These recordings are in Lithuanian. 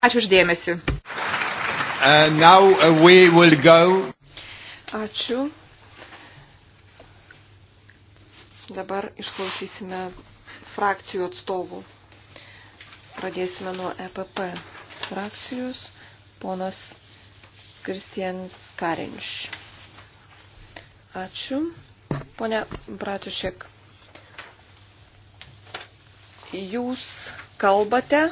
Ačiū uždėmesi. Uh, uh, Ačiū. Dabar išklausysime frakcijų atstovų. Pradėsime nuo EPP frakcijos. Ponas Kristians Karinš. Ačiū. Pone Bratušek, jūs kalbate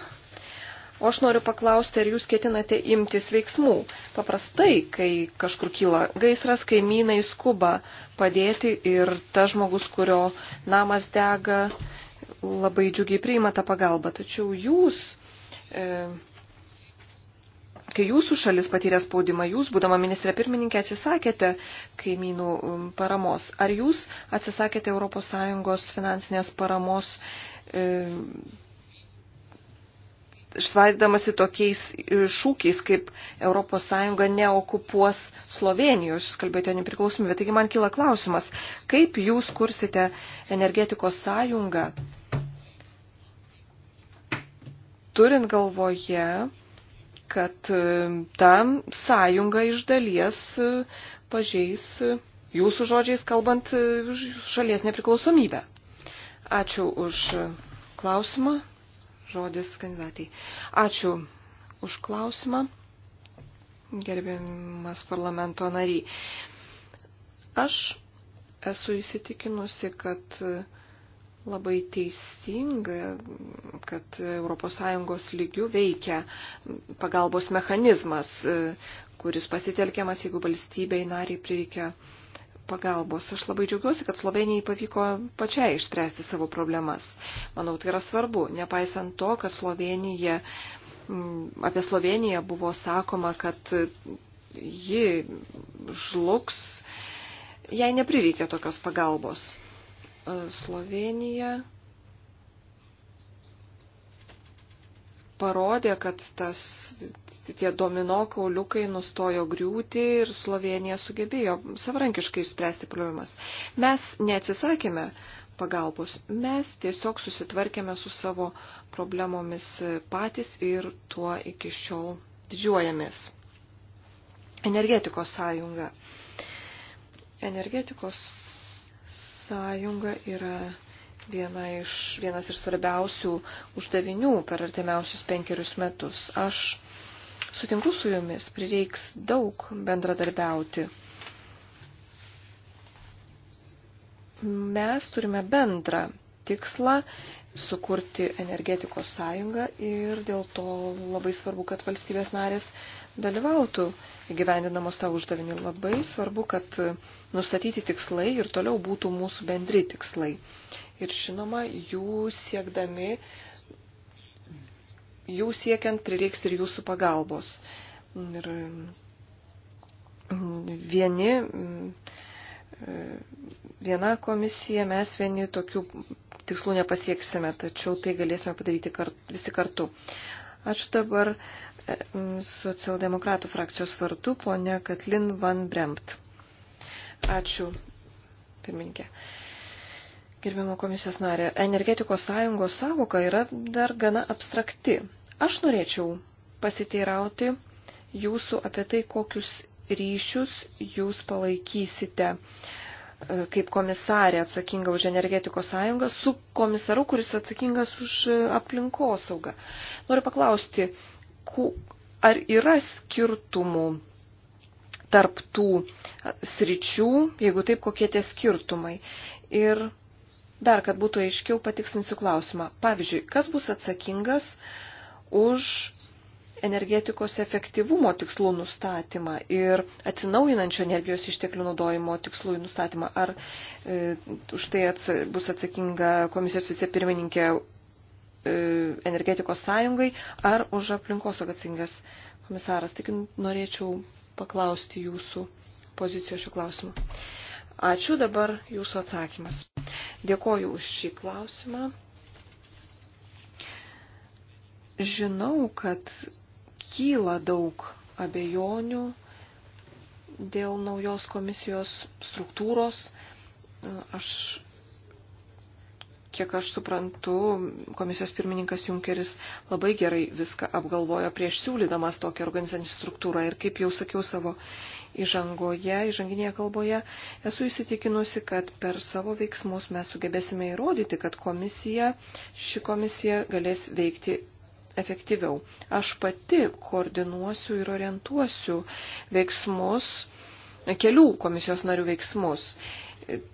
O aš noriu paklausti, ar jūs ketinate imtis veiksmų. Paprastai, kai kažkur kyla gaisras, kaimynai skuba padėti ir ta žmogus, kurio namas dega, labai džiugiai priima tą pagalbą. Tačiau jūs, e, kai jūsų šalis patyrė spaudimą, jūs, būdama ministrė pirmininkė, atsisakėte kaimynų um, paramos. Ar jūs atsisakėte ES finansinės paramos? E, svaidamasi tokiais šūkiais, kaip ES neokupuos Slovenijos, jūs kalbėjote nepriklausomybę. Taigi man kyla klausimas, kaip jūs kursite energetikos sąjungą, turint galvoje, kad e, ta sąjunga iš dalies e, pažeis, e, jūsų žodžiais kalbant, šalies nepriklausomybę. Ačiū už klausimą žodis kandidatai. Ačiū už klausimą, gerbiamas parlamento nariai. Aš esu įsitikinusi, kad labai teisinga, kad ES lygių veikia pagalbos mechanizmas, kuris pasitelkiamas, jeigu valstybei nariai prireikia pagalbos. Aš labai džiaugiuosi, kad Slovenijai pavyko pačiai išspręsti savo problemas. Manau, tai yra svarbu, nepaisant to, kad Slovenija, mm, apie Sloveniją buvo sakoma, kad ji žlugs, jai neprireikė tokios pagalbos. Slovenija parodė, kad tas, tie domino kauliukai nustojo griūti ir Slovenija sugebėjo savarankiškai išspręsti problemas. Mes neatsisakėme pagalbos, mes tiesiog susitvarkėme su savo problemomis patys ir tuo iki šiol didžiuojamės. Energetikos sąjunga. Energetikos sąjunga yra viena iš, vienas iš svarbiausių uždavinių per artimiausius penkerius metus. Aš sutinku su jumis, prireiks daug bendradarbiauti. Mes turime bendrą tikslą sukurti energetikos sąjungą ir dėl to labai svarbu, kad valstybės narės dalyvautų gyvendinamos tą uždavinį. Labai svarbu, kad nustatyti tikslai ir toliau būtų mūsų bendri tikslai ir žinoma, jų siekdami, jų siekiant prireiks ir jūsų pagalbos. Ir mm, vieni, mm, viena komisija, mes vieni tokių tikslų nepasieksime, tačiau tai galėsime padaryti kart, visi kartu. Ačiū dabar e, mm, socialdemokratų frakcijos vardu, ponė Katlin Van Bremt. Ačiū, pirmininkė. Gerbimo komisijos narė, energetikos sąjungos savoka yra dar gana abstrakti. Aš norėčiau pasiteirauti jūsų apie tai, kokius ryšius jūs palaikysite e, kaip komisarė atsakinga už energetikos sąjungą su komisaru, kuris atsakingas už e, aplinkosaugą. Noriu paklausti, ar yra skirtumų tarp tų sričių, jeigu taip, kokie tie skirtumai. Ir Dar, kad būtų aiškiau, patikslinsiu klausimą. Pavyzdžiui, kas bus atsakingas už energetikos efektyvumo tikslų nustatymą ir atsinaujinančio energijos išteklių naudojimo tikslų nustatymą. Ar e, už tai ats, bus atsakinga komisijos vicepirmininkė e, energetikos sąjungai, ar už aplinkos atsakingas komisaras. Tik norėčiau paklausti jūsų pozicijos šiuo klausimu. Ačiū dabar jūsų atsakymas. Dėkoju už šį klausimą. Žinau, kad kyla daug abejonių dėl naujos komisijos struktūros. Aš, kiek aš suprantu, komisijos pirmininkas Junkeris labai gerai viską apgalvojo prieš siūlydamas tokią organizacinį struktūrą. Ir kaip jau sakiau savo įžangoje, įžanginėje kalboje, esu įsitikinusi, kad per savo veiksmus mes sugebėsime įrodyti, kad komisija, ši komisija galės veikti efektyviau. Aš pati koordinuosiu ir orientuosiu veiksmus, kelių komisijos narių veiksmus.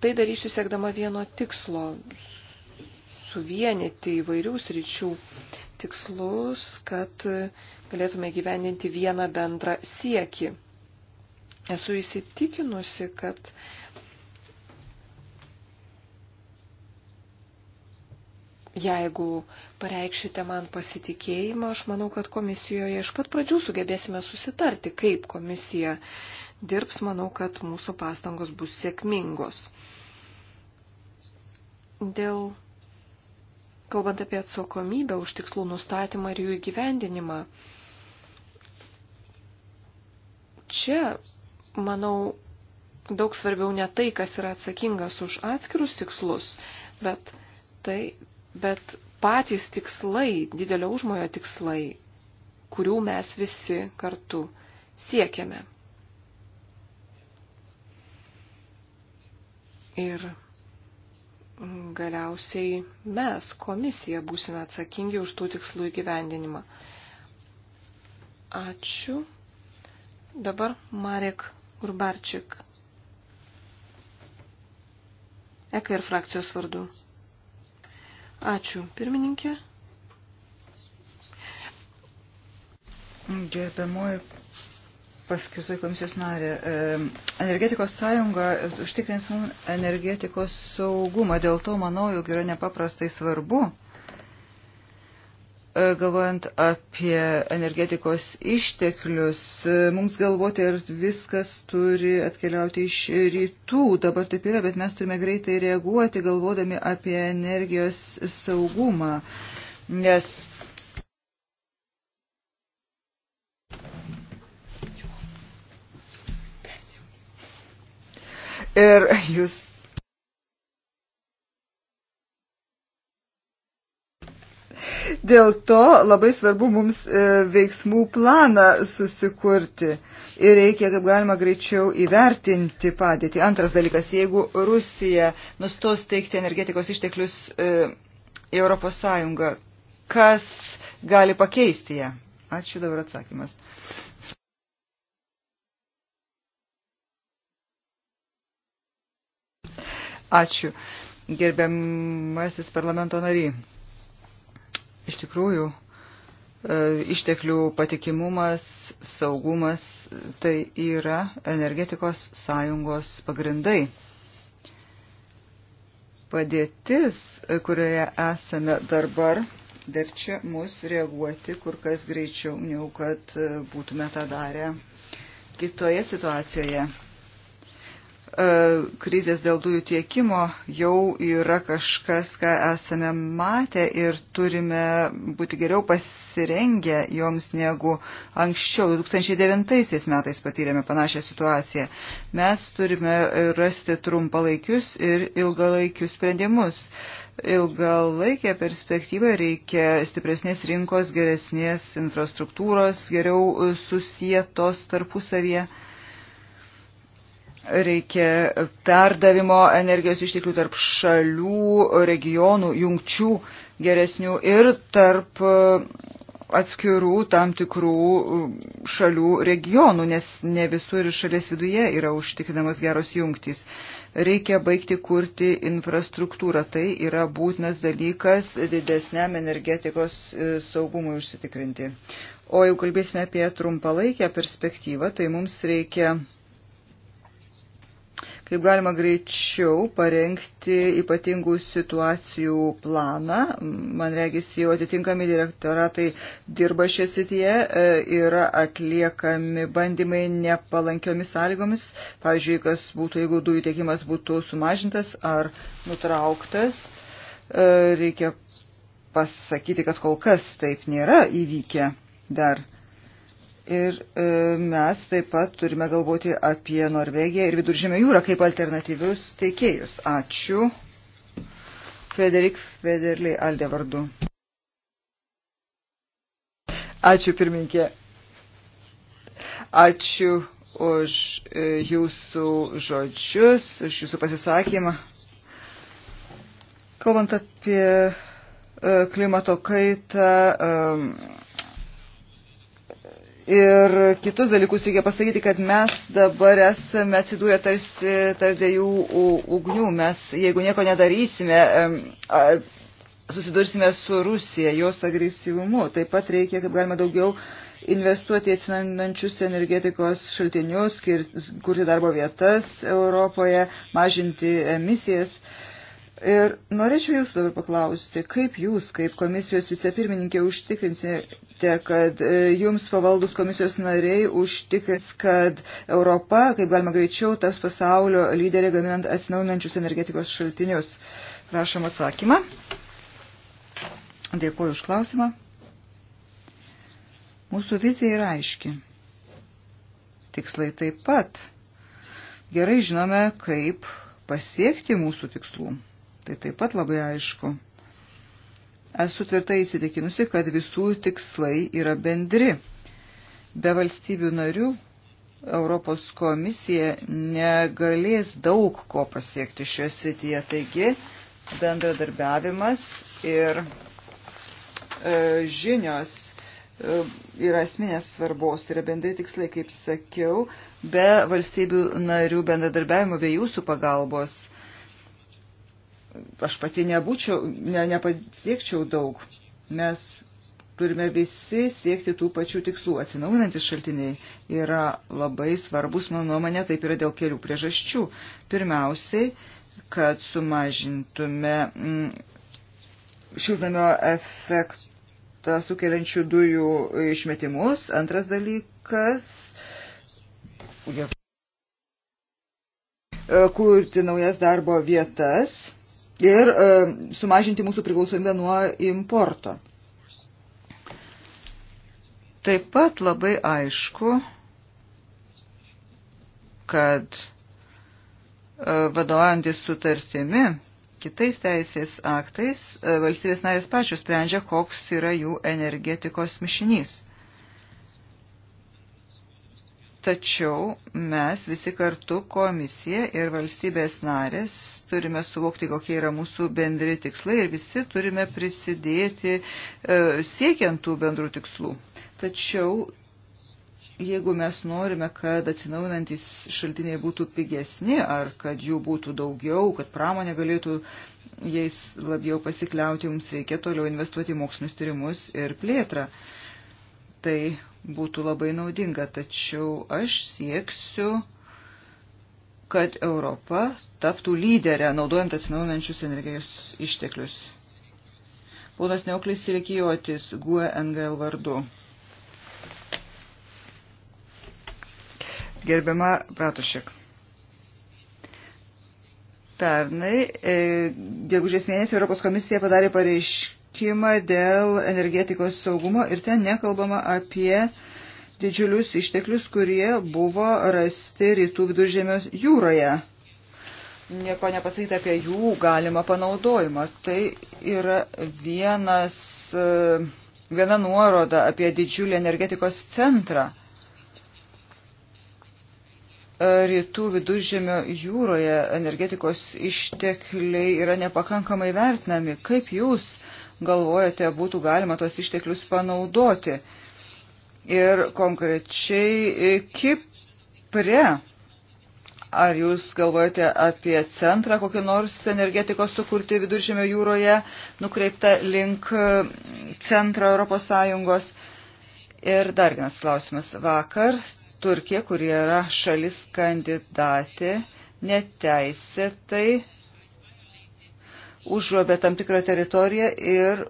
Tai darysiu siekdama vieno tikslo - suvienyti įvairių sričių tikslus, kad galėtume gyveninti vieną bendrą siekį esu įsitikinusi, kad jeigu pareikšite man pasitikėjimą, aš manau, kad komisijoje iš pat pradžių sugebėsime susitarti, kaip komisija dirbs, manau, kad mūsų pastangos bus sėkmingos. Dėl, kalbant apie atsakomybę už tikslų nustatymą ir jų įgyvendinimą, čia manau, daug svarbiau ne tai, kas yra atsakingas už atskirus tikslus, bet, tai, bet patys tikslai, didelio užmojo tikslai, kurių mes visi kartu siekiame. Ir galiausiai mes, komisija, būsime atsakingi už tų tikslų įgyvendinimą. Ačiū. Dabar Marek Urbarczyk. Eka ir frakcijos vardu. Ačiū, pirmininkė. Gerbiamoji paskirtoji komisijos narė, e, energetikos sąjunga užtikrins mums energetikos saugumą. Dėl to, manau, jog yra nepaprastai svarbu E, galvojant apie energetikos išteklius, e, mums galvoti, ar viskas turi atkeliauti iš rytų. Dabar taip yra, bet mes turime greitai reaguoti, galvodami apie energijos saugumą. Nes Ir jūs Dėl to labai svarbu mums e, veiksmų planą susikurti ir reikia kaip galima greičiau įvertinti padėtį. Antras dalykas, jeigu Rusija nustos teikti energetikos išteklius e, į Europos Sąjungą, kas gali pakeisti ją? Ačiū dabar atsakymas. Ačiū. Gerbiamasis parlamento nariai iš tikrųjų e, išteklių patikimumas, saugumas tai yra energetikos sąjungos pagrindai. Padėtis, kurioje esame dabar, verčia mus reaguoti kur kas greičiau, negu kad e, būtume tą darę kitoje situacijoje. E, krizės dėl dujų tiekimo jau yra kažkas, ką esame matę ir turime būti geriau pasirengę joms negu anksčiau. 2009 metais patyrėme panašią situaciją. Mes turime rasti trumpalaikius ir ilgalaikius sprendimus. Ilgalaikė perspektyva reikia stipresnės rinkos, geresnės infrastruktūros, geriau susietos tarpusavyje reikia perdavimo energijos išteklių tarp šalių, regionų, jungčių geresnių ir tarp e, atskirų tam tikrų e, šalių regionų, nes ne visur šalies viduje yra užtikrinamos geros jungtys. Reikia baigti kurti infrastruktūrą. Tai yra būtinas dalykas didesniam energetikos e, saugumui užsitikrinti. O jau kalbėsime apie trumpalaikę perspektyvą, tai mums reikia kaip galima greičiau parengti ypatingų situacijų planą. Man regis, jau atitinkami direktoratai dirba šią sityje, e, yra atliekami bandymai nepalankiomis sąlygomis, pavyzdžiui, kas būtų, jeigu dujų tiekimas būtų sumažintas ar nutrauktas. E, reikia pasakyti, kad kol kas taip nėra įvykę dar. Ir e, mes taip pat turime galvoti apie Norvegiją ir Viduržėmio jūrą kaip alternatyvius teikėjus. Ačiū. Frederik Federley Alde vardu. Ačiū pirminkė. Ačiū už e, jūsų žodžius, už jūsų pasisakymą. Kalbant apie e, klimato kaitą, ir kitus dalykus reikia pasakyti, kad mes dabar esame atsidūrę tarsi tarp dviejų ugnių. Mes, jeigu nieko nedarysime, susidursime su Rusija, jos agresyvumu. Taip pat reikia, kaip galima daugiau, investuoti į atsinaujančius energetikos šaltinius, kurti darbo vietas Europoje, mažinti emisijas. Ir norėčiau jūsų dabar paklausti, kaip jūs, kaip komisijos vicepirmininkė, užtikrinsite minėjote, kad e, jums pavaldus komisijos nariai užtikins, kad Europa, kaip galima greičiau, taps pasaulio lyderė gaminant atsinaunančius energetikos šaltinius. Prašom atsakymą. Dėkuoju už klausimą. Mūsų vizija yra aiški. Tikslai taip pat. Gerai žinome, kaip pasiekti mūsų tikslų. Tai taip pat labai aišku. Esu tvirtai įsitikinusi, kad visų tikslai yra bendri. Be valstybių narių Europos komisija negalės daug ko pasiekti šioje srityje. Taigi bendradarbiavimas ir e, žinios e, yra esminės svarbos, tai yra bendri tikslai, kaip sakiau, be valstybių narių bendradarbiavimo, be jūsų pagalbos aš pati nebūčiau, ne, nepasiekčiau daug. Mes turime visi siekti tų pačių tikslų. Atsinaujinantis šaltiniai yra labai svarbus, mano nuomonė, taip yra dėl kelių priežasčių. Pirmiausiai, kad sumažintume mm, šiltnamio efektą sukeliančių dujų išmetimus. Antras dalykas. Kurti naujas darbo vietas ir e, sumažinti mūsų priklausomybę nuo importo. Taip pat labai aišku, kad e, vadovaujantis sutartimi, kitais teisės aktais, e, valstybės narės pačios sprendžia, koks yra jų energetikos mišinys. Tačiau mes visi kartu, komisija ir valstybės narės, turime suvokti, kokie yra mūsų bendri tikslai ir visi turime prisidėti e, siekiant tų bendrų tikslų. Tačiau, jeigu mes norime, kad atsinaujinantis šaltiniai būtų pigesni ar kad jų būtų daugiau, kad pramonė galėtų jais labiau pasikliauti, mums reikia toliau investuoti mokslinius tyrimus ir plėtrą. E, tai būtų labai naudinga, tačiau aš sieksiu, kad Europa taptų lyderę, naudojant atsinaujinančius energijos išteklius. Ponas Neuklis Silikijotis, GUE NGL vardu. Gerbiama Bratušek. Pernai, e, gegužės mėnesį Europos komisija padarė pareiškimą susitikimą dėl energetikos saugumo ir ten nekalbama apie didžiulius išteklius, kurie buvo rasti rytų viduržėmio jūroje. Nieko nepasakyti apie jų galimą panaudojimą. Tai yra vienas, e, viena nuoroda apie didžiulį energetikos centrą e, rytų viduržėmio jūroje energetikos ištekliai yra nepakankamai vertinami. Kaip jūs galvojate, būtų galima tos išteklius panaudoti. Ir konkrečiai e, Kipre. Ar jūs galvojate apie centrą kokį nors energetikos sukurti viduržėmio jūroje, nukreipta link e, centro Europos Sąjungos? Ir dar vienas klausimas. Vakar Turkija, kurie yra šalis kandidatė, neteisėtai užrobė tam tikrą teritoriją ir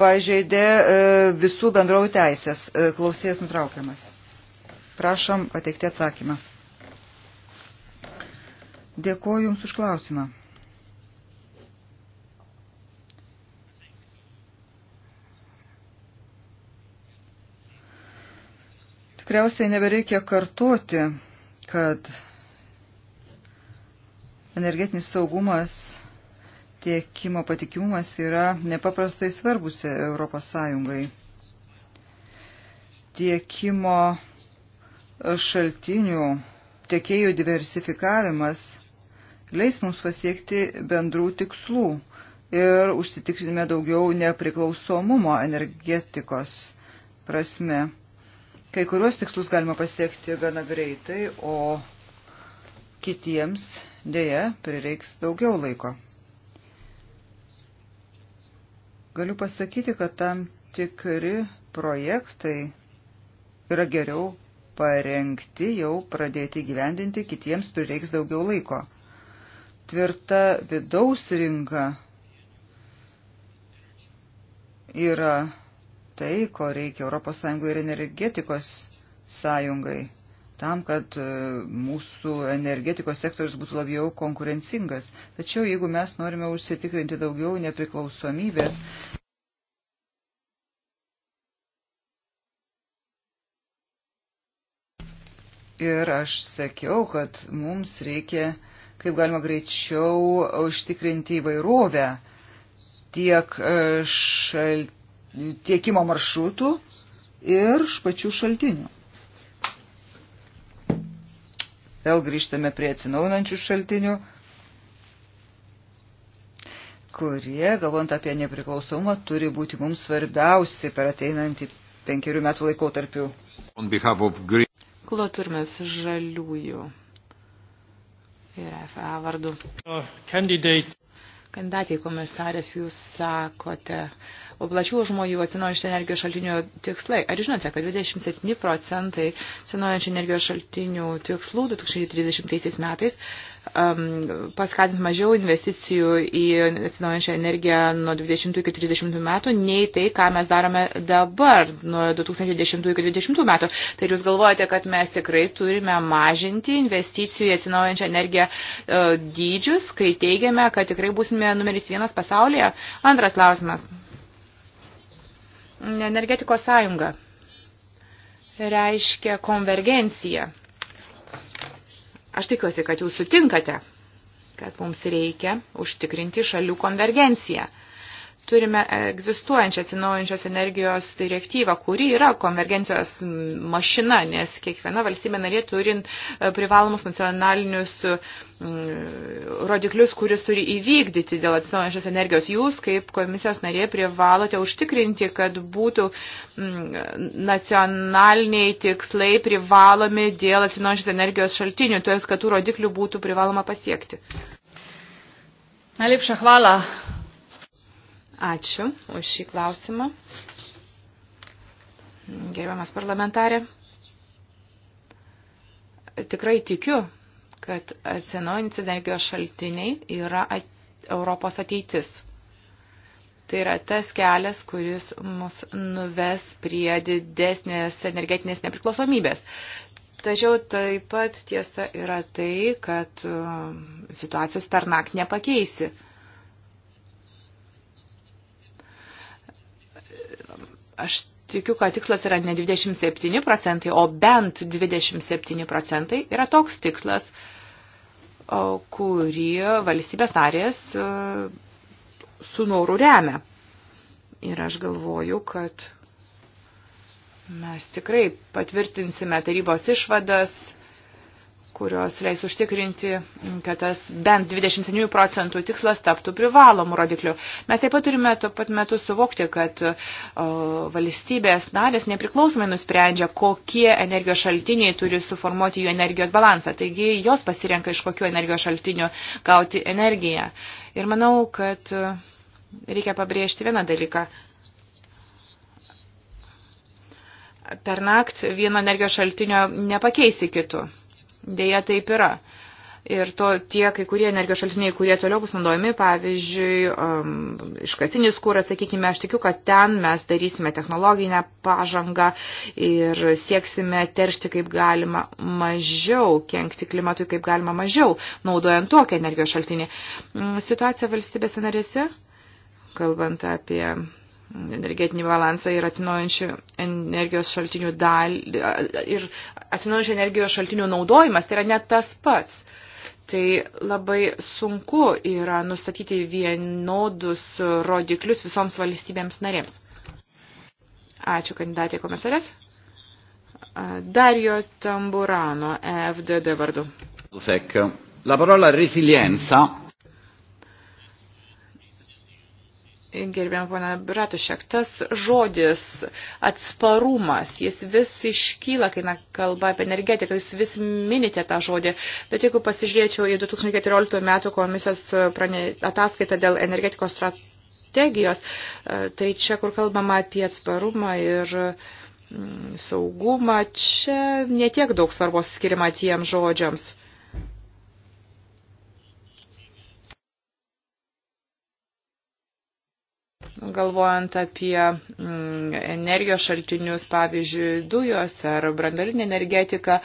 pažeidė e, visų bendrovų teisės. E, klausėjas nutraukiamas. Prašom pateikti atsakymą. Dėkuoju Jums už klausimą. Tikriausiai nebereikia kartuoti, kad energetinis saugumas tiekimo patikimumas yra nepaprastai svarbus Europos Sąjungai. Tiekimo šaltinių, tiekėjų diversifikavimas leis mums pasiekti bendrų tikslų ir užsitikrinime daugiau nepriklausomumo energetikos prasme. Kai kuriuos tikslus galima pasiekti gana greitai, o kitiems dėja prireiks daugiau laiko. Galiu pasakyti, kad tam tikri projektai yra geriau parengti, jau pradėti gyvendinti, kitiems prireiks daugiau laiko. Tvirta vidaus rinka yra tai, ko reikia ES ir energetikos sąjungai tam, kad e, mūsų energetikos sektorius būtų labiau konkurencingas. Tačiau jeigu mes norime užsitikrinti daugiau nepriklausomybės, Ir aš sakiau, kad mums reikia kaip galima greičiau užtikrinti įvairovę tiek e, šal... tiekimo maršrutų ir pačių šaltinių. Vėl grįžtame prie atsinaunančių šaltinių, kurie, galvant apie nepriklausomą, turi būti mums svarbiausi per ateinantį penkerių metų laikotarpių. Kulo turime žaliųjų ir FA vardu. Candidate. Kandidatė į komisarės, jūs sakote, plačių žmonių atsinaujančių energijos šaltinių tikslai. Ar žinote, kad 27 procentai atsinaujančių energijos šaltinių tikslų 2030 metais um, paskatins mažiau investicijų į atsinaujančią energiją nuo 20 iki 30 metų, nei tai, ką mes darome dabar nuo 2010 iki 2020 metų. Tai jūs galvojate, kad mes tikrai turime mažinti investicijų į atsinaujančią energiją uh, dydžius, kai teigiame, kad tikrai būsime numeris vienas pasaulyje? Antras klausimas. Energetikos sąjunga reiškia konvergenciją Aš tikiuosi, kad jūs sutinkate, kad mums reikia užtikrinti šalių konvergenciją turime egzistuojančią atsinaujančios energijos direktyvą, kuri yra konvergencijos mašina, nes kiekviena valstybė narė turint e, privalomus nacionalinius mm, rodiklius, kuris turi įvykdyti dėl atsinaujančios energijos. Jūs, kaip komisijos narė, privalote užtikrinti, kad būtų mm, nacionaliniai tikslai privalomi dėl atsinaujančios energijos šaltinių, to kad tų rodiklių būtų privaloma pasiekti. Najlepša hvala Ačiū už šį klausimą. Gerbiamas parlamentarė, tikrai tikiu, kad atsinaujinti energijos šaltiniai yra at, Europos ateitis. Tai yra tas kelias, kuris mus nuves prie didesnės energetinės nepriklausomybės. Tačiau taip pat tiesa yra tai, kad um, situacijos per naktį nepakeisi. Aš tikiu, kad tikslas yra ne 27 procentai, o bent 27 procentai yra toks tikslas, kurį valstybės narės e, su noru remia. Ir aš galvoju, kad mes tikrai patvirtinsime tarybos išvadas, kurios leis užtikrinti, kad tas bent 27 procentų tikslas taptų privalomų rodiklių. Mes taip pat turime tuo pat metu suvokti, kad o, valstybės narės nepriklausomai nusprendžia, kokie energijos šaltiniai turi suformuoti jų energijos balansą. Taigi jos pasirenka, iš kokių energijos šaltinių gauti energiją. Ir manau, kad e, reikia pabrėžti vieną dalyką per nakt vieno energijos šaltinio nepakeisi kitų. Deja, taip yra. Ir to tie kai kurie energijos šaltiniai, kurie toliau bus naudojami, pavyzdžiui, um, iškastinis kūras, sakykime, aš tikiu, kad ten mes darysime technologinę pažangą ir sieksime teršti kaip galima mažiau, kenkti klimatui kaip galima mažiau, naudojant tokią energijos šaltinį. Mm, situacija valstybės narėse, kalbant apie energetinį balansą ir atsinaujančių energijos šaltinių dalį ir atsinaujančių energijos šaltinių naudojimas, tai yra ne tas pats. Tai labai sunku yra nustatyti vienodus rodiklius visoms valstybėms narėms. Ačiū kandidatė komisarės. Dario Tamburano, e FDD vardu. La parola resilienza gerbėm pana Bratušek, tas žodis atsparumas, jis vis iškyla, kai na, kalba apie energetiką, jūs vis minite tą žodį, bet jeigu pasižiūrėčiau į 2014 metų komisijos prane, ataskaitą dėl energetikos strategijos, e, tai čia, kur kalbama apie atsparumą ir mm, saugumą, čia netiek daug svarbos skirima tiem žodžiams. galvojant apie mm, energijos šaltinius, pavyzdžiui, dujos ar brandalinė energetika,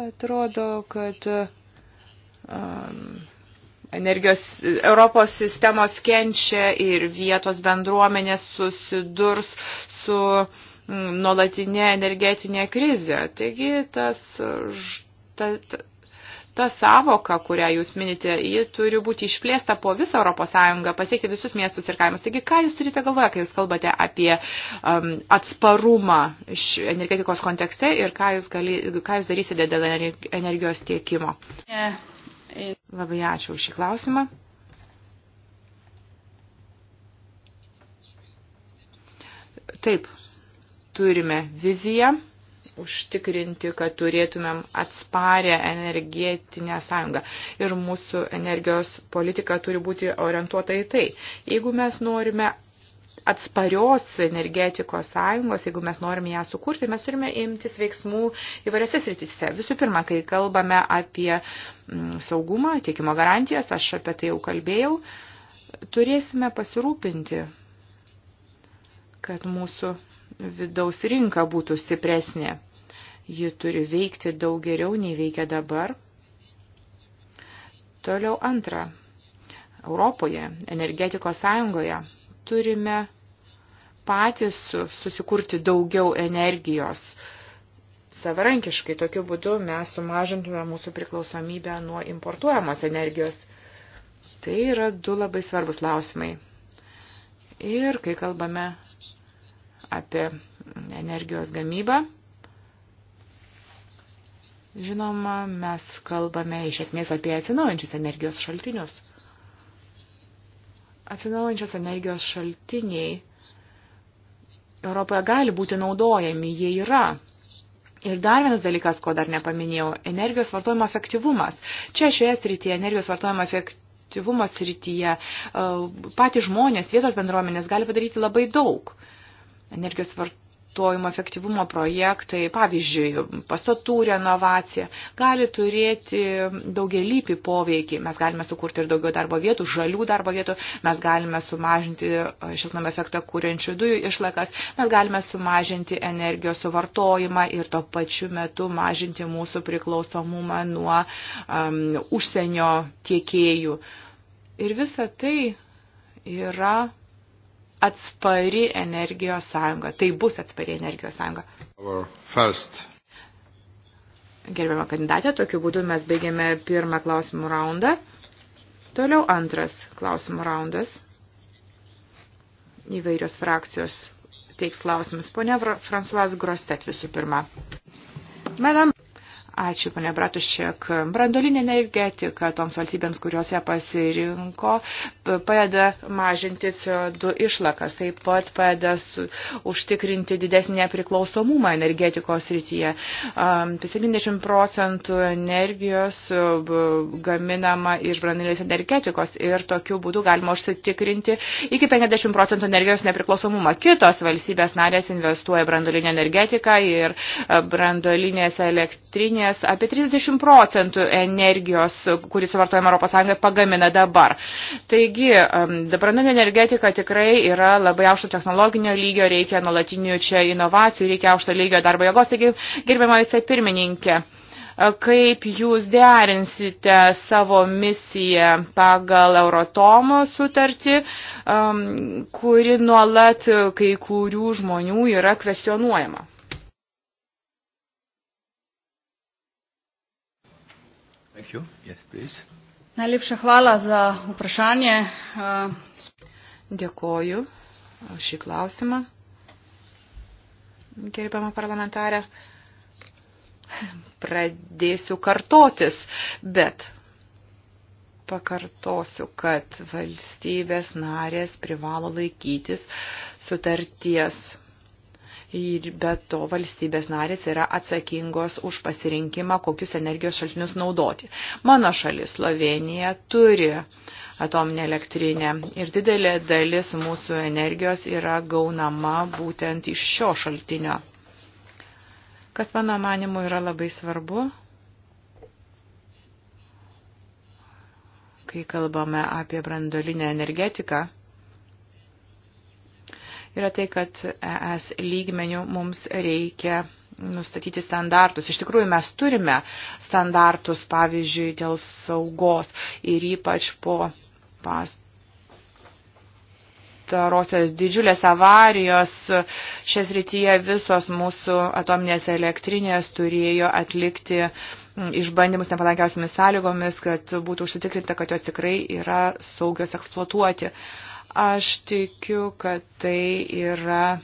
atrodo, kad um, energijos Europos sistemos kenčia ir vietos bendruomenės susidurs su mm, nuolatinė energetinė krizė. Taigi tas ta, ta, ta savoka, kurią jūs minite, ji turi būti išplėsta po visą Europos Sąjungą, pasiekti visus miestus ir kaimus. Taigi, ką jūs turite galvoje, kai jūs kalbate apie um, atsparumą energetikos kontekste ir ką jūs, gali, ką jūs darysite dėl energijos tiekimo? Labai ačiū už šį klausimą. Taip, turime viziją užtikrinti, kad turėtumėm atsparę energetinę sąjungą. Ir mūsų energijos politika turi būti orientuota į tai. Jeigu mes norime atsparios energetikos sąjungos, jeigu mes norime ją sukurti, mes turime imtis veiksmų įvairiose srityse. Visų pirma, kai kalbame apie mm, saugumą, tiekimo garantijas, aš apie tai jau kalbėjau, turėsime pasirūpinti, kad mūsų vidaus rinka būtų stipresnė. Ji turi veikti daug geriau nei veikia dabar. Toliau antra. Europoje, energetikos sąjungoje turime patys susikurti daugiau energijos. Savarankiškai tokiu būdu mes sumažintume mūsų priklausomybę nuo importuojamos energijos. Tai yra du labai svarbus klausimai. Ir kai kalbame apie energijos gamybą, Žinoma, mes kalbame iš esmės apie atsinaujančius energijos šaltinius. Atsinaujančios energijos šaltiniai Europoje gali būti naudojami, jie yra. Ir dar vienas dalykas, ko dar nepaminėjau, energijos vartojimo efektyvumas. Čia šioje srityje energijos vartojimo efektyvumo srityje e, patys žmonės, vietos bendruomenės gali padaryti labai daug. Energijos vartojimo vartojimo efektyvumo projektai, pavyzdžiui, pastatų renovacija, gali turėti daugelįpį poveikį. Mes galime sukurti ir daugiau darbo vietų, žalių darbo vietų, mes galime sumažinti e, šiltnamio efektą kūrenčių dujų išlakas, mes galime sumažinti energijos suvartojimą ir tuo pačiu metu mažinti mūsų priklausomumą nuo um, užsienio tiekėjų. Ir visa tai yra atspari energijos sąjunga. Tai bus atspari energijos sąjunga. Gerbiamą kandidatę, tokiu būdu mes baigėme pirmą klausimų raundą. Toliau antras klausimų raundas. Įvairios frakcijos teiks klausimus. Pone Fransuas Grostet visų pirma. Madam. Ačiū, ponė Bratušek. Brandolinė energetika toms valstybėms, kurios ją pasirinko, padeda mažinti CO2 išlakas, taip pat padeda su, užtikrinti didesnį nepriklausomumą energetikos rytyje. 70 tai procentų energijos e, gaminama iš brandolinės energetikos ir tokiu būdu galima užsitikrinti iki 50 procentų energijos nepriklausomumą. Kitos valstybės narės investuoja brandolinę energetiką ir e, brandolinės elektrinės žmonės apie 30 procentų energijos, kuris vartojama ES, pagamina dabar. Taigi, dabartinė nu, energetika tikrai yra labai aukšto technologinio lygio, reikia nuolatinių čia inovacijų, reikia aukšto lygio darbo jėgos. Taigi, gerbiama visai pirmininkė e, kaip jūs derinsite savo misiją pagal Euratomo sutartį, um, kuri nuolat kai kurių žmonių yra kvestionuojama. Thank you. Yes, please. Najlepša hvala za vprašanje. Dėkoju šį klausimą. Gerbama parlamentarė, pradėsiu kartotis, bet pakartosiu, kad valstybės narės privalo laikytis sutarties Ir be to valstybės narės yra atsakingos už pasirinkimą, kokius energijos šaltinius naudoti. Mano šalis, Slovenija, turi atominę elektrinę ir didelė dalis mūsų energijos yra gaunama būtent iš šio šaltinio. Kas mano manimu yra labai svarbu, kai kalbame apie brandolinę energetiką, yra tai, kad ES lygmenių mums reikia nustatyti standartus. Iš tikrųjų, mes turime standartus, pavyzdžiui, dėl saugos ir ypač po pastarosios didžiulės avarijos šias rytyje visos mūsų atominės elektrinės turėjo atlikti išbandymus nepalankiausiamis sąlygomis, kad būtų užsitikrinta, kad jos tikrai yra saugios eksploatuoti. Uh, Aš tikiu, kad tai yra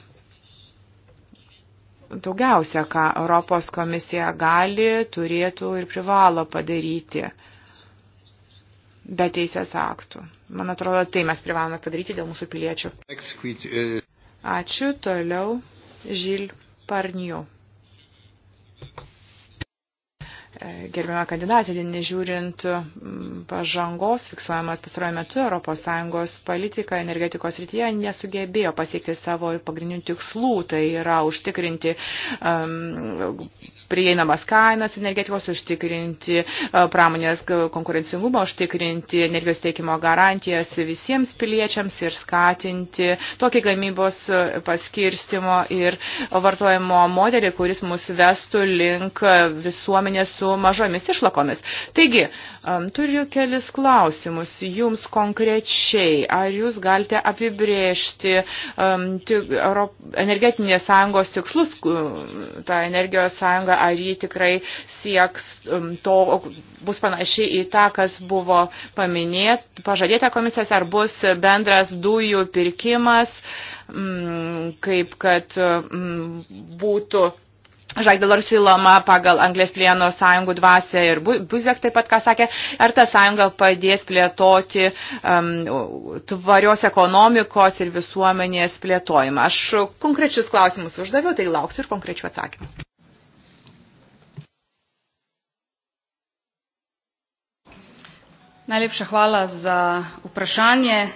daugiausia, ką Europos komisija gali, turėtų ir privalo padaryti be teisės aktų. Man atrodo, tai mes privalome padaryti dėl mūsų piliečių. Ačiū, toliau Žil Parniu. E, gerbiama kandidatė, nežiūrint pažangos fiksuojamas pastaruoju metu ES politika energetikos rytyje nesugebėjo pasiekti savo pagrindinių tikslų, tai yra užtikrinti um, prieinamas kainas energetikos, užtikrinti e, pramonės konkurencingumą, užtikrinti energijos teikimo garantijas visiems piliečiams ir skatinti tokį gamybos e, paskirstimo ir vartojimo modelį, kuris mus vestų link e, visuomenės su mažomis išlakomis. Taigi, turiu kelis klausimus jums konkrečiai. Ar jūs galite apibrėžti energetinės sąjungos tikslus, tą energijos sąjungą ar ji tikrai sieks um, to, bus panaši į tą, kas buvo paminėt, pažadėta komisijos, ar bus bendras dujų pirkimas, um, kaip kad um, būtų Žagdalor siūloma pagal Anglės plieno sąjungų dvasę ir Buzek taip pat, ką sakė, ar ta sąjunga padės plėtoti um, tvarios ekonomikos ir visuomenės plėtojimą. Aš konkrečius klausimus uždaviau, tai lauksiu ir konkrečių atsakymų. Najlepša hvala za vprašanje.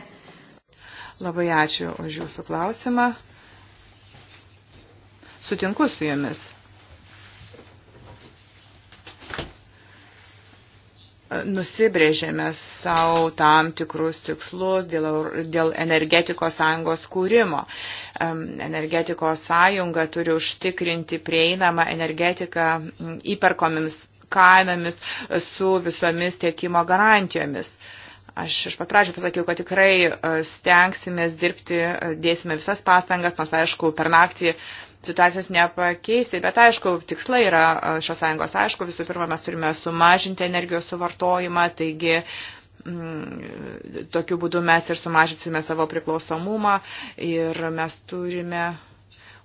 Labai ačiū už Jūsų klausimą. Sutinku su Jumis. nusibrėžėme savo tam tikrus tikslus dėl, dėl energetikos sąjungos kūrimo. Energetikos sąjunga turi užtikrinti prieinamą energetiką įperkomims kainomis, su visomis tiekimo garantijomis. Aš iš pat pradžių pasakiau, kad tikrai e, stengsimės dirbti, e, dėsime visas pastangas, nors aišku, per naktį situacijos nepakeisti, bet aišku, tikslai yra e, šios sąjungos, aišku, visų pirma, mes turime sumažinti energijos suvartojimą, taigi m, mm, tokiu būdu mes ir sumažinsime savo priklausomumą ir mes turime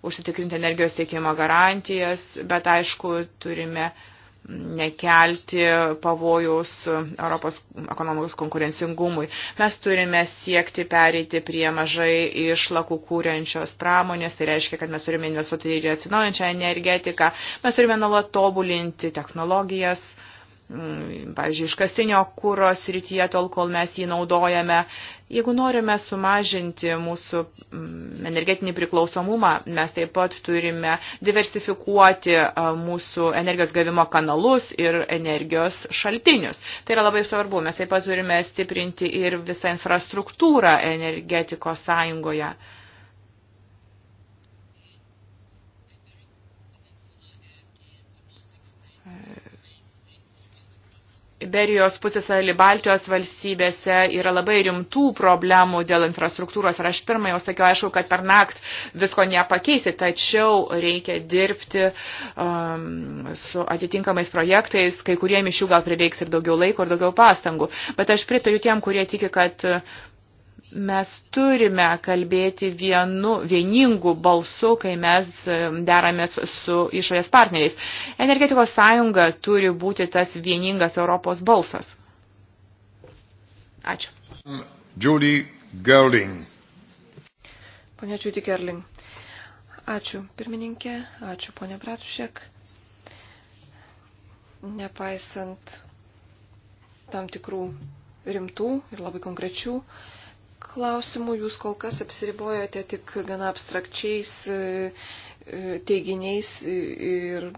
užsitikrinti energijos teikimo garantijas, bet aišku, turime uh, nekelti pavojaus Europos ekonomikos konkurencingumui. Mes turime siekti pereiti prie mažai išlakų kūrenčios pramonės, tai reiškia, kad mes turime investuoti ir atsinaujančią energetiką, mes turime nuolat tobulinti technologijas, mm, pavyzdžiui, iškastinio kūros rytyje, tol kol mes jį naudojame, Jeigu norime sumažinti mūsų mm, energetinį priklausomumą, mes taip pat turime diversifikuoti mūsų energijos gavimo kanalus ir energijos šaltinius. Tai yra labai svarbu. Mes taip pat turime stiprinti ir visą infrastruktūrą energetikos sąjungoje. Iberijos pusėsalį Baltijos valstybėse yra labai rimtų problemų dėl infrastruktūros ir aš pirmai jau sakiau, aišku, kad per nakt visko nepakeisi, tačiau reikia dirbti um, su atitinkamais projektais, kai kuriem iš jų gal prireiks ir daugiau laiko ir daugiau pastangų. Bet aš pritariu tiem, kurie tiki, kad mes turime kalbėti vienu, vieningu balsu, kai mes e, deramės su išorės partneriais. Energetikos sąjunga turi būti tas vieningas Europos balsas. Ačiū. Judy Gerling. Pane Judy Gerling. Ačiū pirmininkė, ačiū ponė Bratušek. Nepaisant tam tikrų rimtų ir labai konkrečių uh, klausimų jūs kol kas apsiribojote tik gana abstrakčiais e, e, teiginiais ir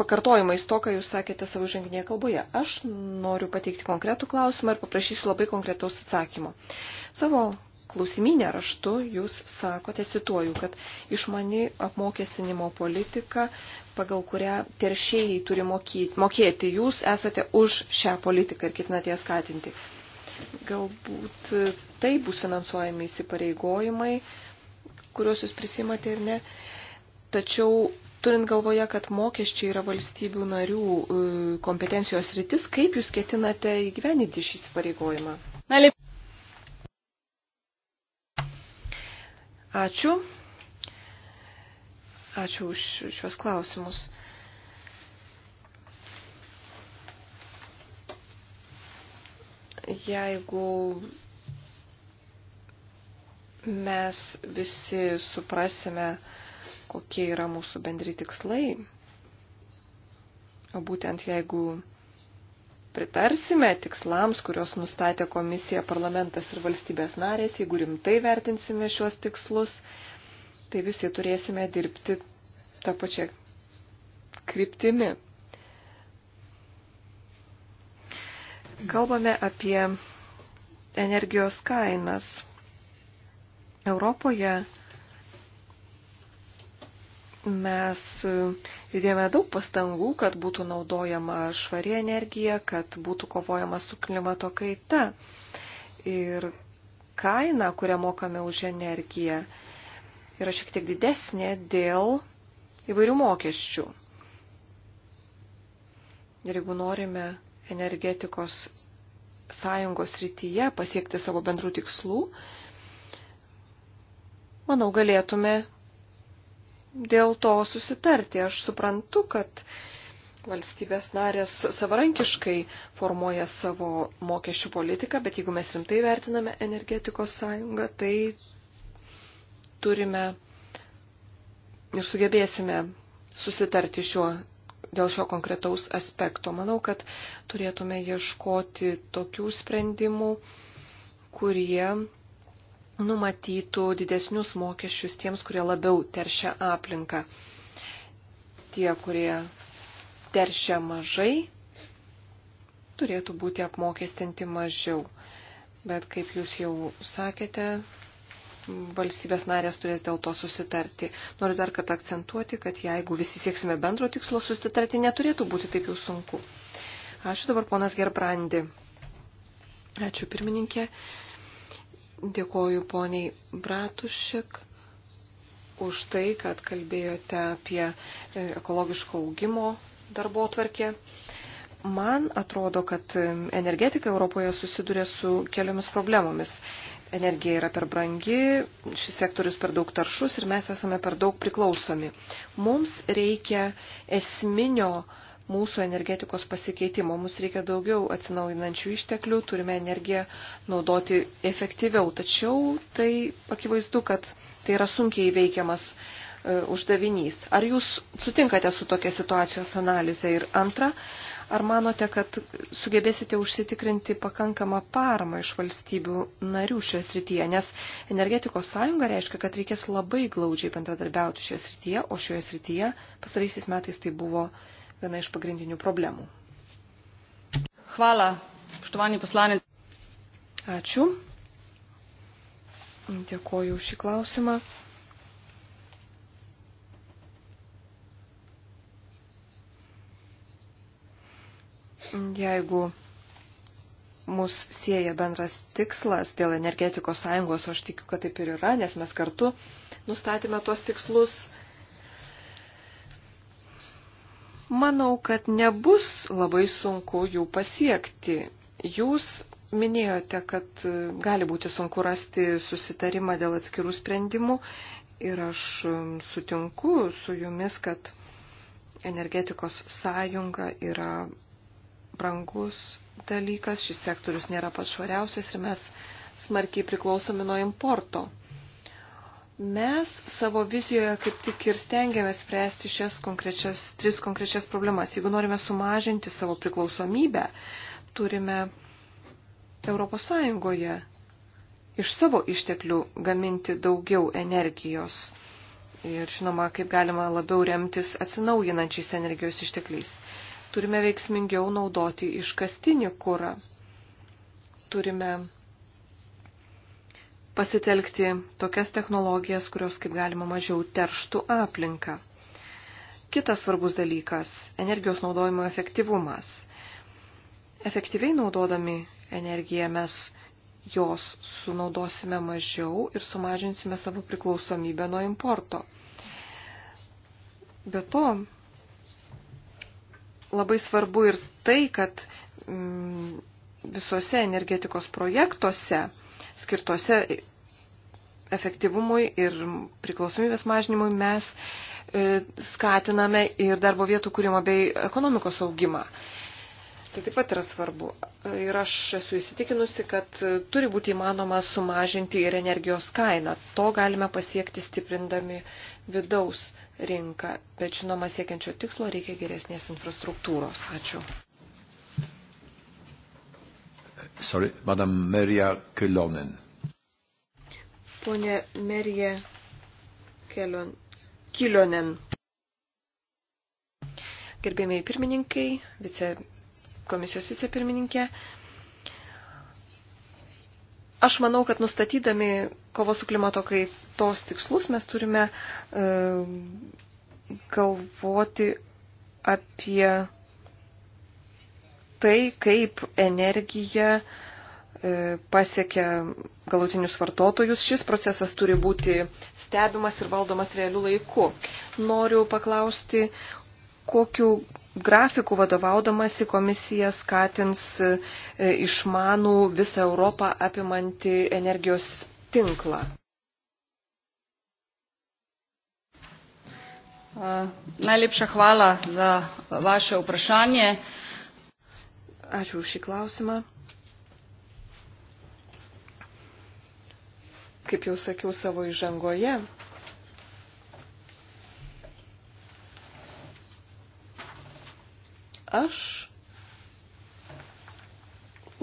pakartojimais to, ką jūs sakėte savo žanginėje kalboje. Aš noriu pateikti konkretų klausimą ir paprašysiu labai konkretaus atsakymo. Savo klausimynę raštu jūs sakote, cituoju, kad išmani apmokestinimo politika, pagal kurią teršėjai turi mokyti, mokėti, jūs esate už šią politiką ir ketinate ją skatinti. Galbūt e, tai bus finansuojami įsipareigojimai, kuriuos jūs prisimate ir ne. Tačiau turint galvoje, kad mokesčiai yra valstybių narių e, kompetencijos rytis, kaip jūs ketinate įgyveninti šį įsipareigojimą? Ačiū. Ačiū už šios klausimus. jeigu mes visi suprasime, kokie yra mūsų bendri tikslai, o būtent jeigu pritarsime tikslams, kuriuos nustatė komisija, parlamentas ir valstybės narės, jeigu rimtai vertinsime šiuos tikslus, tai visi turėsime dirbti tą pačią kryptimį. Kalbame apie energijos kainas. Europoje mes įdėjome daug pastangų, kad būtų naudojama švari energija, kad būtų kovojama su klimato kaita. Ir kaina, kurią mokame už energiją, yra šiek tiek didesnė dėl įvairių mokesčių. Ir jeigu norime energetikos sąjungos rytyje pasiekti savo bendrų tikslų, manau, galėtume dėl to susitarti. Aš suprantu, kad valstybės narės savarankiškai formuoja savo mokesčių politiką, bet jeigu mes rimtai vertiname energetikos sąjungą, tai turime ir sugebėsime susitarti šiuo dėl šio konkretaus aspekto. Manau, kad turėtume ieškoti tokių sprendimų, kurie numatytų didesnius mokesčius tiems, kurie labiau teršia aplinką. Tie, kurie teršia mažai, turėtų būti apmokestinti mažiau. Bet kaip jūs jau sakėte, valstybės narės turės dėl to susitarti. Noriu dar kartą akcentuoti, kad jeigu visi sieksime bendro tikslo, susitarti neturėtų būti taip jau sunku. Ačiū dabar ponas Gerbrandi. Ačiū pirmininkė. Dėkoju poniai Bratušek už tai, kad kalbėjote apie e, ekologiško augimo darbo tvarkę. Man atrodo, kad e, energetika Europoje susiduria su keliomis problemomis energija yra per brangi, šis sektorius per daug taršus ir mes esame per daug priklausomi. Mums reikia esminio mūsų energetikos pasikeitimo. Mums reikia daugiau atsinaujinančių išteklių, turime energiją naudoti efektyviau. Tačiau tai akivaizdu, kad tai yra sunkiai įveikiamas e, uždavinys. Ar jūs sutinkate su tokia situacijos analize? Ir antra, Ar manote, kad sugebėsite užsitikrinti pakankamą paramą iš valstybių narių šioje srityje? Nes energetikos sąjunga reiškia, kad reikės labai glaudžiai bendradarbiauti šioje srityje, o šioje srityje pastaraisiais metais tai buvo viena iš pagrindinių problemų. Hvala, štuvanį poslanį. Ačiū. Dėkoju už šį klausimą. jeigu mus sieja bendras tikslas dėl energetikos sąjungos, o aš tikiu, kad taip ir yra, nes mes kartu nustatėme tos tikslus, manau, kad nebus labai sunku jų pasiekti. Jūs minėjote, kad gali būti sunku rasti susitarimą dėl atskirų sprendimų ir aš sutinku su jumis, kad energetikos sąjunga yra brangus dalykas, šis sektorius nėra pats švariausias ir mes smarkiai priklausomi nuo importo. Mes savo vizijoje kaip tik ir stengiamės spręsti šias konkrečias, tris konkrečias problemas. Jeigu norime sumažinti savo priklausomybę, turime ES iš savo išteklių gaminti daugiau energijos ir, žinoma, kaip galima labiau remtis atsinaujinančiais energijos ištekliais turime veiksmingiau naudoti iškastinį kurą. Turime pasitelkti tokias technologijas, kurios kaip galima mažiau terštų aplinką. Kitas svarbus dalykas - energijos naudojimo efektyvumas. Efektyviai naudodami energiją mes jos sunaudosime mažiau ir sumažinsime savo priklausomybę nuo importo. Be to, labai svarbu ir tai, kad mm, visose energetikos projektuose skirtose efektyvumui ir priklausomybės mažinimui mes e, skatiname ir darbo vietų kūrimą bei ekonomikos augimą. Tai taip pat yra svarbu. Ir aš esu įsitikinusi, kad turi būti įmanoma sumažinti ir energijos kainą. To galime pasiekti stiprindami vidaus rinką. Bet žinoma, siekiančio tikslo reikia geresnės infrastruktūros. Ačiū. Sorry, Madame Merija Kelonen. Pone Merija Kelon... Kilionen. Gerbėmiai pirmininkai, vice komisijos vicepirmininkė. Aš manau, kad nustatydami kovo su klimato kaitos tikslus mes turime e, galvoti apie tai, kaip energija e, pasiekia galutinius vartotojus. Šis procesas turi būti stebimas ir valdomas realiu laiku. Noriu paklausti, kokiu grafikų vadovaudamasi komisija skatins e, išmanų visą Europą apimanti energijos tinklą. E, najlepša hvala za vaše vprašanje. Ačiū už šį klausimą. Kaip jau sakiau savo įžangoje, Aš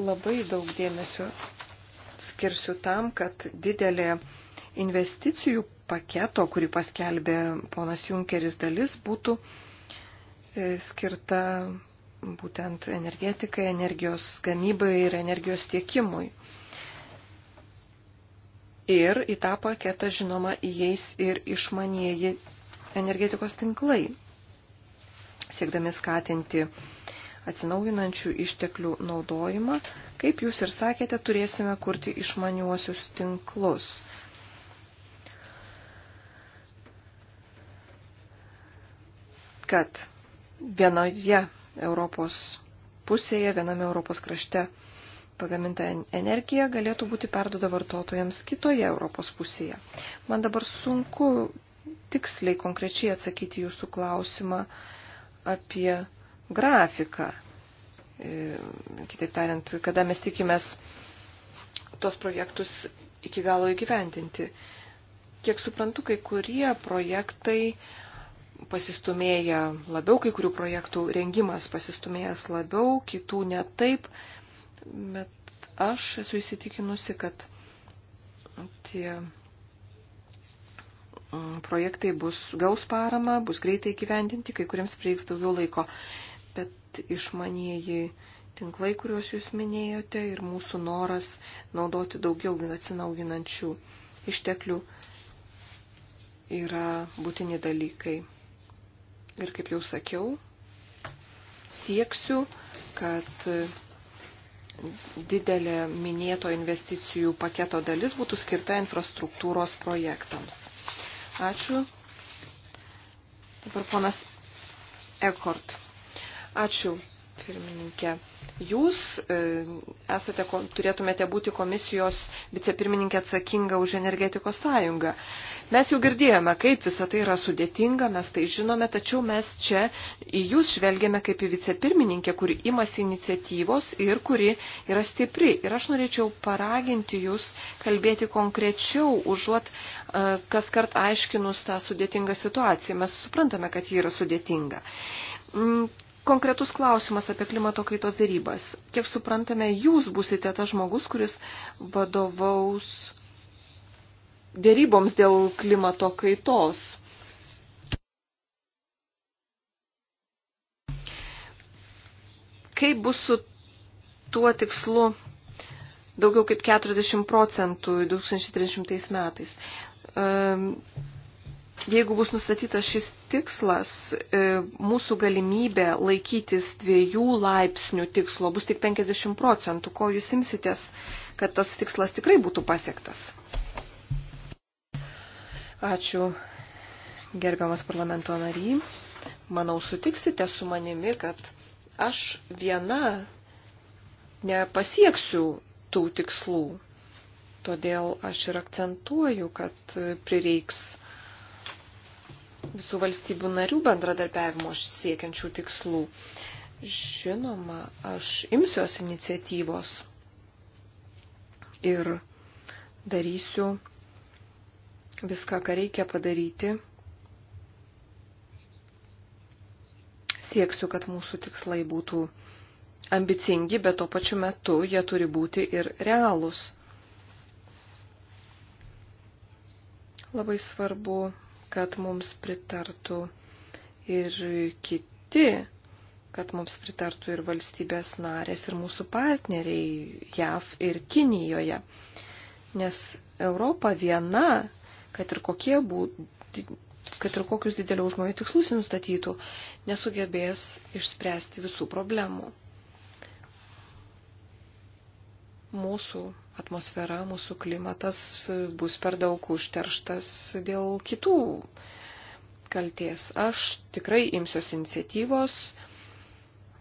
labai daug dėmesio skirsiu tam, kad didelė investicijų paketo, kurį paskelbė ponas Junkeris dalis, būtų e, skirta būtent energetikai, energijos gamybai ir energijos tiekimui. Ir į tą paketą, žinoma, įeis ir išmanieji energetikos tinklai siekdami skatinti atsinaujinančių išteklių naudojimą. Kaip jūs ir sakėte, turėsime kurti išmaniuosius tinklus. Kad vienoje Europos pusėje, viename Europos krašte pagaminta energija galėtų būti perduoda vartotojams kitoje Europos pusėje. Man dabar sunku tiksliai konkrečiai atsakyti jūsų klausimą apie grafiką. E, kitaip tariant, kada mes tikimės tos projektus iki galo įgyvendinti. Kiek suprantu, kai kurie projektai pasistumėja labiau, kai kurių projektų rengimas pasistumėjęs labiau, kitų ne taip, bet aš esu įsitikinusi, kad tie projektai bus gaus paramą, bus greitai gyvendinti, kai kuriems prieiks daugiau laiko. Bet išmanieji tinklai, kuriuos jūs minėjote, ir mūsų noras naudoti daugiau atsinaujinančių išteklių yra būtini dalykai. Ir kaip jau sakiau, sieksiu, kad didelė minėto investicijų paketo dalis būtų skirta infrastruktūros projektams. Ačiū. Dabar ponas Ekort. Ačiū, pirmininkė. Jūs e, esate, turėtumėte būti komisijos vicepirmininkė atsakinga už energetikos sąjungą. Mes jau girdėjome, kaip visa tai yra sudėtinga, mes tai žinome, tačiau mes čia į jūs žvelgiame kaip į vicepirmininkę, kuri imasi iniciatyvos ir kuri yra stipri. Ir aš norėčiau paraginti jūs kalbėti konkrečiau, užuot e, kas kart aiškinus tą sudėtingą situaciją. Mes suprantame, kad ji yra sudėtinga mm, Konkretus klausimas apie klimato kaitos dėrybas. Kiek suprantame, jūs busite tas žmogus, kuris vadovaus dėryboms dėl klimato kaitos. Kaip bus su tuo tikslu daugiau kaip 40 procentų 2030 metais? Ehm, jeigu bus nustatytas šis tikslas, e, mūsų galimybė laikytis dviejų laipsnių tikslo bus tik 50 procentų. Ko jūs imsitės, kad tas tikslas tikrai būtų pasiektas? Ačiū, gerbiamas parlamento nary. Manau, sutiksite su manimi, kad aš viena nepasieksiu tų tikslų. Todėl aš ir akcentuoju, kad prireiks visų valstybių narių bendradarbiavimo siekiančių tikslų. Žinoma, aš imsiuos iniciatyvos ir darysiu viską, ką reikia padaryti. Sieksiu, kad mūsų tikslai būtų ambicingi, bet tuo pačiu metu jie turi būti ir realūs. Labai svarbu kad mums pritartų ir kiti, kad mums pritartų ir valstybės narės, ir mūsų partneriai JAV ir Kinijoje. Nes Europa viena, kad ir kokie būtų kad ir kokius didelio užmojo tikslus nustatytų, nesugebės išspręsti visų problemų. Mūsų atmosfera, mūsų klimatas bus per daug užterštas dėl kitų kalties. Aš tikrai imsiuosi iniciatyvos,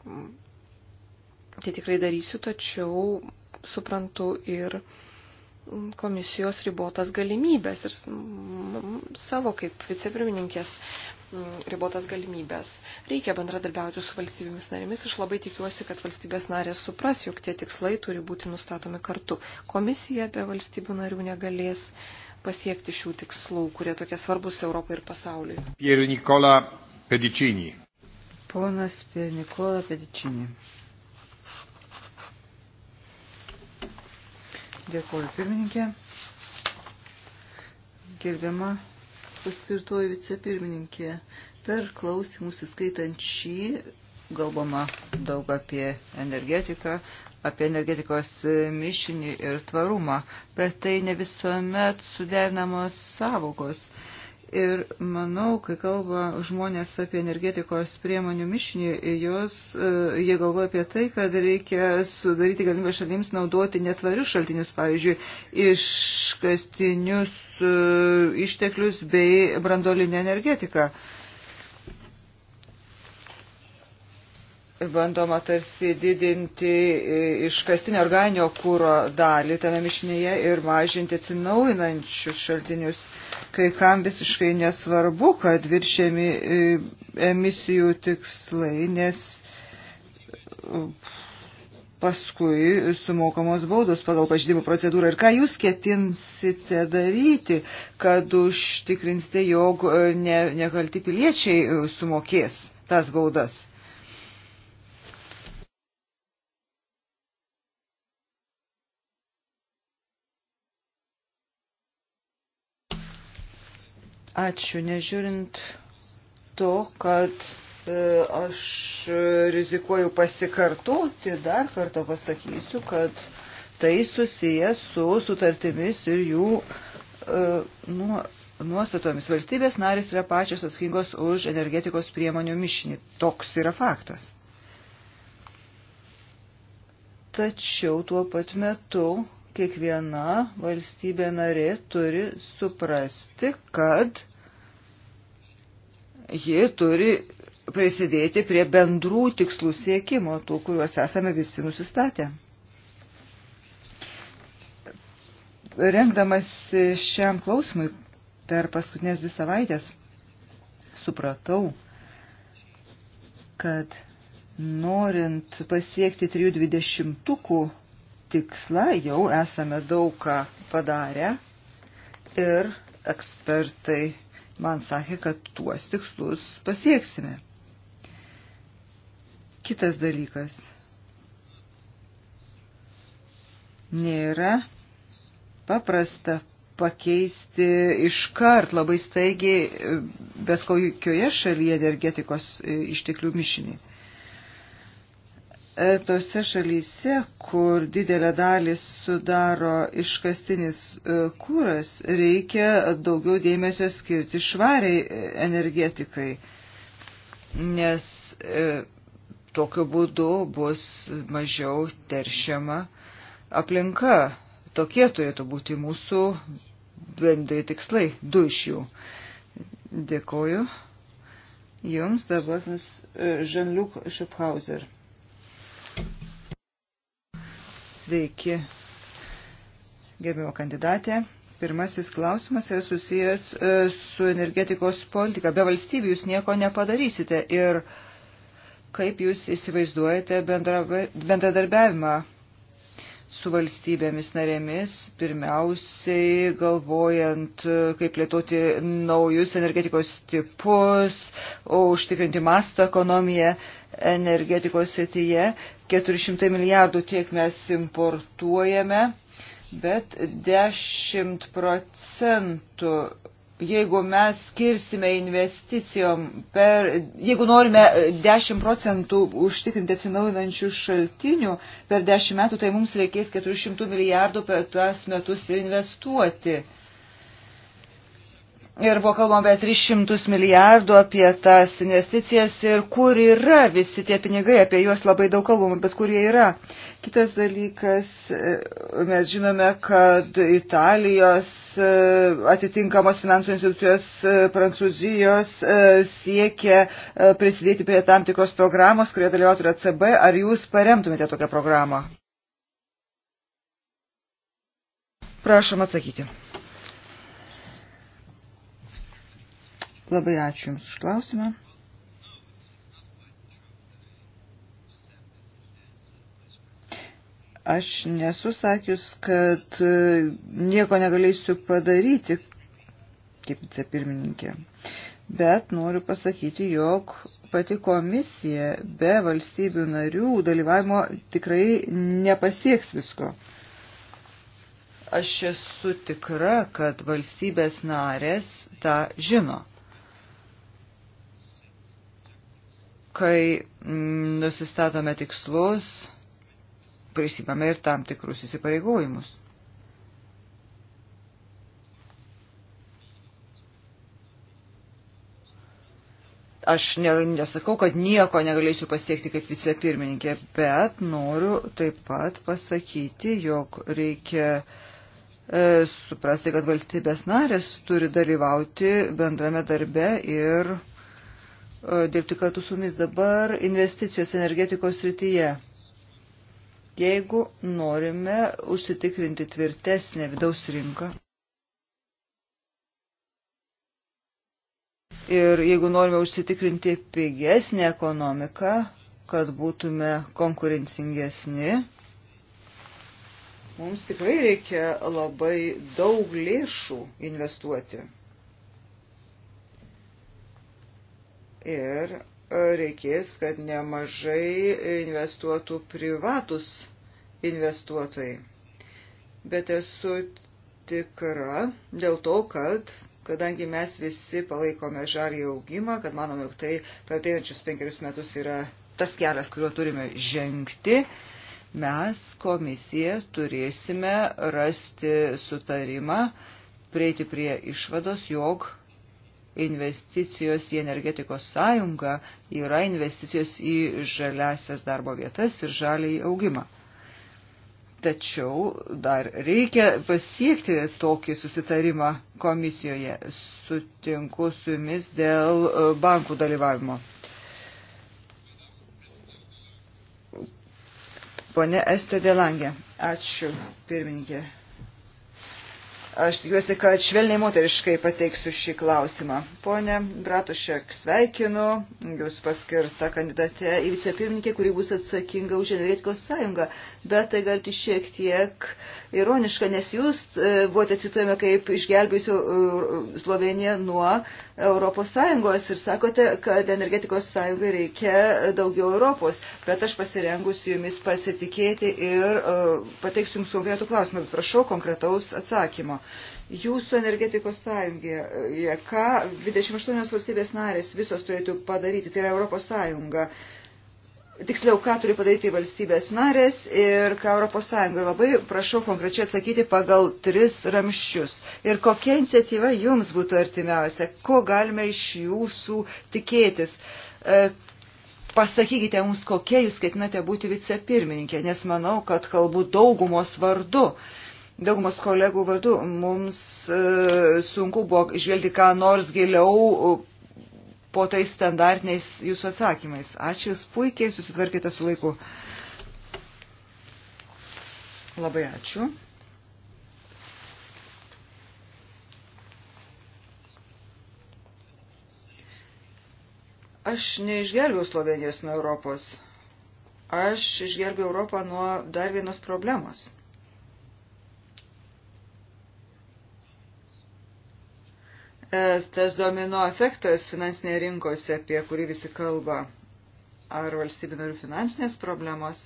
mm. tai tikrai darysiu, tačiau suprantu ir komisijos ribotas galimybės ir savo kaip vicepirmininkės ribotas galimybės. Reikia bendradarbiauti su valstybėmis narėmis. Aš labai tikiuosi, kad valstybės narės supras, jog tie tikslai turi būti nustatomi kartu. Komisija be valstybių narių negalės pasiekti šių tikslų, kurie tokie svarbus Europai ir pasauliui. Pier Nikola Pedicini. Ponas Pier Nikola Pedicini. Dėkuoju pirmininkė. Gerbiama paskirtoji vicepirmininkė. Per klausimus įskaitant šį, galvoma daug apie energetiką, apie energetikos mišinį ir tvarumą, bet tai ne visuomet suderinamos savokos. E, Ir manau, kai kalba žmonės apie energetikos priemonių mišinį, jos, e, jie galvoja apie tai, kad reikia sudaryti galimybę šalims naudoti netvarius šaltinius, pavyzdžiui, iškastinius e, išteklius bei brandolinę energetiką. Uh, bandoma tarsi didinti e, iškastinio organinio kūro dalį tame mišinėje ir mažinti atsinaujinančius šaltinius. Kai kam visiškai nesvarbu, kad viršėmi e, emisijų tikslai, nes e, paskui sumokamos baudos pagal pažydimų procedūrą. Ir ką jūs ketinsite daryti, kad užtikrinsite, jog ne, nekalti piliečiai sumokės tas baudas? Ačiū, nežiūrint to, kad e, aš rizikuoju pasikartoti, dar kartą pasakysiu, kad tai susiję su sutartimis ir jų nu, nuostatomis. Valstybės narės yra pačios atskingos už energetikos priemonių mišinį. Toks yra faktas. Tačiau tuo pat metu kiekviena valstybė narė turi suprasti, kad ji turi prisidėti prie bendrų tikslų siekimo, tų, kuriuos esame visi nusistatę. Rengdamas šiam klausimui per paskutinės dvi savaitės supratau, kad norint pasiekti 320-ukų tikslą, jau esame daug ką padarę ir ekspertai man sakė, kad tuos tikslus pasieksime. Kitas dalykas. Nėra paprasta pakeisti iškart labai staigiai e, bet kokioje šalyje energetikos e, išteklių mišinį. E, tose šalyse, kur didelę dalį sudaro iškastinis e, kūras, reikia daugiau dėmesio skirti švariai e, energetikai, nes tokiu būdu bus mažiau teršiama aplinka. Tokie turėtų būti mūsų bendrai tikslai, du iš jų. Dėkoju. Jums dabar Žanliuk Šuphauser. Sveiki, gerbimo kandidatė. Pirmasis klausimas yra susijęs e, su energetikos politika. Be valstybių jūs nieko nepadarysite. Ir kaip jūs įsivaizduojate bendradarbiavimą su valstybėmis narėmis, pirmiausiai galvojant, e, kaip lietoti naujus energetikos tipus, užtikrinti masto ekonomiją energetikos srityje. 400 milijardų tiek mes importuojame, bet 10 procentų jeigu mes skirsime investicijom per, jeigu norime 10 procentų užtikrinti atsinaujinančių šaltinių per 10 metų, tai mums reikės 400 milijardų per tuos metus ir investuoti. Ir buvo kalbama apie 300 milijardų apie tas investicijas ir kur yra visi tie pinigai, apie juos labai daug kalbama, bet kur jie yra. Kitas dalykas, e, mes žinome, kad Italijos e, atitinkamos finansų institucijos e, Prancūzijos siekia prisidėti prie tam tikros programos, kurie dalyvautų ir ACB. Ar jūs paremtumėte tokią programą? Prašom atsakyti. Labai ačiū Jums už klausimą. Aš nesu sakius, kad e, nieko negalėsiu padaryti kaip vicepirmininkė. Bet noriu pasakyti, jog pati komisija be valstybių narių dalyvavimo tikrai nepasieks visko. Aš esu tikra, kad valstybės narės tą žino. kai mm, nusistatome tikslus, prisimame ir tam tikrus įsipareigojimus. aš ne, nesakau, kad nieko negalėsiu pasiekti kaip vicepirmininkė, bet noriu taip pat pasakyti, jog reikia e, suprasti, kad valstybės narės turi dalyvauti bendrame darbe ir E, dirbti kartu su mumis dabar investicijos energetikos srityje. Jeigu norime užsitikrinti tvirtesnę vidaus rinką ir jeigu norime užsitikrinti pigesnę ekonomiką, kad būtume konkurencingesni, mums tikrai reikia labai daug lėšų investuoti. ir e, reikės, kad nemažai investuotų privatus investuotojai. Bet esu tikra dėl to, kad kadangi mes visi palaikome žalį augimą, kad manome, jog tai per ateinančius penkerius metus yra tas kelias, kuriuo turime žengti, mes komisija turėsime rasti sutarimą, prieiti prie išvados, jog investicijos į energetikos sąjungą yra investicijos į žaliasias darbo vietas ir žaliai augimą. Tačiau dar reikia pasiekti tokį susitarimą komisijoje. Sutinku su jumis dėl e, bankų dalyvavimo. Pone Estė Delangė. Ačiū, pirmininkė. Aš tikiuosi, kad švelniai moteriškai pateiksiu šį klausimą. Pone Bratušek, sveikinu, jūs paskirta kandidatė į vicepirmininkį, kuri bus atsakinga už energetikos sąjungą, bet tai galite šiek tiek ironiška, nes jūs e, buvote cituojami kaip išgelbėjusiu e, Sloveniją nuo ES ir sakote, kad energetikos sąjungai reikia daugiau Europos, bet aš pasirengus jumis pasitikėti ir uh, pateiksiu jums konkretų klausimą, bet prašau konkretaus atsakymo. Jūsų energetikos sąjungė, ką 28 valstybės narės visos turėtų padaryti, tai yra Europos sąjunga. Uh, tiksliau, ką turi padaryti valstybės narės ir ką ES. Ir labai prašau konkrečiai atsakyti pagal tris ramščius. Ir kokia iniciatyva jums būtų artimiausia, ko galime iš jūsų tikėtis. E, pasakykite mums, kokie jūs ketinate būti vicepirmininkė, nes manau, kad kalbu daugumos vardu. Daugumos kolegų vardu mums e, sunku buvo išvelgti ką nors giliau po tais standartiniais jūsų atsakymais. Ačiū, jūs puikiai susitvarkite su laiku. Labai ačiū. Aš neišgelbėjau Slovenijos nuo Europos. Aš išgelbėjau Europą nuo dar vienos problemos – E, tas domino efektas finansinėje rinkose, apie kurį visi kalba, ar valstybių narių finansinės problemos,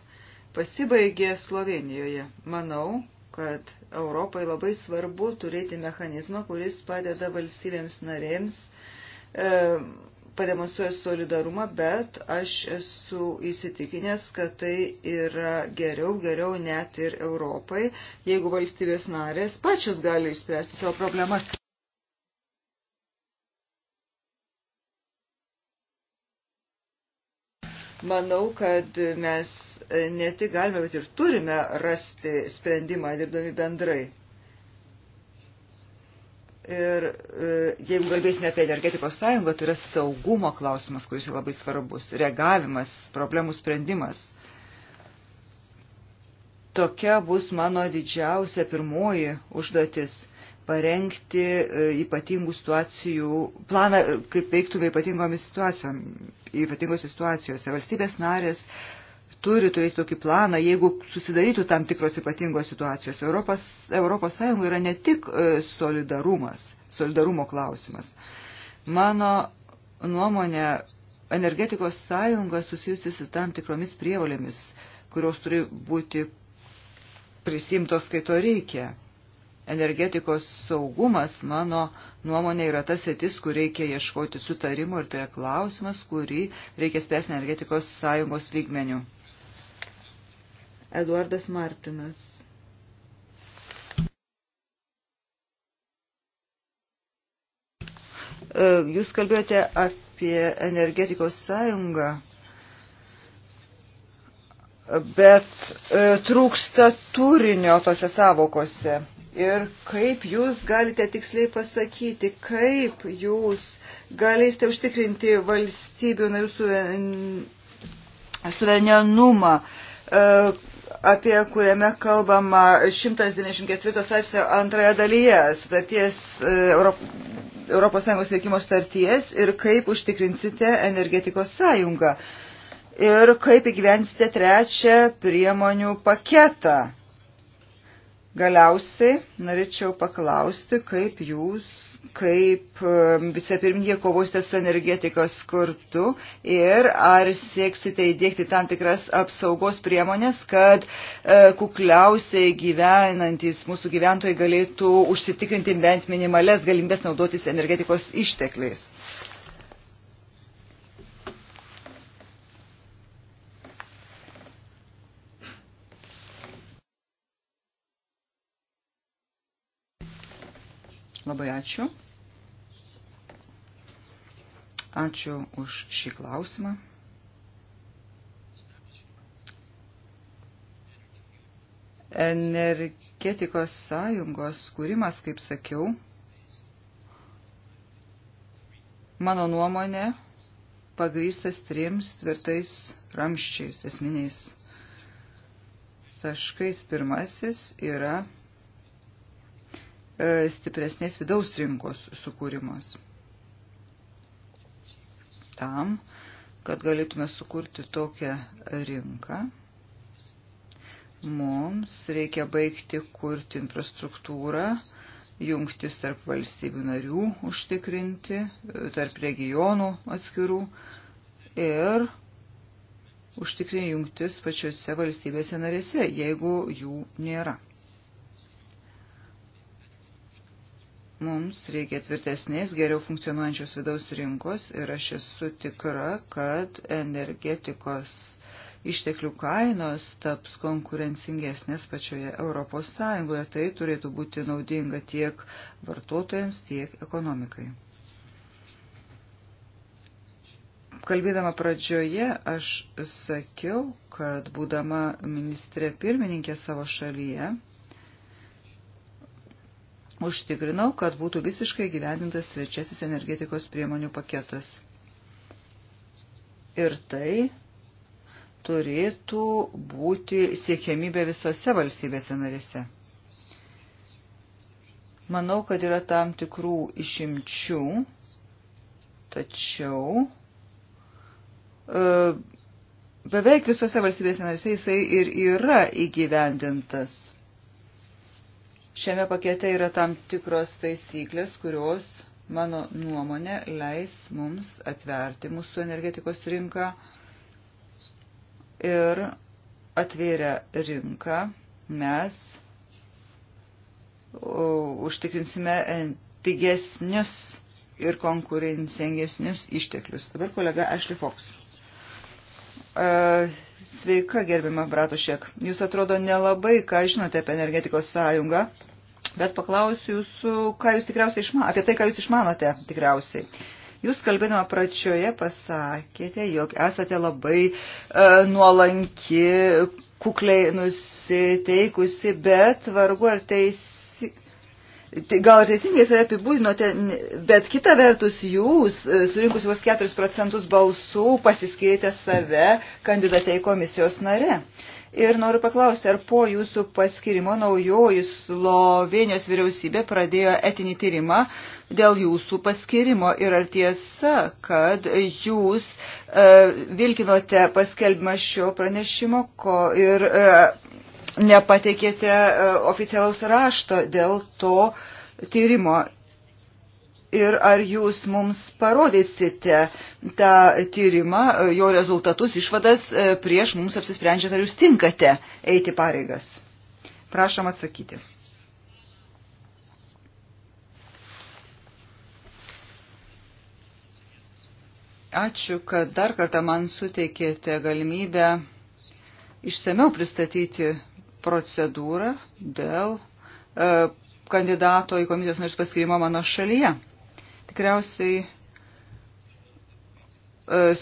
pasibaigė Slovenijoje. Manau, kad Europai labai svarbu turėti mechanizmą, kuris padeda valstybėms narėms, e, pademonstruoja solidarumą, bet aš esu įsitikinęs, kad tai yra geriau, geriau net ir Europai, jeigu valstybės narės pačios gali išspręsti savo problemas. Manau, kad mes e, ne tik galime, bet ir turime rasti sprendimą dirbdami bendrai. Ir e, jeigu kalbėsime apie energetikos sąjungą, tai yra saugumo klausimas, kuris yra labai svarbus, reagavimas, problemų sprendimas. Tokia bus mano didžiausia pirmoji užduotis parengti e, ypatingų situacijų planą, e, kaip veiktume ypatingomis situacijomis, ypatingose situacijose. Valstybės narės turi turėti tokį planą, jeigu susidarytų tam tikros ypatingos situacijos. Europos, Europos Sąjunga yra ne tik e, solidarumas, solidarumo klausimas. Mano nuomonė, energetikos sąjunga susijusi su tam tikromis prievolėmis, kurios turi būti prisimtos, kai to reikia energetikos saugumas, mano nuomonė, yra tas sėtis, kur reikia ieškoti sutarimo ir tai yra klausimas, kurį reikia spręsti energetikos sąjungos lygmenių. Eduardas Martinas. E, jūs kalbėjote apie energetikos sąjungą, bet e, trūksta turinio tose savokose Ir kaip jūs galite tiksliai pasakyti, kaip jūs galėsite užtikrinti valstybių narių suverenumą, e, apie kuriame kalbama 194 straipsnio antroje dalyje sutarties ES veikimo sutarties ir kaip užtikrinsite energetikos sąjungą ir kaip įgyvensite trečią priemonių paketą Galiausiai norėčiau paklausti, kaip jūs, kaip um, vicepirmininkė kovosite su energetikos skurtu ir ar sieksite įdėkti tam tikras apsaugos priemonės, kad e, kukliausiai gyvenantis mūsų gyventojai galėtų užsitikrinti bent minimales galimybės naudotis energetikos ištekliais. Uh, Labai ačiū. Ačiū už šį klausimą. Energetikos sąjungos kūrimas, kaip sakiau, mano nuomonė, pagrystas trims tvirtais ramščiais esminiais. Taškais pirmasis yra E, stipresnės vidaus rinkos sukūrimas. Tam, kad galėtume sukurti tokią rinką, mums reikia baigti kurti infrastruktūrą, jungtis tarp valstybių narių užtikrinti, tarp regionų atskirų ir užtikrinti jungtis pačiose valstybėse narėse, jeigu jų nėra. Mums reikia tvirtesnės, geriau funkcionuojančios vidaus rinkos ir aš esu tikra, kad energetikos išteklių kainos taps konkurencingesnės pačioje Europos Sąjungoje. Tai turėtų būti naudinga tiek vartotojams, tiek ekonomikai. Kalbėdama pradžioje, aš sakiau, kad būdama ministrė pirmininkė savo šalyje, užtikrinau, kad būtų visiškai gyvendintas trečiasis energetikos priemonių paketas. Ir tai turėtų būti siekiamybė visose valstybėse narėse. Manau, kad yra tam tikrų išimčių, tačiau e, beveik visose valstybėse narėse jisai ir yra įgyvendintas. Šiame pakete yra tam tikros taisyklės, kurios, mano nuomonė, leis mums atverti mūsų energetikos rinką ir atvėrę rinką mes užtikrinsime pigesnius ir konkurencingesnius išteklius. Dabar kolega Ashley Fox. E, sveika, gerbima Bratušek. Jūs atrodo nelabai, ką žinote apie energetikos sąjungą, bet paklausiu jūsų, ką jūs tikriausiai išmanote, apie tai, ką jūs išmanote tikriausiai. Jūs kalbėdama pradžioje pasakėte, jog esate labai e, nuolanki, kukliai nusiteikusi, bet vargu ar teis Tai gal teisingai save apibūdinote, bet kita vertus jūs, e, surinkus vos 4 procentus balsų, pasiskirėte save kandidatei komisijos nare. Ir noriu paklausti, ar po jūsų paskirimo naujoji Slovenijos vyriausybė pradėjo etinį tyrimą dėl jūsų paskirimo ir ar tiesa, kad jūs e, vilkinote paskelbimą šio pranešimo ko, ir e, nepateikėte e, oficialaus rašto dėl to tyrimo. Ir ar jūs mums parodysite tą tyrimą, e, jo rezultatus, išvadas e, prieš mums apsisprendžiant, ar jūs tinkate eiti pareigas? Prašom atsakyti. Ačiū, kad dar kartą man suteikėte galimybę išsameu pristatyti procedūrą dėl e, kandidato į komisijos narius paskirimo mano šalyje. Tikriausiai e,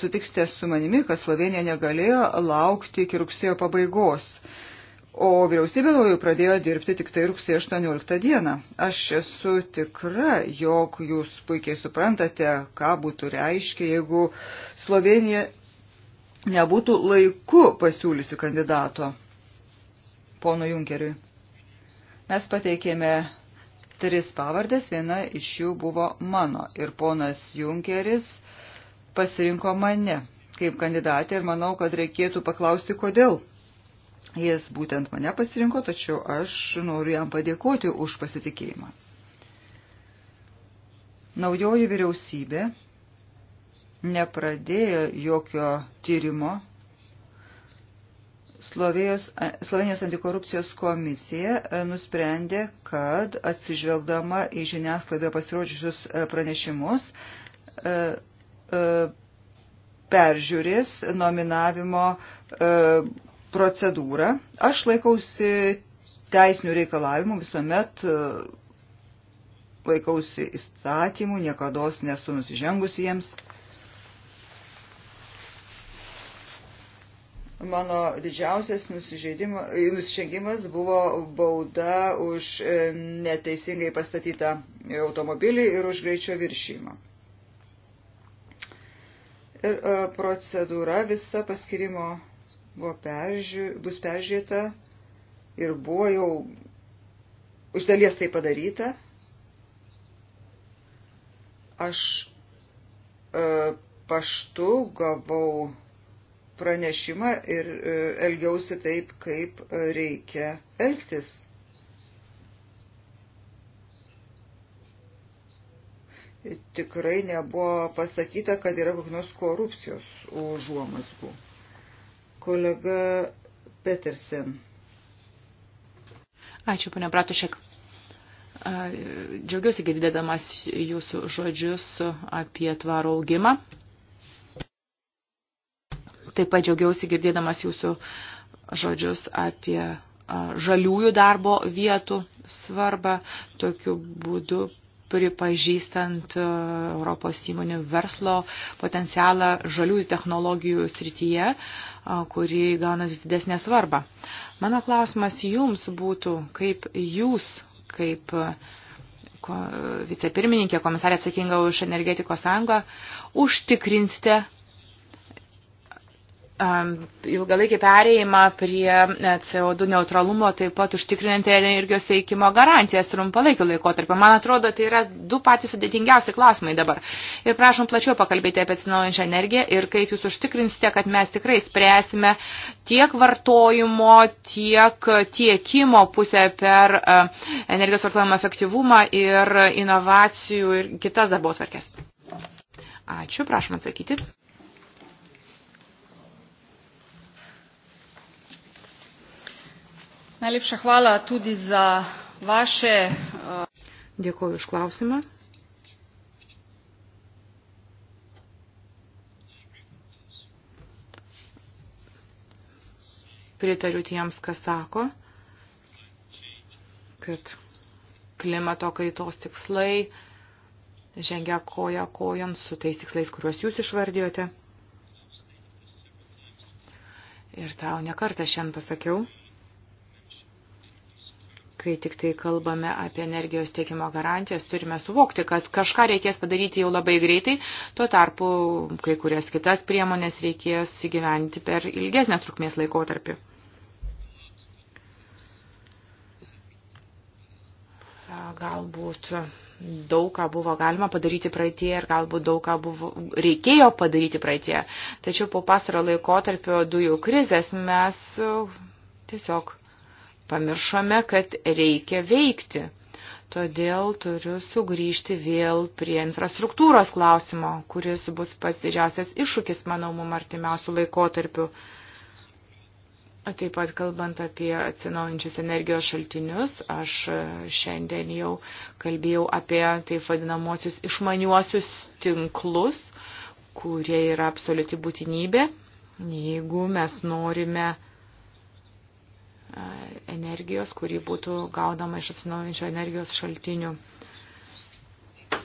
sutiksite su manimi, kad Slovenija negalėjo laukti iki rugsėjo pabaigos. O vyriausybė naujų pradėjo dirbti tik tai rugsėjo 18 dieną. Aš esu tikra, jog jūs puikiai suprantate, ką būtų reiškia, jeigu Slovenija nebūtų laiku pasiūlysi kandidato pono Junkeriui. Mes pateikėme tris pavardės, viena iš jų buvo mano ir ponas Junkeris pasirinko mane kaip kandidatę ir manau, kad reikėtų paklausti, kodėl. Jis būtent mane pasirinko, tačiau aš noriu jam padėkoti už pasitikėjimą. Naujoji vyriausybė nepradėjo jokio tyrimo Slovėjos, Slovenijos antikorupcijos komisija nusprendė, kad atsižvelgdama į žiniasklaidoje pasirodžiusius pranešimus, peržiūrės nominavimo procedūrą. Aš laikausi teisinių reikalavimų visuomet laikausi įstatymų, niekada nesu nusižengusi jiems. Mano didžiausias nusižengimas buvo bauda už e, neteisingai pastatytą automobilį ir už greičio viršymą. Ir e, procedūra visa paskirimo peržiū, bus peržiūrėta ir buvo jau iš dalies tai padaryta. Aš e, paštu gavau pranešimą ir e, elgiausi taip, kaip e, reikia elgtis. Tikrai nebuvo pasakyta, kad yra kokios korupcijos užuomasgų. Kolega Petersen. Ačiū, ponia Bratušek. Džiaugiuosi girdėdamas jūsų žodžius apie tvarų augimą. Taip pat džiaugiausi girdėdamas jūsų žodžius apie žaliųjų darbo vietų svarbą, tokiu būdu pripažįstant Europos įmonių verslo potencialą žaliųjų technologijų srityje, kuri gauna vis didesnę svarbą. Mano klausimas jums būtų, kaip jūs, kaip vicepirmininkė, komisarė atsakinga už energetikos sąjungą, užtikrinsite Um, ilgalaikį perėjimą prie e, CO2 neutralumo, taip pat užtikrinantį energijos veikimo garantijas trumpalaikiu laikotarpiu. Man atrodo, tai yra du patys sudėtingiausi klausimai dabar. Ir prašom plačiau pakalbėti apie atsinaujančią energiją ir kaip jūs užtikrinsite, kad mes tikrai spręsime tiek vartojimo, tiek tiekimo pusę per e, energijos vartojimo efektyvumą ir inovacijų ir kitas darbo tvarkės. Ačiū, prašom atsakyti. Najlepša hvala tudi za vaše. Eh, Dėkuoju už klausimą. Pritariu tiems, kas sako, kad klimato kaitos tikslai žengia koja kojon su tais tikslais, kuriuos jūs išvardijote. Ir tau nekartą šiandien pasakiau kai tik tai kalbame apie energijos tiekimo garantijas, turime suvokti, kad kažką reikės padaryti jau labai greitai, tuo tarpu kai kurias kitas priemonės reikės įgyventi per ilgesnę trukmės laikotarpį. Galbūt daug ką buvo galima padaryti praeitie ir galbūt daug ką buvo, reikėjo padaryti praeitie. Tačiau po pasaro laikotarpio dujų krizės mes tiesiog Pamiršome, kad reikia veikti. Todėl turiu sugrįžti vėl prie infrastruktūros klausimo, kuris bus pats didžiausias iššūkis, manau, mum artimiausių laikotarpių. Taip pat kalbant apie atsinaujančius energijos šaltinius, aš šiandien jau kalbėjau apie taip vadinamosius išmaniuosius tinklus, kurie yra absoliuti būtinybė, jeigu mes norime E, energijos, kuri būtų gaudama iš atsinaujinčio energijos šaltinių e,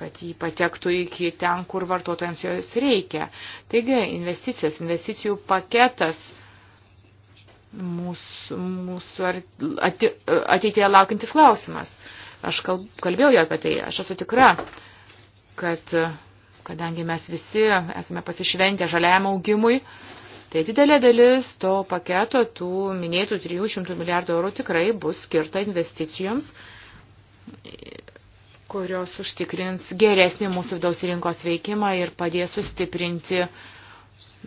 kad jį patektų iki ten, kur vartotojams jos reikia. Taigi investicijos, investicijų paketas mūsų, mūsų e, ateityje laukintis klausimas. Aš kalbėjau jau apie tai, aš esu tikra, kad kadangi mes visi esame pasišventę žaliajam augimui, Tai didelė dalis to paketo, tų minėtų 300 milijardų eurų tikrai bus skirta investicijoms, kurios užtikrins geresnį mūsų vidaus rinkos veikimą ir padės sustiprinti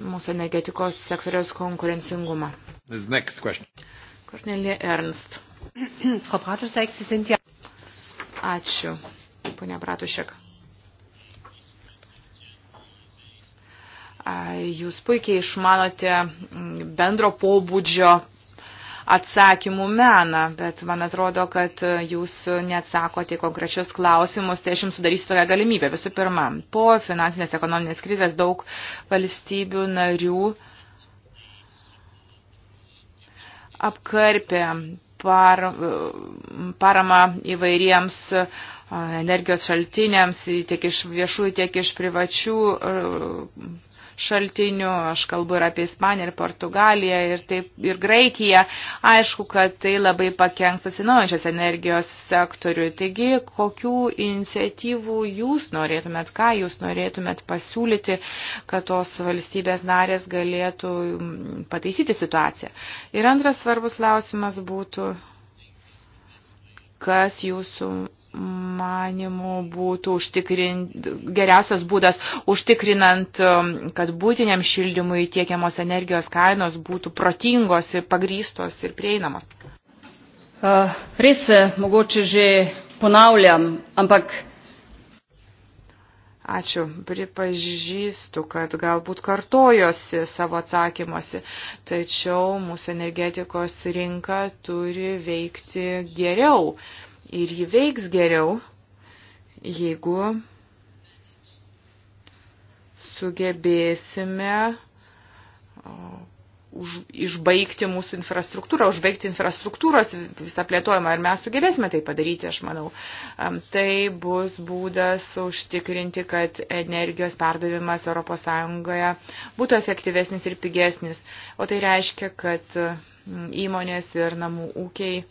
mūsų energetikos sektoriaus konkurencingumą. Kornelija Ernst. Ačiū, ponia Bratušek. Jūs puikiai išmanote mm, bendro pobūdžio atsakymų meną, bet man atrodo, kad e, jūs neatsakote konkrečius klausimus, tai aš jums sudarysiu tokią galimybę. Visų pirma, po finansinės ekonominės krizės daug valstybių narių apkarpė par, paramą įvairiems e, energijos šaltiniams, tiek iš viešųjų, tiek iš privačių e, šaltinių, aš kalbu ir apie Ispaniją, ir Portugaliją, ir, taip, ir Graikiją. Aišku, kad tai labai pakenks atsinaujančios energijos sektoriui. Taigi, kokių iniciatyvų jūs norėtumėt, ką jūs norėtumėt pasiūlyti, kad tos valstybės narės galėtų pataisyti situaciją. Ir antras svarbus klausimas būtų, kas jūsų manimų būtų užtikrinti, geriausias būdas užtikrinant, um, kad būtiniam šildymui tiekiamos energijos kainos būtų protingos ir pagrystos ir prieinamos? Uh, res se eh, mogoče že ponavljam, ampak. Ačiū, pripažįstu, kad galbūt kartojosi savo atsakymuose, tačiau mūsų energetikos rinka turi veikti geriau. Uh, ir ji veiks geriau, jeigu sugebėsime už, išbaigti mūsų infrastruktūrą, užbaigti infrastruktūros visą plėtojimą. Ir mes sugebėsime tai padaryti, aš manau. Tai bus būdas užtikrinti, kad energijos perdavimas ES būtų efektyvesnis ir pigesnis. O tai reiškia, kad įmonės ir namų ūkiai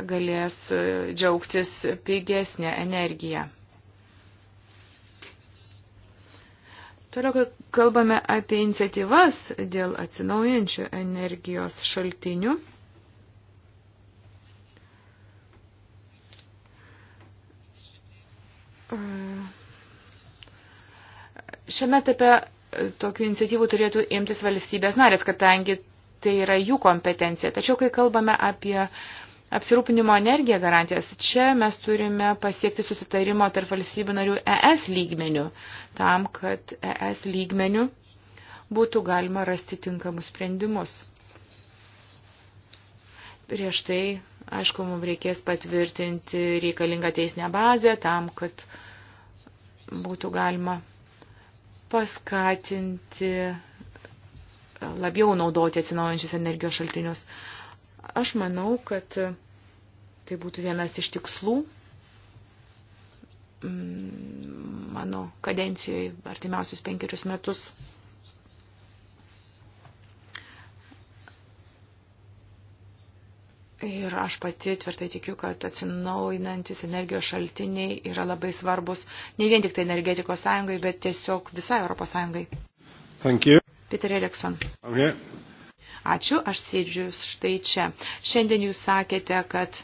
galės e, džiaugtis pigesnė energija. Toliau kalbame apie iniciatyvas dėl atsinaujančių energijos šaltinių. E, šiame etape tokių iniciatyvų turėtų imtis valstybės narės, kadangi tai yra jų kompetencija. Tačiau, kai kalbame apie apsirūpinimo energija garantijas. Čia mes turime pasiekti susitarimo tarp valstybių narių ES lygmenių, tam, kad ES lygmenių būtų galima rasti tinkamus sprendimus. Prieš tai, aišku, mums reikės patvirtinti reikalingą teisinę bazę tam, kad būtų galima paskatinti labiau naudoti atsinaujančius energijos šaltinius. Aš manau, kad Tai būtų vienas iš tikslų mm, mano kadencijoje artimiausius penkerius metus. Ir aš pati tvirtai tikiu, kad atsinaujinantis energijos šaltiniai yra labai svarbus ne vien tik tai energetikos sąjungai, bet tiesiog visai Europos sąjungai. Thank you. Peter Eriksson. Okay. Ačiū, aš sėdžiu štai čia. Šiandien jūs sakėte, kad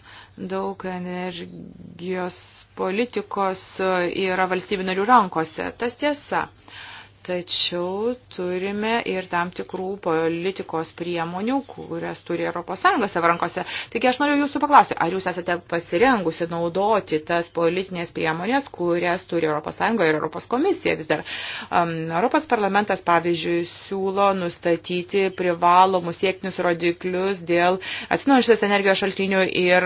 daug energijos politikos yra valstybių narių rankose. Tas tiesa. Tačiau turime ir tam tikrų politikos priemonių, kurias turi ES savo rankose. Taigi aš noriu jūsų paklausti, ar jūs esate pasirengusi naudoti tas politinės priemonės, kurias turi ES ir ES komisija vis dar. Um, Europos parlamentas, pavyzdžiui, siūlo nustatyti privalomus siektinius rodiklius dėl atsinaujančios energijos šaltinių ir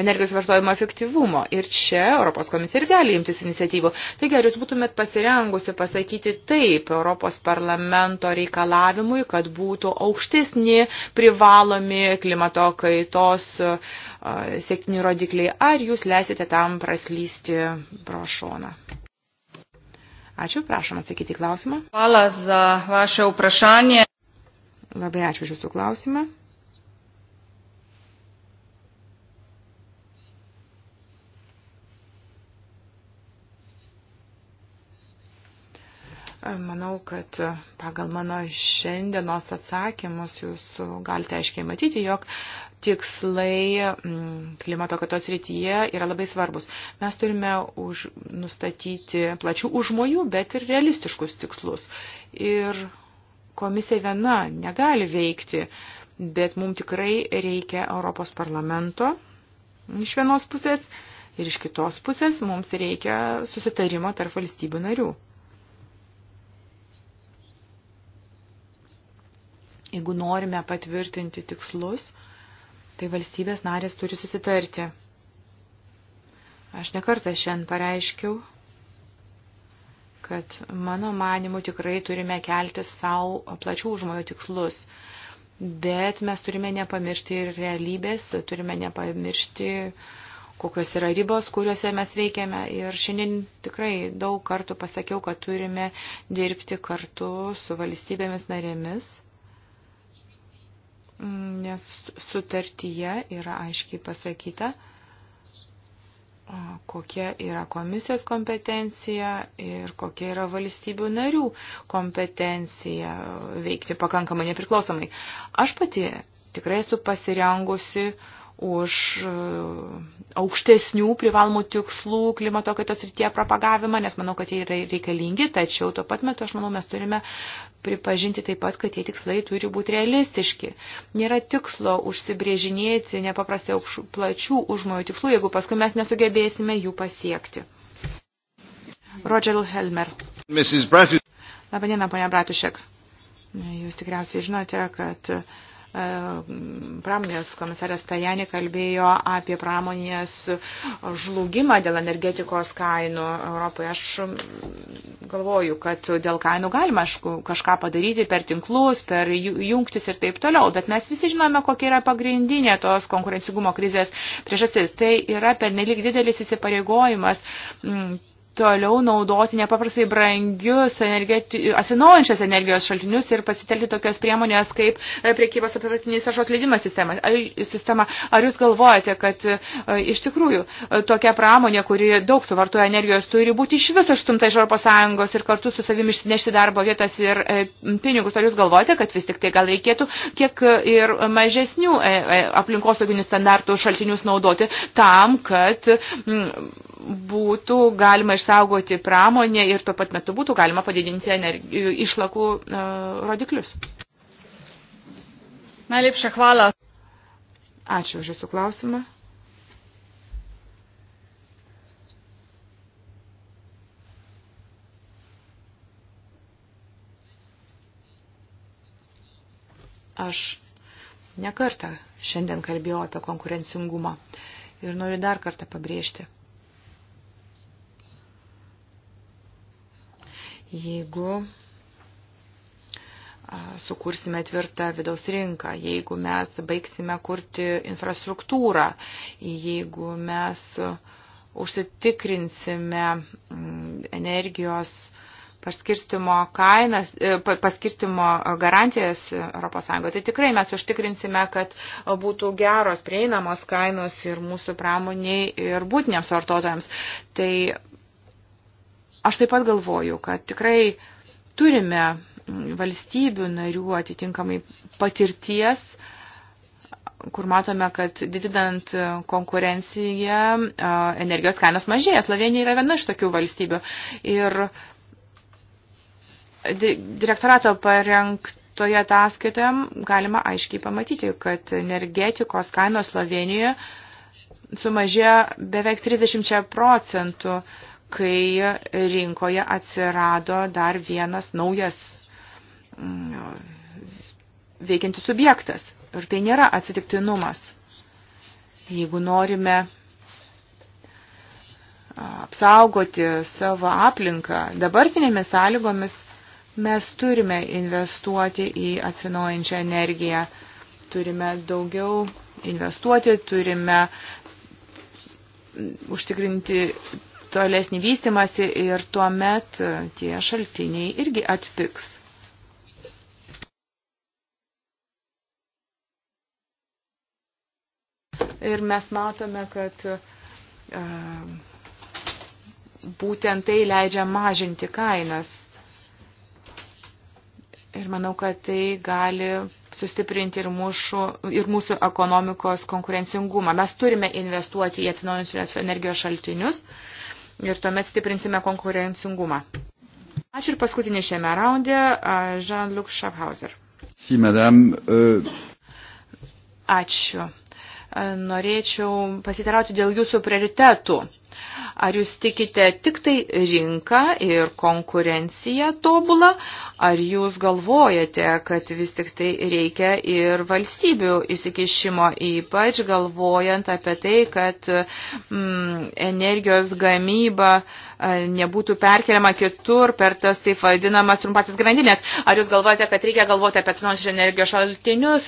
energijos vartojimo efektyvumo. Ir čia Europos komisija ir gali imtis iniciatyvų. Taigi ar jūs būtumėt pasirengusi pasakyti tai, taip Europos parlamento reikalavimui, kad būtų aukštesni privalomi klimato kaitos e, sėktini rodikliai. Ar jūs leisite tam praslysti pro šoną? Ačiū, prašom atsakyti klausimą. Hvala za vaše uprašanje. Labai ačiū už jūsų klausimą. Manau, kad pagal mano šiandienos atsakymus jūs galite aiškiai matyti, jog tikslai mm, klimato kaitos rytyje yra labai svarbus. Mes turime už, nustatyti plačių užmojų, bet ir realistiškus tikslus. Ir komisija viena negali veikti, bet mums tikrai reikia Europos parlamento iš vienos pusės ir iš kitos pusės mums reikia susitarimo tarp valstybių narių. Jeigu norime patvirtinti tikslus, tai valstybės narės turi susitarti. Aš nekartą šiandien pareiškiau, kad mano manimu tikrai turime kelti savo plačių užmojo tikslus. Bet mes turime nepamiršti ir realybės, turime nepamiršti, kokios yra ribos, kuriuose mes veikiame. Ir šiandien tikrai daug kartų pasakiau, kad turime dirbti kartu su valstybėmis narėmis nes sutartyje yra aiškiai pasakyta, kokia yra komisijos kompetencija ir kokia yra valstybių narių kompetencija veikti pakankamai nepriklausomai. Aš pati tikrai esu pasirengusi uh, už e, aukštesnių privalomų tikslų klimato kaitos rytie propagavimą, nes manau, kad jie yra reikalingi, tačiau tuo pat metu, aš manau, mes turime pripažinti taip pat, kad tie tikslai turi būti realistiški. Nėra tikslo užsibrėžinėti nepaprastai aukš, plačių užmojų tikslų, jeigu paskui mes nesugebėsime jų pasiekti. Roger Helmer. Labadiena, ponia Bratušek. Jūs tikriausiai žinote, kad uh, pramonės komisaras Tajani kalbėjo apie pramonės žlugimą dėl energetikos kainų Europoje. Aš galvoju, kad dėl kainų galima aišku, kažką padaryti per tinklus, per jungtis ir taip toliau, bet mes visi žinome, kokia yra pagrindinė tos konkurencingumo krizės priežastis. Tai yra per nelik didelis įsipareigojimas toliau naudoti nepaprastai brangius atsinaujančios energijos šaltinius ir pasitelti tokias priemonės kaip e, priekybos apivartiniais taršos leidimas sistema. sistema. Ar jūs galvojate, kad e, iš tikrųjų e, tokia pramonė, kuri daug suvartoja energijos, turi būti iš viso išstumta iš ES ir kartu su savimi išsinešti darbo vietas ir pinigus? Ar jūs galvojate, kad vis tik tai gal reikėtų kiek ir mažesnių aplinkosauginių standartų šaltinius naudoti tam, kad būtų galima išsaugoti pramonę ir tuo pat metu būtų galima padidinti išlakų e, rodiklius. Najlepša hvala. Ačiū už Jūsų klausimą. Aš nekartą šiandien kalbėjau apie konkurencingumą ir noriu dar kartą pabrėžti – jeigu sukursime tvirtą vidaus rinką, jeigu mes baigsime kurti infrastruktūrą, jeigu mes užsitikrinsime mm, energijos paskirstimo kainas, e, paskirstimo garantijas ES, tai tikrai mes užtikrinsime, kad būtų geros prieinamos kainos ir mūsų pramoniai ir būtiniams vartotojams. Tai Aš taip pat galvoju, kad tikrai turime valstybių narių atitinkamai patirties, kur matome, kad didinant konkurenciją energijos kainas mažėja. Slovenija yra viena iš tokių valstybių. Ir direktorato parengtoje ataskaitoje galima aiškiai pamatyti, kad energetikos kainos Slovenijoje sumažėjo beveik 30 procentų kai rinkoje atsirado dar vienas naujas mm, veikiantis subjektas. Ir tai nėra atsitiktinumas. Jeigu norime apsaugoti savo aplinką dabartinėmis sąlygomis, mes turime investuoti į atsinaujančią energiją. Turime daugiau investuoti, turime užtikrinti tolesnį vystimąsi ir tuo met e, tie šaltiniai irgi atpiks. Ir mes matome, kad e, būtent tai leidžia mažinti kainas. Ir manau, kad tai gali sustiprinti ir mūsų, ir mūsų ekonomikos konkurencingumą. Mes turime investuoti į atsinaujinančius energijos šaltinius. Uh, ir tuomet stiprinsime konkurencingumą. Ačiū ir paskutinį šiame raunde, Jean-Luc Schaffhauser. Si, madame, uh... Ačiū. Norėčiau pasitarauti dėl jūsų prioritetų. Ar jūs tikite tik tai rinką ir konkurenciją tobulą, Ar jūs galvojate, kad vis tik tai reikia ir valstybių įsikišimo, ypač galvojant apie tai, kad mm, energijos gamyba nebūtų perkeliama kitur per tas taip vadinamas trumpasis grandinės. Ar jūs galvojate, kad reikia galvoti apie atsinaujančius energijos šaltinius,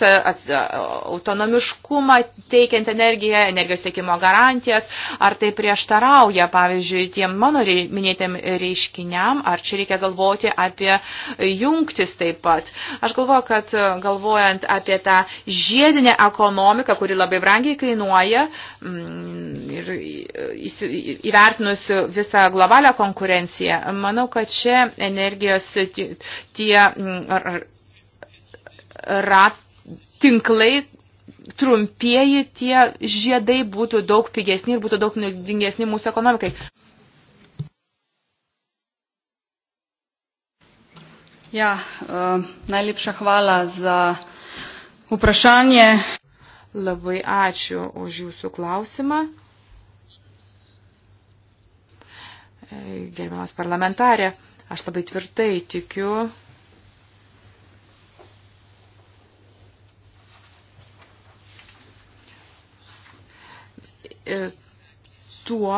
autonomiškumą teikiant energiją, energijos teikimo garantijas, ar tai prieštarauja, pavyzdžiui, tiem mano minėtėm reiškiniam, ar čia reikia galvoti apie jungtis taip pat. Aš galvoju, kad e, galvojant apie tą žiedinę ekonomiką, kuri labai brangiai kainuoja mm, ir e, įvertinus visą globalią konkurenciją, manau, kad čia energijos tie mm, rat, tinklai trumpieji tie žiedai būtų daug pigesni ir būtų daug naudingesni mūsų ekonomikai. Ja, uh, najlepša hvala za vprašanje. Labai ačiū už jūsų klausimą. E, gerbiamas parlamentarė, aš labai tvirtai tikiu e, tuo,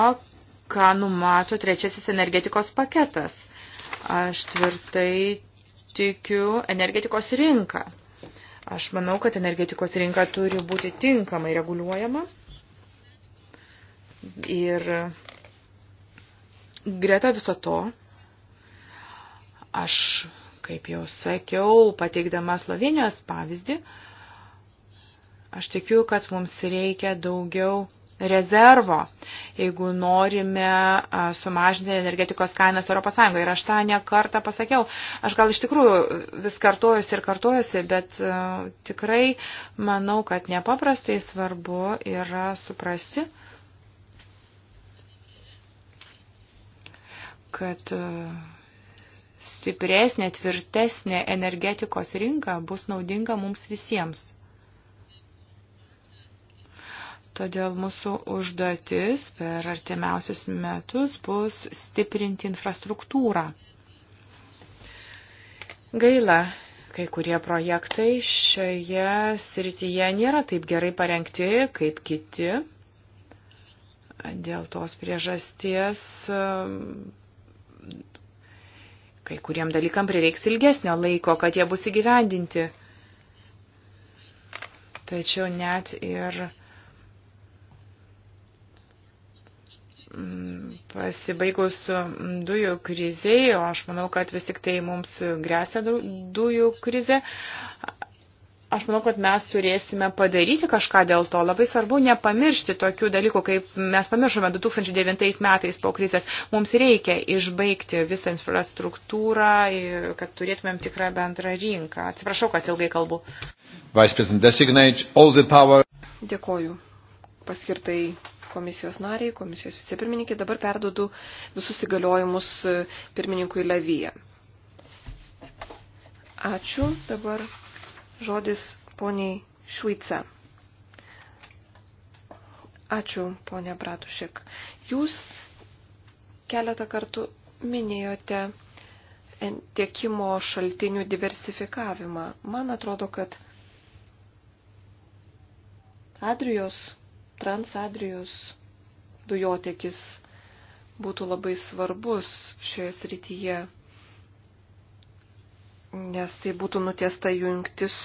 ką numato trečiasis energetikos paketas. Aš tvirtai tikiu energetikos rinką. Aš manau, kad energetikos rinka turi būti tinkamai reguliuojama. Ir greta viso to, aš, kaip jau sakiau, pateikdama Slovenijos pavyzdį, aš tikiu, kad mums reikia daugiau rezervo, jeigu norime sumažinti energetikos kainas ES. Ir aš tą nekartą pasakiau. Aš gal iš tikrųjų vis kartojusi ir kartojusi, bet tikrai manau, kad nepaprastai svarbu yra suprasti, kad stipresnė, tvirtesnė energetikos rinka bus naudinga mums visiems. Todėl mūsų užduotis per artimiausius metus bus stiprinti infrastruktūrą. Gaila, kai kurie projektai šioje srityje nėra taip gerai parengti kaip kiti. Dėl tos priežasties kai kuriem dalykam prireiks ilgesnio laiko, kad jie bus įgyvendinti. Tačiau net ir pasibaigus dujų kriziai, o aš manau, kad vis tik tai mums grėsia dujų krizė, aš manau, kad mes turėsime padaryti kažką dėl to. Labai svarbu nepamiršti tokių dalykų, kaip mes pamiršome 2009 metais po krizės. Mums reikia išbaigti visą infrastruktūrą, kad turėtumėm tikrą bendrą rinką. Atsiprašau, kad ilgai kalbu. Vice President Designate, all the power. Dėkoju. Paskirtai komisijos nariai, komisijos vicepirmininkė. Dabar perdodu visus įgaliojimus e, pirmininkui Levyje. Ačiū. Dabar žodis poniai Šuica. Ačiū, ponia Bratušek. Jūs keletą kartų minėjote tiekimo šaltinių diversifikavimą. Man atrodo, kad Adrijos Transadrijos dujotekis būtų labai svarbus šioje srityje, nes tai būtų nutiesta jungtis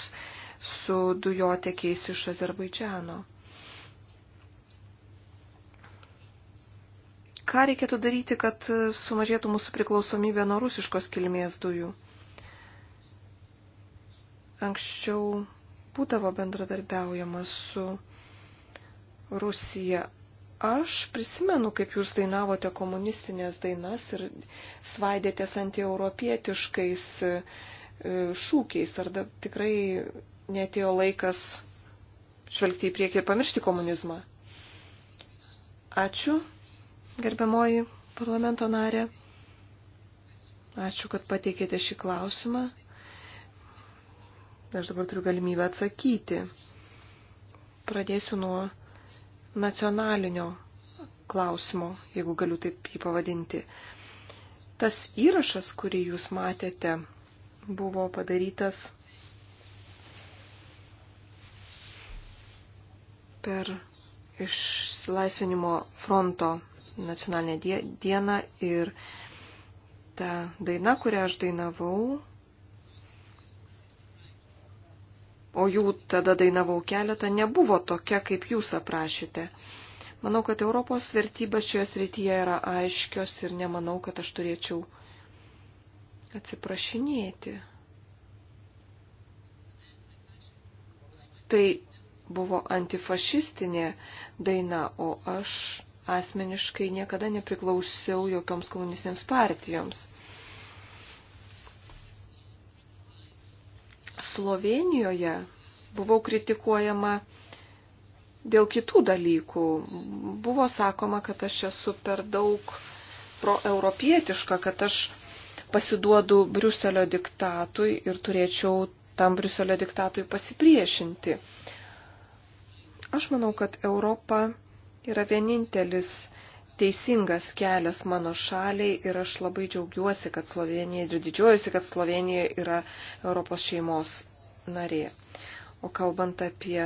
su dujotekiais iš Azerbaidžiano. Ką reikėtų daryti, kad sumažėtų mūsų priklausomybė nuo rusiškos kilmės dujų? Anksčiau būdavo bendradarbiaujama su Rusija. Aš prisimenu, kaip jūs dainavote komunistinės dainas ir svaidėtės antieuropietiškais e, šūkiais. Ar da, tikrai netėjo laikas žvelgti į priekį ir pamiršti komunizmą? Ačiū, gerbiamoji parlamento narė. Ačiū, kad pateikėte šį klausimą. Aš dabar turiu galimybę atsakyti. Pradėsiu nuo nacionalinio klausimo, jeigu galiu taip jį pavadinti. Tas įrašas, kurį jūs matėte, buvo padarytas per išsilaisvinimo fronto nacionalinę dieną ir ta daina, kurią aš dainavau, o jų tada dainavau keletą, nebuvo tokia, kaip jūs aprašėte. Manau, kad Europos vertybės šioje srityje yra aiškios ir nemanau, kad aš turėčiau atsiprašinėti. Tai buvo antifašistinė daina, o aš asmeniškai niekada nepriklausiau jokioms komunistinėms partijoms. Slovenijoje buvau kritikuojama dėl kitų dalykų. Buvo sakoma, kad aš esu per daug proeuropietiška, kad aš pasiduodu Briuselio diktatui ir turėčiau tam Briuselio diktatui pasipriešinti. Aš manau, kad Europa yra vienintelis teisingas kelias mano šaliai ir aš labai džiaugiuosi, kad Slovenija ir didžiuojuosi, kad Slovenija yra Europos šeimos narė. O kalbant apie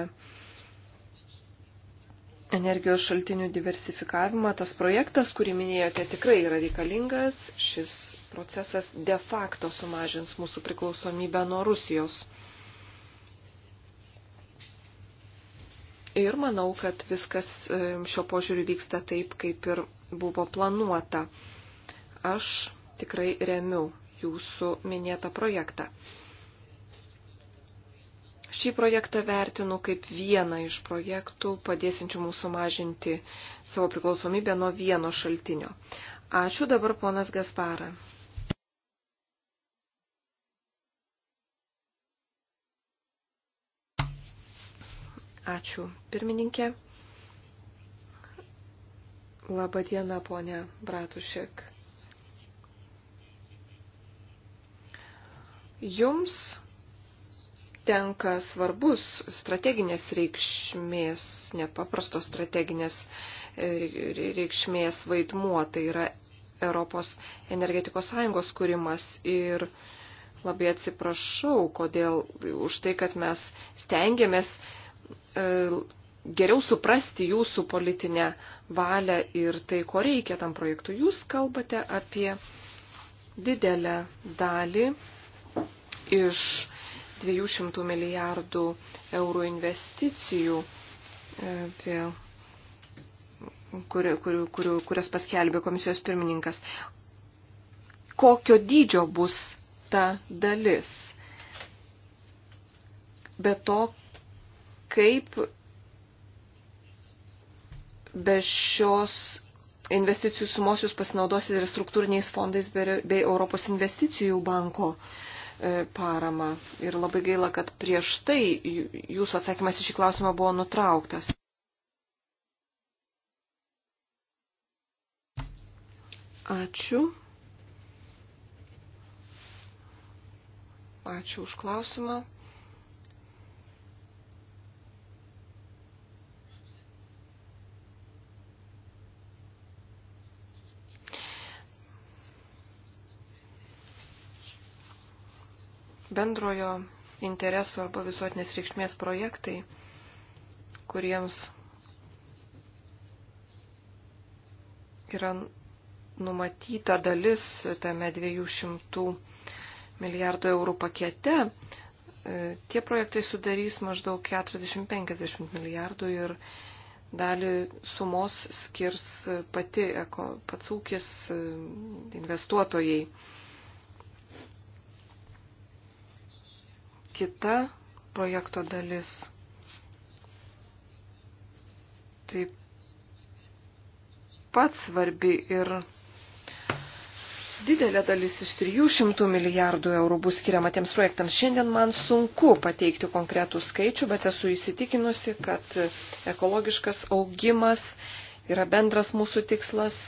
energijos šaltinių diversifikavimą, tas projektas, kurį minėjote, tikrai yra reikalingas. Šis procesas de facto sumažins mūsų priklausomybę nuo Rusijos. Ir manau, kad viskas e, šio požiūriu vyksta taip, kaip ir buvo planuota. Aš tikrai remiu jūsų minėtą projektą. Šį projektą vertinu kaip vieną iš projektų, padėsinčių mūsų mažinti savo priklausomybę nuo vieno šaltinio. Ačiū dabar ponas Gaspara. Ačiū, pirmininkė. Labadiena, ponė Bratušek. Jums tenka svarbus strateginės reikšmės, nepaprastos strateginės e, reikšmės vaidmuo, tai yra Europos energetikos sąjungos kūrimas ir labai atsiprašau, kodėl už tai, kad mes stengiamės E, geriau suprasti jūsų politinę valią ir tai, ko reikia tam projektui. Jūs kalbate apie didelę dalį iš 200 milijardų eurų investicijų, e, apie, kur, kur, kur, kurias paskelbė komisijos pirmininkas. Kokio dydžio bus ta dalis? Be to, kaip be šios investicijų sumos jūs pasinaudosite ir struktūriniais fondais bei Europos investicijų banko e, parama. Ir labai gaila, kad prieš tai jūsų atsakymas į šį klausimą buvo nutrauktas. Ačiū. Ačiū už klausimą. bendrojo interesų arba visuotinės reikšmės projektai, kuriems yra numatyta dalis tame 200 milijardų eurų pakete, e, tie projektai sudarys maždaug 40-50 milijardų ir dalį sumos skirs pati, pats ūkis e, investuotojai. kita projekto dalis. Taip pat svarbi ir didelė dalis iš 300 milijardų eurų bus skiriama tiems projektams. Šiandien man sunku pateikti konkretų skaičių, bet esu įsitikinusi, kad ekologiškas augimas yra bendras mūsų tikslas,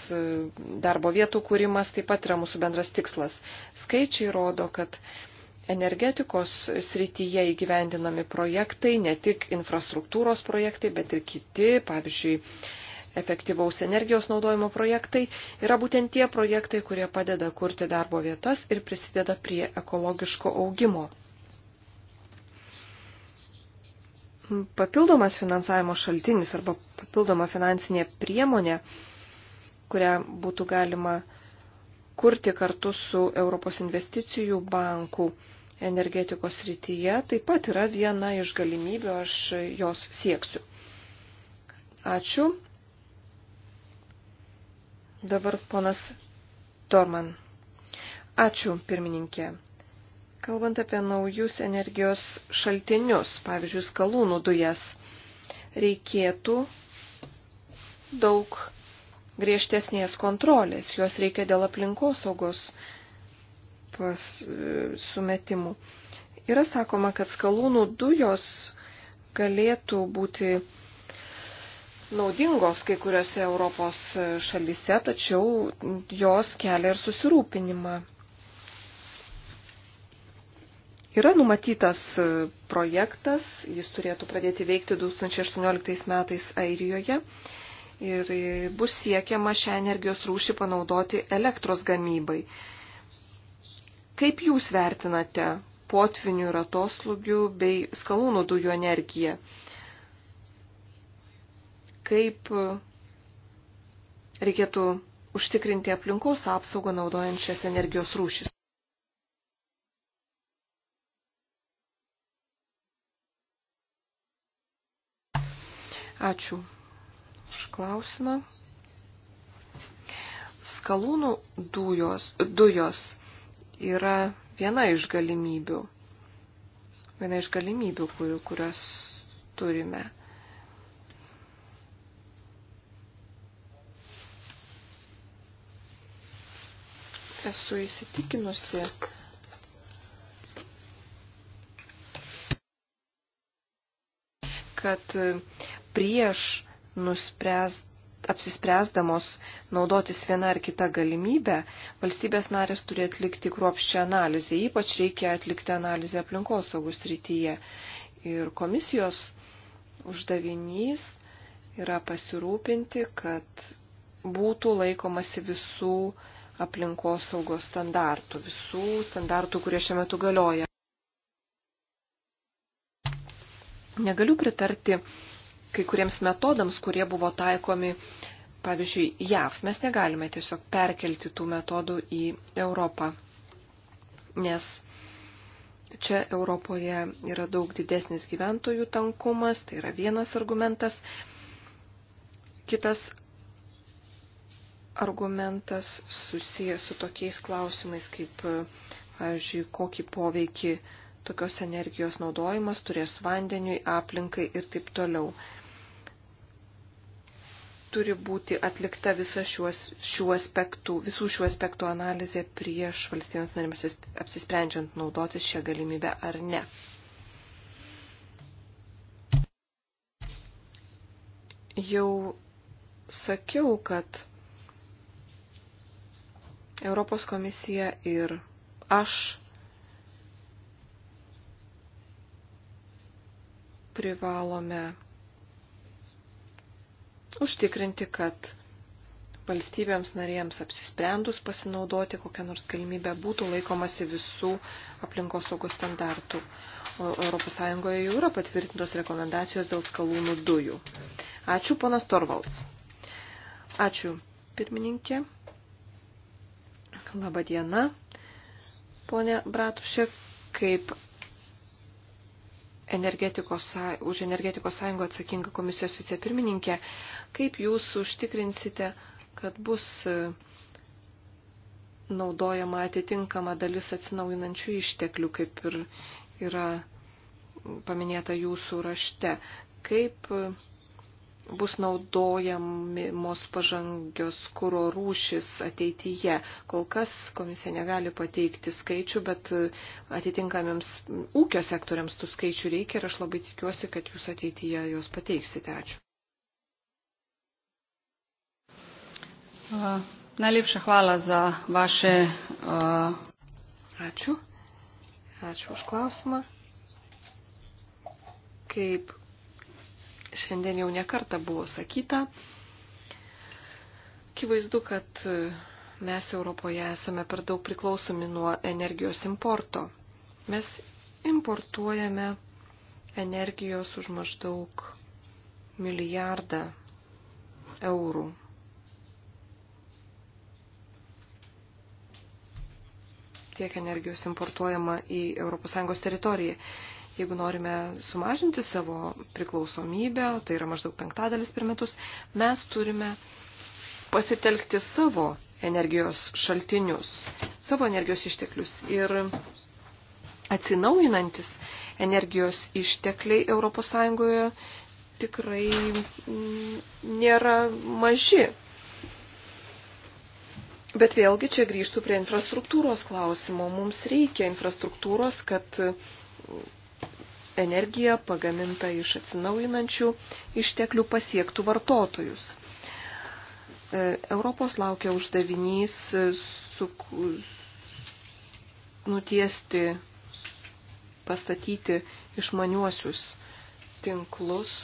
darbo vietų kūrimas taip pat yra mūsų bendras tikslas. Skaičiai rodo, kad energetikos srityje įgyvendinami projektai, ne tik infrastruktūros projektai, bet ir kiti, pavyzdžiui, efektyvaus energijos naudojimo projektai, yra būtent tie projektai, kurie padeda kurti darbo vietas ir prisideda prie ekologiško augimo. Papildomas finansavimo šaltinis arba papildoma finansinė priemonė, kurią būtų galima kurti kartu su Europos investicijų banku energetikos rytyje taip pat yra viena iš galimybių, aš jos sieksiu. Ačiū. Dabar ponas Torman. Ačiū, pirmininkė. Kalbant apie naujus energijos šaltinius, pavyzdžiui, skalūnų dujas, reikėtų daug griežtesnės kontrolės, jos reikia dėl aplinkosaugos saugos pas, e, sumetimų. Yra sakoma, kad skalūnų dujos galėtų būti naudingos kai kuriuose Europos šalise, tačiau jos kelia ir susirūpinimą. Yra numatytas projektas, jis turėtų pradėti veikti 2018 metais Airijoje ir bus siekiama šią energijos rūšį panaudoti elektros gamybai. Kaip jūs vertinate potvinių ir atoslugių bei skalūnų dujų energiją? Kaip reikėtų užtikrinti aplinkos apsaugą naudojant šias energijos rūšis? Ačiū už klausimą. Skalūnų dujos, dujos yra viena iš galimybių. Viena iš galimybių, kur, kurias turime. Esu įsitikinusi, kad prieš nuspręst apsispręsdamos naudotis vieną ar kitą galimybę, valstybės narės turi atlikti kruopščią analizę, ypač reikia atlikti analizę aplinkosaugus rytyje. Ir komisijos uždavinys yra pasirūpinti, kad būtų laikomasi visų aplinkosaugos standartų, visų standartų, kurie šiuo metu galioja. Negaliu pritarti kai kuriems metodams, kurie buvo taikomi, pavyzdžiui, JAV. Mes negalime tiesiog perkelti tų metodų į Europą, nes čia Europoje yra daug didesnis gyventojų tankumas, tai yra vienas argumentas. Kitas argumentas susijęs su tokiais klausimais, kaip, pavyzdžiui, kokį poveikį tokios energijos naudojimas turės vandeniui, aplinkai ir taip toliau turi būti atlikta visa šiuos, šiuo aspektu, visų šių aspektų analizė prieš valstybės narėms apsisprendžiant naudotis šią galimybę ar ne. Jau sakiau, kad Europos komisija ir aš privalome užtikrinti, kad valstybėms narėms apsisprendus pasinaudoti kokią nors galimybę būtų laikomasi visų aplinkosaugos standartų. O ES jau yra patvirtintos rekomendacijos dėl skalūnų dujų. Ačiū, ponas Torvalds. Ačiū, pirmininkė. Labadiena, ponė Bratušė. Kaip energetikos, už energetikos sąjungą atsakinga komisijos vicepirmininkė, kaip jūs užtikrinsite, kad bus e, naudojama atitinkama dalis atsinaujinančių išteklių, kaip ir yra paminėta jūsų rašte. Kaip e, bus naudojamos pažangios kūro rūšis ateityje. Kol kas komisija negali pateikti skaičių, bet atitinkamiems ūkio sektoriams tų skaičių reikia ir aš labai tikiuosi, kad jūs ateityje juos pateiksite. Ačiū. Uh, najlepša hvala za vaše. Uh... Ačiū. Ačiū už klausimą. Kaip šiandien jau nekarta buvo sakyta. Kivaizdu, kad mes Europoje esame per daug priklausomi nuo energijos importo. Mes importuojame energijos už maždaug milijardą eurų. Tiek energijos importuojama į ES teritoriją jeigu norime sumažinti savo priklausomybę, tai yra maždaug penktadalis per metus, mes turime pasitelkti savo energijos šaltinius, savo energijos išteklius. Ir atsinaujinantis energijos ištekliai ES tikrai mm, nėra maži. Bet vėlgi čia grįžtų prie infrastruktūros klausimo. Mums reikia infrastruktūros, kad energija pagaminta iš atsinaujinančių išteklių pasiektų vartotojus. E, Europos laukia uždavinys su, nutiesti, pastatyti išmaniuosius tinklus,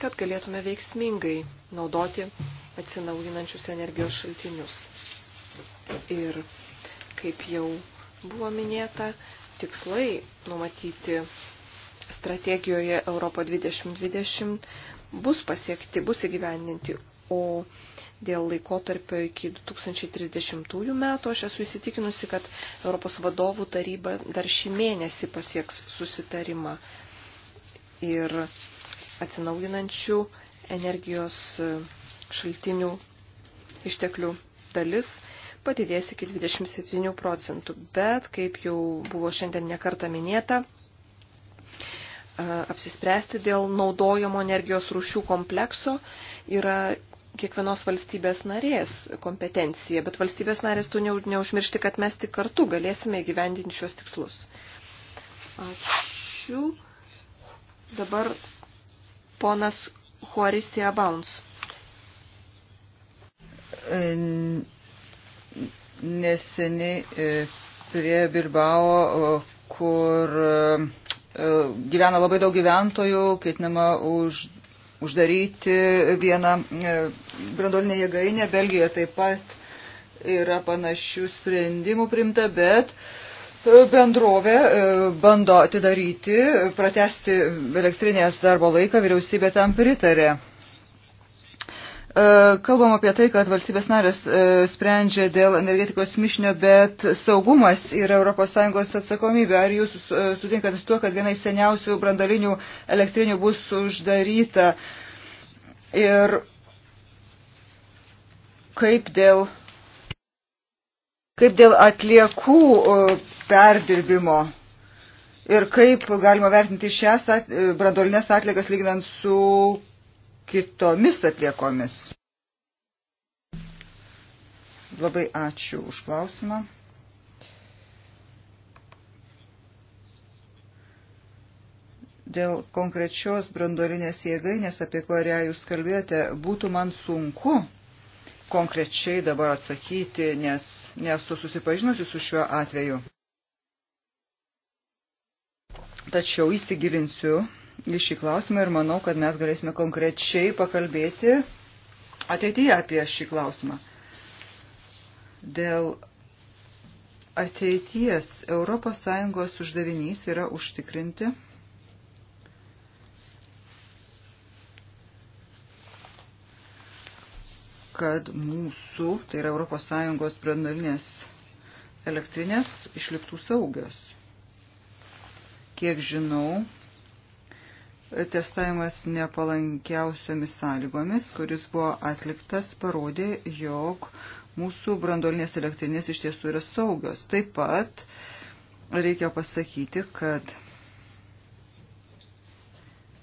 kad galėtume veiksmingai naudoti atsinaujinančius energijos šaltinius. Ir kaip jau buvo minėta, tikslai numatyti strategijoje Europo 2020 bus pasiekti, bus įgyvendinti, o dėl laikotarpio iki 2030 metų aš esu įsitikinusi, kad Europos vadovų taryba dar šį mėnesį pasieks susitarimą ir atsinaujinančių energijos šaltinių išteklių dalis padidės iki 27 procentų. Bet, kaip jau buvo šiandien nekarta minėta, apsispręsti dėl naudojimo energijos rūšių komplekso yra kiekvienos valstybės narės kompetencija, bet valstybės narės tu neužmiršti, kad mes tik kartu galėsime įgyvendinti šios tikslus. Ačiū. Dabar ponas Juaristija Bauns. E, neseniai e, prie Bilbao, kur e, E, gyvena labai daug gyventojų, ketinama už, uždaryti vieną e, brandolinę jėgainę. Belgijoje taip pat yra panašių sprendimų primta, bet e, bendrovė bando atidaryti, pratesti elektrinės darbo laiką, vyriausybė tam pritarė. E, kalbam apie tai, kad valstybės narės e, sprendžia dėl energetikos mišinio, bet saugumas yra ES atsakomybė. Ar jūs e, sutinkate su tuo, kad viena iš seniausių brandalinių elektrinių bus uždaryta? Ir kaip dėl, kaip dėl atliekų perdirbimo? Ir kaip galima vertinti šias brandolinės atliekas lyginant su kitomis atliekomis. Labai ačiū už klausimą. Dėl konkrečios brandolinės jėgainės, apie kurią jūs kalbėjote, būtų man sunku konkrečiai dabar atsakyti, nes nesu susipažinusi su šiuo atveju. Tačiau įsigilinsiu į šį klausimą ir manau, kad mes galėsime konkrečiai pakalbėti ateityje apie šį klausimą. Dėl ateities ES uždavinys yra užtikrinti kad mūsų, tai yra ES brandalinės elektrinės, išliktų saugios. Kiek žinau, testavimas nepalankiausiomis sąlygomis, kuris buvo atliktas, parodė, jog mūsų brandolinės elektrinės iš tiesų yra saugios. Taip pat reikia pasakyti, kad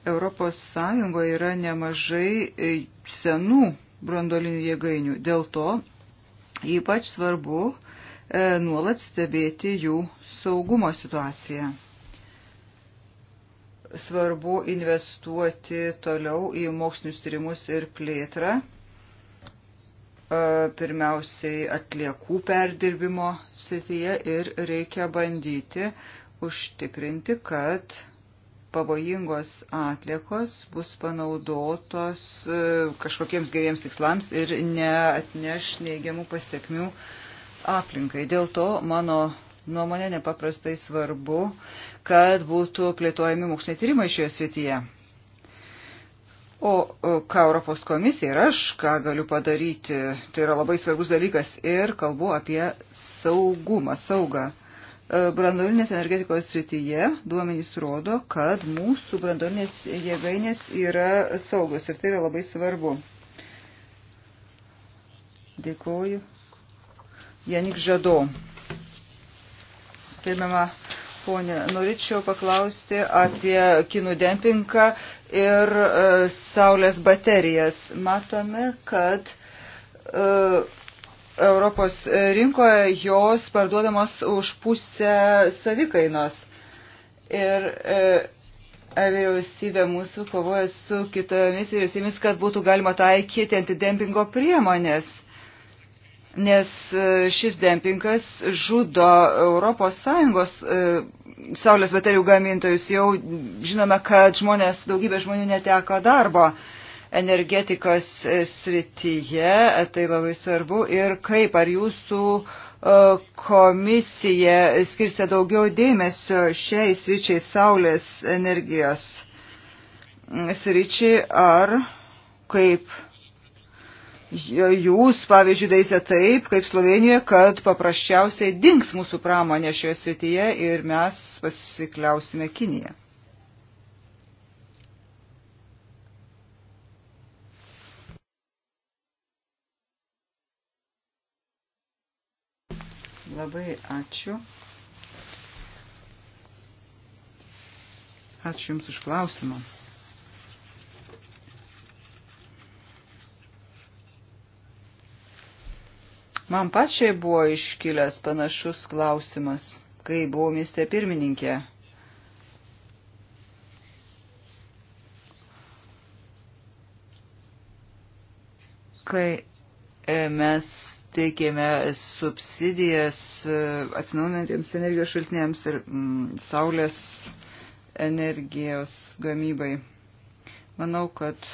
Europos Sąjungoje yra nemažai e, senų brandolinių jėgainių. Dėl to ypač svarbu e, nuolat stebėti jų saugumo situaciją svarbu investuoti toliau į mokslinius tyrimus ir plėtrą, pirmiausiai atliekų perdirbimo srityje ir reikia bandyti užtikrinti, kad pavojingos atliekos bus panaudotos e, kažkokiems geriems tikslams ir neatneš neigiamų pasiekmių aplinkai. Dėl to mano nuomonė nepaprastai svarbu, kad būtų plėtojami moksliniai tyrimai šioje srityje. O ką Europos komisija ir aš, ką galiu padaryti, tai yra labai svarbus dalykas ir kalbu apie saugumą, saugą. E, brandolinės energetikos srityje duomenys rodo, kad mūsų brandolinės jėgainės yra saugos ir tai yra labai svarbu. Dėkuoju. Janik Žado. Pirmiama, ponė, norėčiau paklausti apie kinų dempingą ir e, saulės baterijas. Matome, kad e, Europos rinkoje jos parduodamos už pusę savikainos. Ir e, vyriausybė mūsų kovoja su kitomis vyriausybėmis, kad būtų galima taikyti antidempingo priemonės nes e, šis dempingas žudo ES e, saulės baterijų gamintojus. Jau žinome, kad žmonės, daugybė žmonių neteko darbo energetikos e, srityje, tai labai svarbu. Ir kaip ar jūsų komisija skirsia daugiau dėmesio šiai sričiai saulės energijos sričiai ar kaip jūs, pavyzdžiui, daisite taip, kaip Slovenijoje, kad paprasčiausiai dinks mūsų pramonė šioje srityje ir mes pasikliausime Kiniją. Labai ačiū. Ačiū Jums už klausimą. Man pačiai buvo iškilęs panašus klausimas, kai buvau mieste pirmininkė. Kai e, mes teikėme subsidijas e, atsinaujinantiems energijos šaltiniams ir mm, saulės energijos gamybai. Manau, kad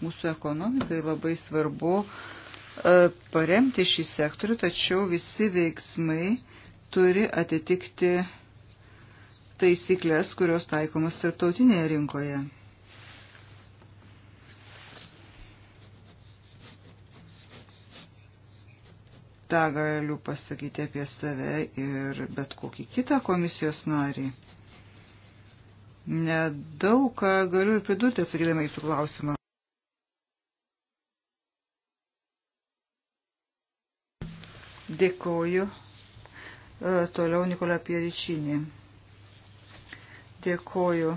mūsų ekonomikai labai svarbu uh, E, paremti šį sektorių, tačiau visi veiksmai turi atitikti taisyklės, kurios taikomas tarptautinėje rinkoje. Ta galiu pasakyti apie save ir bet kokį kitą komisijos narį. Nedaug ką galiu ir pridurti atsakydama į jūsų klausimą. Dėkoju. E, toliau Nikola Pieričinė. Dėkoju,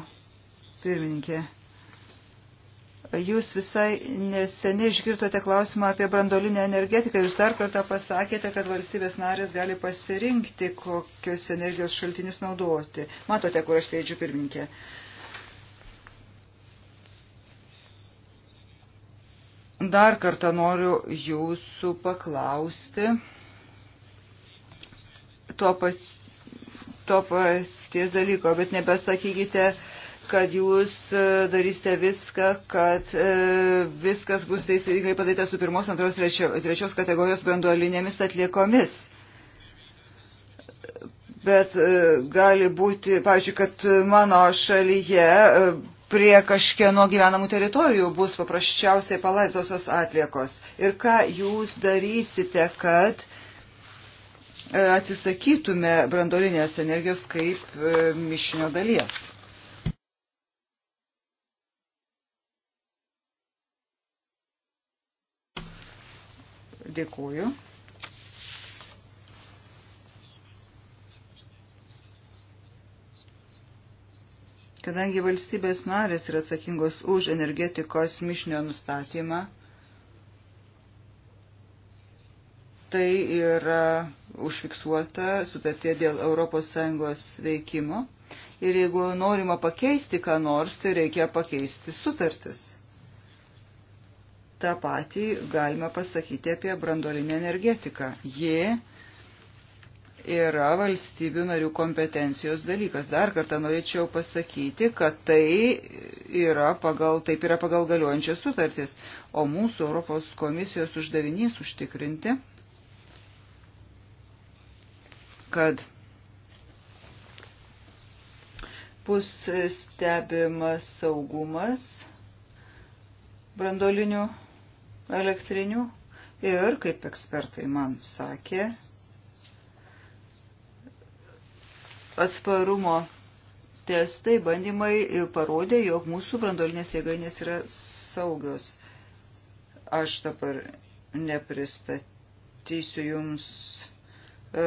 pirmininkė. Jūs visai neseniai išgirtote klausimą apie brandolinę energetiką. Jūs dar kartą pasakėte, kad valstybės narės gali pasirinkti, kokius energijos šaltinius naudoti. Matote, kur aš sėdžiu pirmininkė. Dar kartą noriu jūsų paklausti to, pa, to paties dalyko, bet nebesakykite, kad jūs e, darysite viską, kad e, viskas bus teisingai padaryta su pirmos, antros, trečios kategorijos branduolinėmis atliekomis. Bet e, gali būti, pavyzdžiui, kad mano šalyje prie kažkieno gyvenamų teritorijų bus paprasčiausiai palaidosios atliekos. Ir ką jūs darysite, kad E, atsisakytume brandolinės energijos kaip e, mišinio dalies. Dėkuoju. Kadangi valstybės narės yra atsakingos už energetikos mišinio nustatymą, Tai yra užfiksuota sutartie dėl ES veikimo. Ir jeigu norima pakeisti ką nors, tai reikia pakeisti sutartis. Ta patį galime pasakyti apie brandolinę energetiką. Ji yra valstybių narių kompetencijos dalykas. Dar kartą norėčiau pasakyti, kad tai yra pagal, taip yra pagal galiojančias sutartis, o mūsų Europos komisijos uždavinys užtikrinti, kad bus stebimas saugumas brandolinių elektrinių ir, kaip ekspertai man sakė, atsparumo testai, bandymai parodė, jog mūsų brandolinės jėgainės yra saugios. Aš dabar nepristatysiu jums E,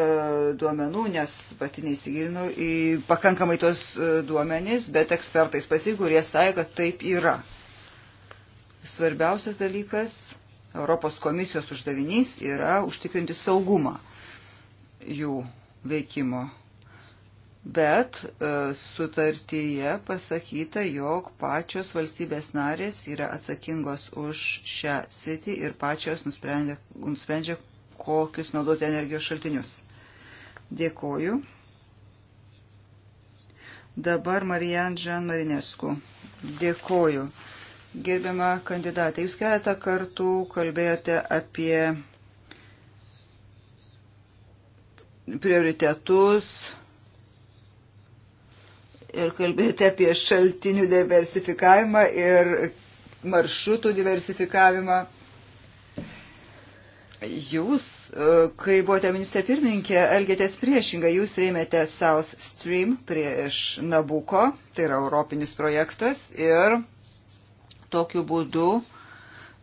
duomenų, nes pati neįsigilinu į pakankamai tos e, duomenys, bet ekspertais pasigurie sąja, kad taip yra. Svarbiausias dalykas Europos komisijos uždavinys yra užtikrinti saugumą jų veikimo. Bet e, sutartyje pasakyta, jog pačios valstybės narės yra atsakingos už šią sritį ir pačios nusprendžia, nusprendžia kokius naudoti energijos šaltinius. Dėkoju. Dabar Marijan Žan Marinesku. Dėkoju. Gerbiama kandidatė, jūs keletą kartų kalbėjote apie prioritetus ir kalbėjote apie šaltinių diversifikavimą ir maršrutų diversifikavimą. Jūs, e, kai buvote ministrė pirmininkė, elgėtės priešingai, jūs rėmėte South Stream prieš Nabuko, tai yra europinis projektas, ir tokiu būdu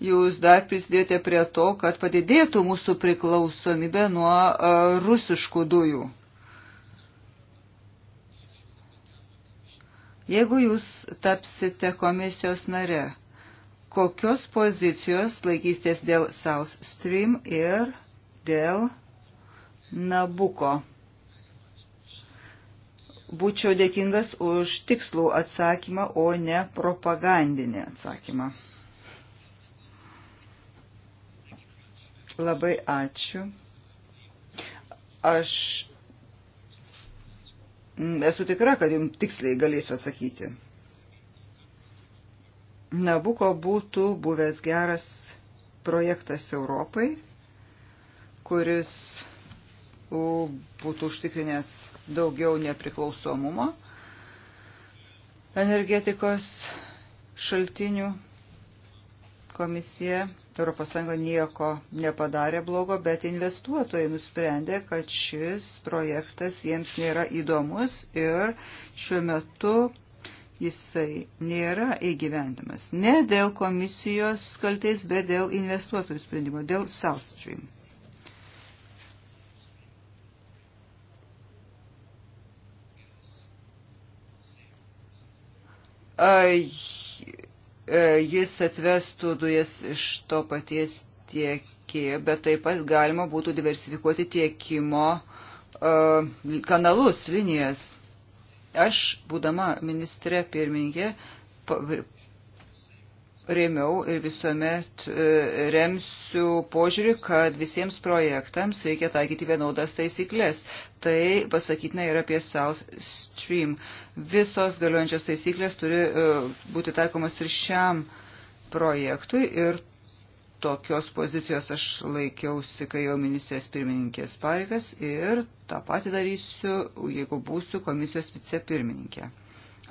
jūs dar prisidėjote prie to, kad padidėtų mūsų priklausomybė nuo e, rusiškų dujų. Jeigu jūs tapsite komisijos nare, kokios pozicijos laikystės dėl South Stream ir dėl Nabuko. Būčiau dėkingas už tikslų atsakymą, o ne propagandinį atsakymą. Labai ačiū. Aš esu tikra, kad jums tiksliai galėsiu atsakyti. Nabuko būtų buvęs geras projektas Europai, kuris būtų užtikrinęs daugiau nepriklausomumo energetikos šaltinių. Komisija ES nieko nepadarė blogo, bet investuotojai nusprendė, kad šis projektas jiems nėra įdomus ir šiuo metu jisai nėra įgyvendamas. Ne dėl komisijos kaltais, bet dėl investuotojų sprendimo, dėl South Stream. E, jis atvestų dujas iš to paties tiekėjo, bet taip pat galima būtų diversifikuoti tiekimo e, kanalus, linijas. Aš, būdama ministrė pirmininkė, rėmiau ir visuomet e, remsiu požiūrį, kad visiems projektams reikia taikyti vienodas taisyklės. Tai pasakytina ir apie South Stream. Visos galiojančios taisyklės turi e, būti taikomas ir šiam projektui ir tokios pozicijos aš laikiausi, kai jau ministrės pirmininkės pareigas ir tą patį darysiu, jeigu būsiu komisijos vicepirmininkė.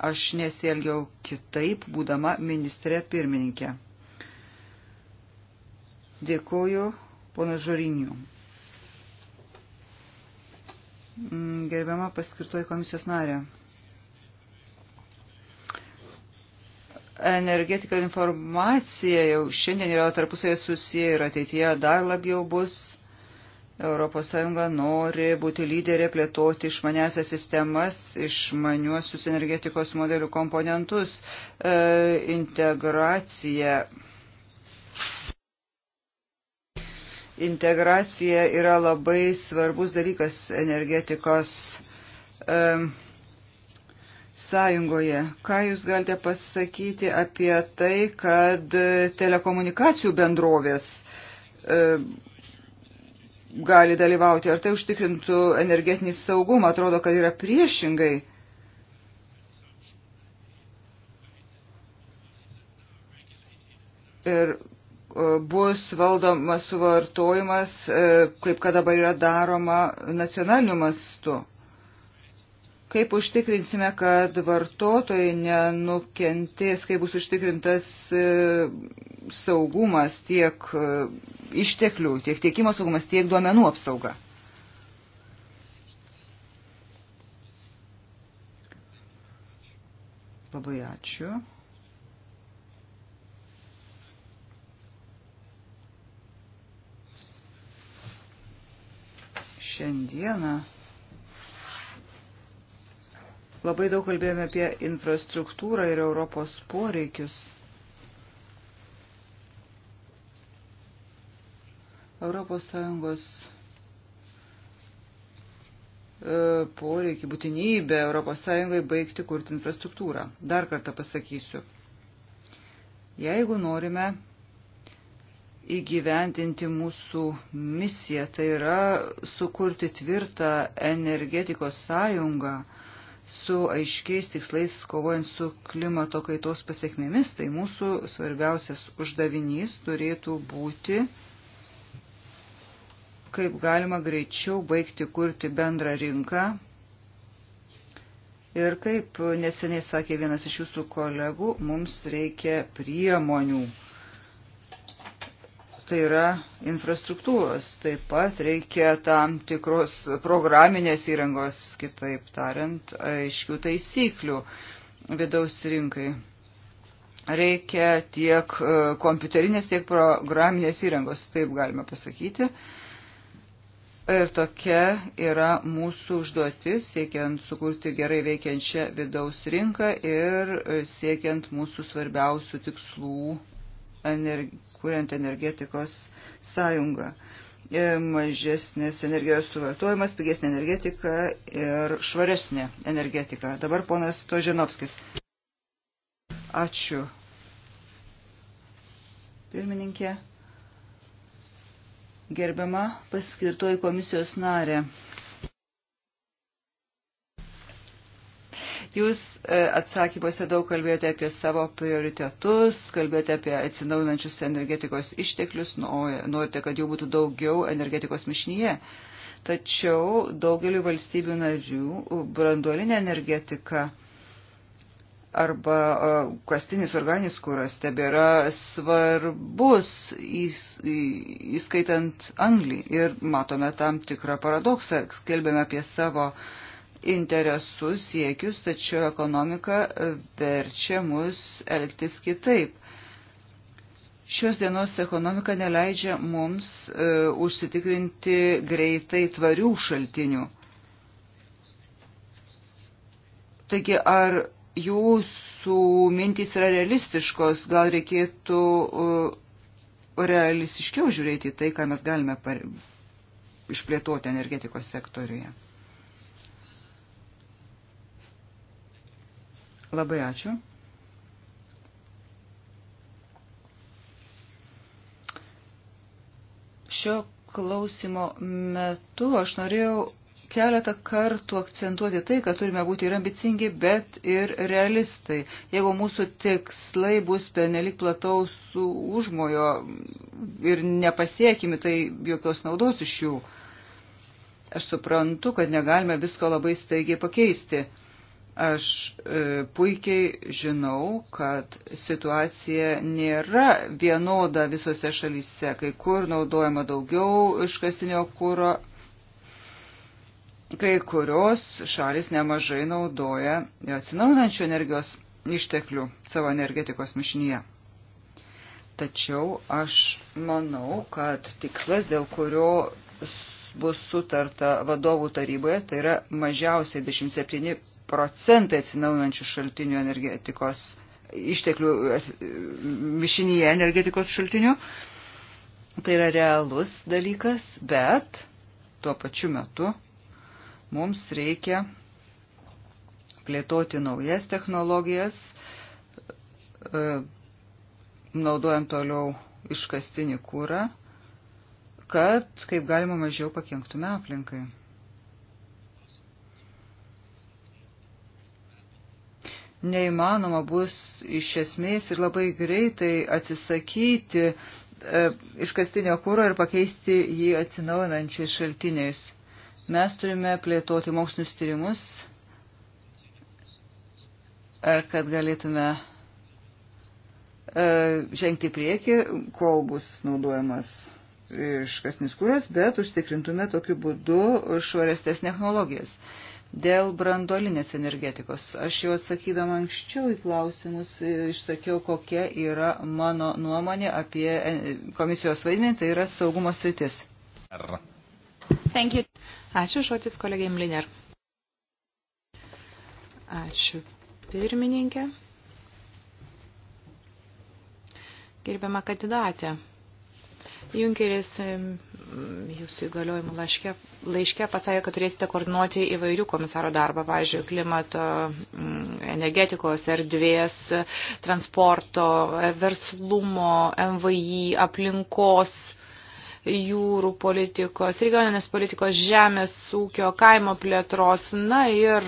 Aš nesielgiau kitaip, būdama ministrė pirmininkė. Dėkuoju, ponas Žoriniu. Mm, gerbiama paskirtoji komisijos narė. energetika ir informacija jau šiandien yra tarpusai susiję ir ateityje dar labiau bus. ES nori būti lyderė plėtoti išmanesias sistemas, išmaniuosius energetikos modelių komponentus, e, integraciją. Integracija yra labai svarbus dalykas energetikos e, sąjungoje. Ką Jūs galite pasakyti apie tai, kad e, telekomunikacijų bendrovės e, gali dalyvauti? Ar tai užtikrintų energetinį saugumą? Atrodo, kad yra priešingai. Ir e, bus valdomas suvartojimas, e, kaip kad dabar yra daroma nacionaliniu mastu. Kaip užtikrinsime, kad vartotojai nenukentės, kaip bus užtikrintas e, saugumas tiek e, išteklių, tiek tiekimo saugumas, tiek duomenų apsauga. Labai ačiū. Šiandieną Labai daug kalbėjome apie infrastruktūrą ir Europos poreikius. Europos Sąjungos e, poreikį, būtinybę Europos Sąjungai baigti kurti infrastruktūrą. Dar kartą pasakysiu. Jeigu norime įgyventinti mūsų misiją, tai yra sukurti tvirtą energetikos sąjungą, su aiškiais tikslais kovojant su klimato kaitos pasiekmėmis, tai mūsų svarbiausias uždavinys turėtų būti kaip galima greičiau baigti kurti bendrą rinką. Ir kaip neseniai sakė vienas iš jūsų kolegų, mums reikia priemonių tai yra infrastruktūros. Taip pat reikia tam tikros programinės įrangos, kitaip tariant, aiškių taisyklių vidaus rinkai. Reikia tiek e, kompiuterinės, tiek programinės įrangos, taip galime pasakyti. Ir tokia yra mūsų užduotis, siekiant sukurti gerai veikiančią vidaus rinką ir e, siekiant mūsų svarbiausių tikslų energi kuriant energetikos sąjungą. E, mažesnis energijos suvartojimas, pigesnė energetika ir švaresnė energetika. Dabar ponas Tožinovskis. Ačiū. Pirmininkė, gerbiama paskirtoji komisijos narė. Jūs e, atsakymuose daug kalbėjote apie savo prioritetus, kalbėjote apie atsinaunančius energetikos išteklius, nu, norite, kad jų būtų daugiau energetikos mišnyje. Tačiau daugeliu valstybių narių branduolinė energetika arba e, kastinis organinis kūras tebėra svarbus, įskaitant anglį. Ir matome tam tikrą paradoksą, skelbėme apie savo uh, interesus, siekius, tačiau ekonomika e, verčia mus elgtis kitaip. Šios dienos ekonomika neleidžia mums e, užsitikrinti greitai tvarių šaltinių. Taigi, ar jūsų mintys yra realistiškos, gal reikėtų e, realistiškiau žiūrėti į tai, ką mes galime par... išplėtoti energetikos sektoriuje? Labai ačiū. Šio klausimo metu aš norėjau keletą kartų akcentuoti tai, kad turime būti ir ambicingi, bet ir realistai. Jeigu mūsų tikslai bus penelik plataus užmojo ir nepasiekimi, tai jokios naudos iš jų. Aš suprantu, kad negalime visko labai staigiai pakeisti. Aš e, puikiai žinau, kad situacija nėra vienoda visose šalyse, kai kur naudojama daugiau iškastinio kūro, kai kurios šalis nemažai naudoja atsinaujinančių energijos išteklių savo energetikos mišinyje. Tačiau aš manau, kad tikslas, dėl kurio bus sutarta vadovų taryboje, tai yra mažiausiai 27 procentai atsinaunančių šaltinių energetikos išteklių mišinyje energetikos šaltinių. Tai yra realus dalykas, bet tuo pačiu metu mums reikia plėtoti naujas technologijas, e, naudojant toliau iškastinį kūrą, kad kaip galima mažiau pakenktume aplinkai. neįmanoma bus iš esmės ir labai greitai atsisakyti e, iškastinio kūro ir pakeisti jį atsinaujinančiais šaltiniais. Mes turime plėtoti mokslinius tyrimus, e, kad galėtume e, žengti prieki, kol bus naudojamas iškasnis kūras, bet užtikrintume tokiu būdu švaresnės technologijas. Dėl brandolinės energetikos. Aš jau atsakydama anksčiau į klausimus e, išsakiau, kokia yra mano nuomonė apie e, komisijos vaidmenį, tai yra saugumo sritis. Ačiū, žodis kolegai Mliner. Ačiū, pirmininkė. Gerbiama kandidatė. Junkeris jūsų įgaliojimų laiške, laiške pasakė, kad turėsite koordinuoti įvairių komisaro darbą, pavyzdžiui, klimato, mm, energetikos, erdvės, transporto, verslumo, MVI, aplinkos jūrų politikos, regioninės politikos, žemės ūkio, kaimo plėtros, na ir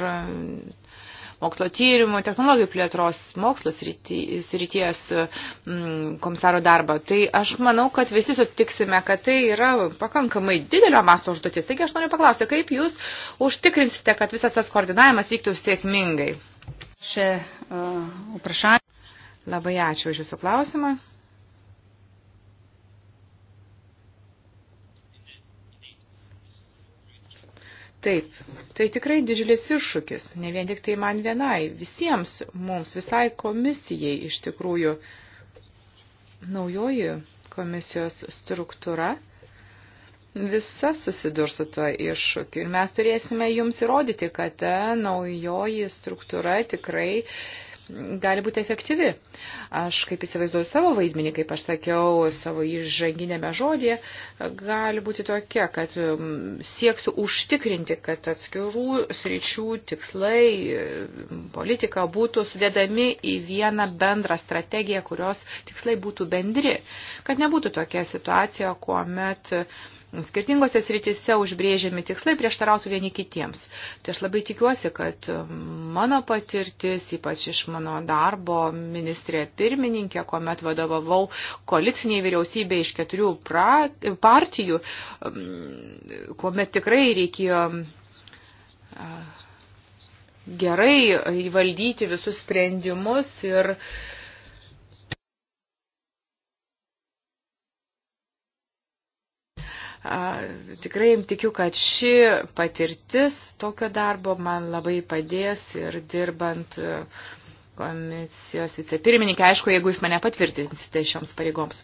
mokslo tyrimų, technologijų plėtros, mokslos srities mm, komisaro darbą. Tai aš manau, kad visi sutiksime, kad tai yra pakankamai didelio masto užduotis. Taigi aš noriu paklausti, kaip jūs užtikrinsite, kad visas tas koordinavimas vyktų sėkmingai? Šia, e, uh, Labai ačiū už Jūsų klausimą. Taip, Tai tikrai didžiulis iššūkis, ne vien tik tai man vienai, visiems mums, visai komisijai iš tikrųjų. Naujoji komisijos struktūra visa susidurs su tuo iššūkiu ir mes turėsime jums įrodyti, kad ta naujoji struktūra tikrai uh, gali būti efektyvi. Aš kaip įsivaizduoju savo vaidmenį, kaip aš sakiau savo įžanginėme žodėje, gali būti tokia, kad um, sieksiu užtikrinti, kad atskirų sričių tikslai, um, politika būtų sudėdami į vieną bendrą strategiją, kurios tikslai būtų bendri. Kad nebūtų tokia situacija, kuomet skirtingose srityse užbrėžiami tikslai prieštarautų vieni kitiems. Tai aš labai tikiuosi, kad um, mano patirtis, ypač iš mano darbo ministrė pirmininkė, kuomet vadovavau koaliciniai vyriausybė iš keturių pra, partijų, um, kuomet tikrai reikėjo um, gerai įvaldyti visus sprendimus ir uh, Tikrai tikiu, kad ši patirtis tokio darbo man labai padės ir dirbant e, komisijos vicepirmininkė, aišku, jeigu jūs mane patvirtinsite šioms pareigoms.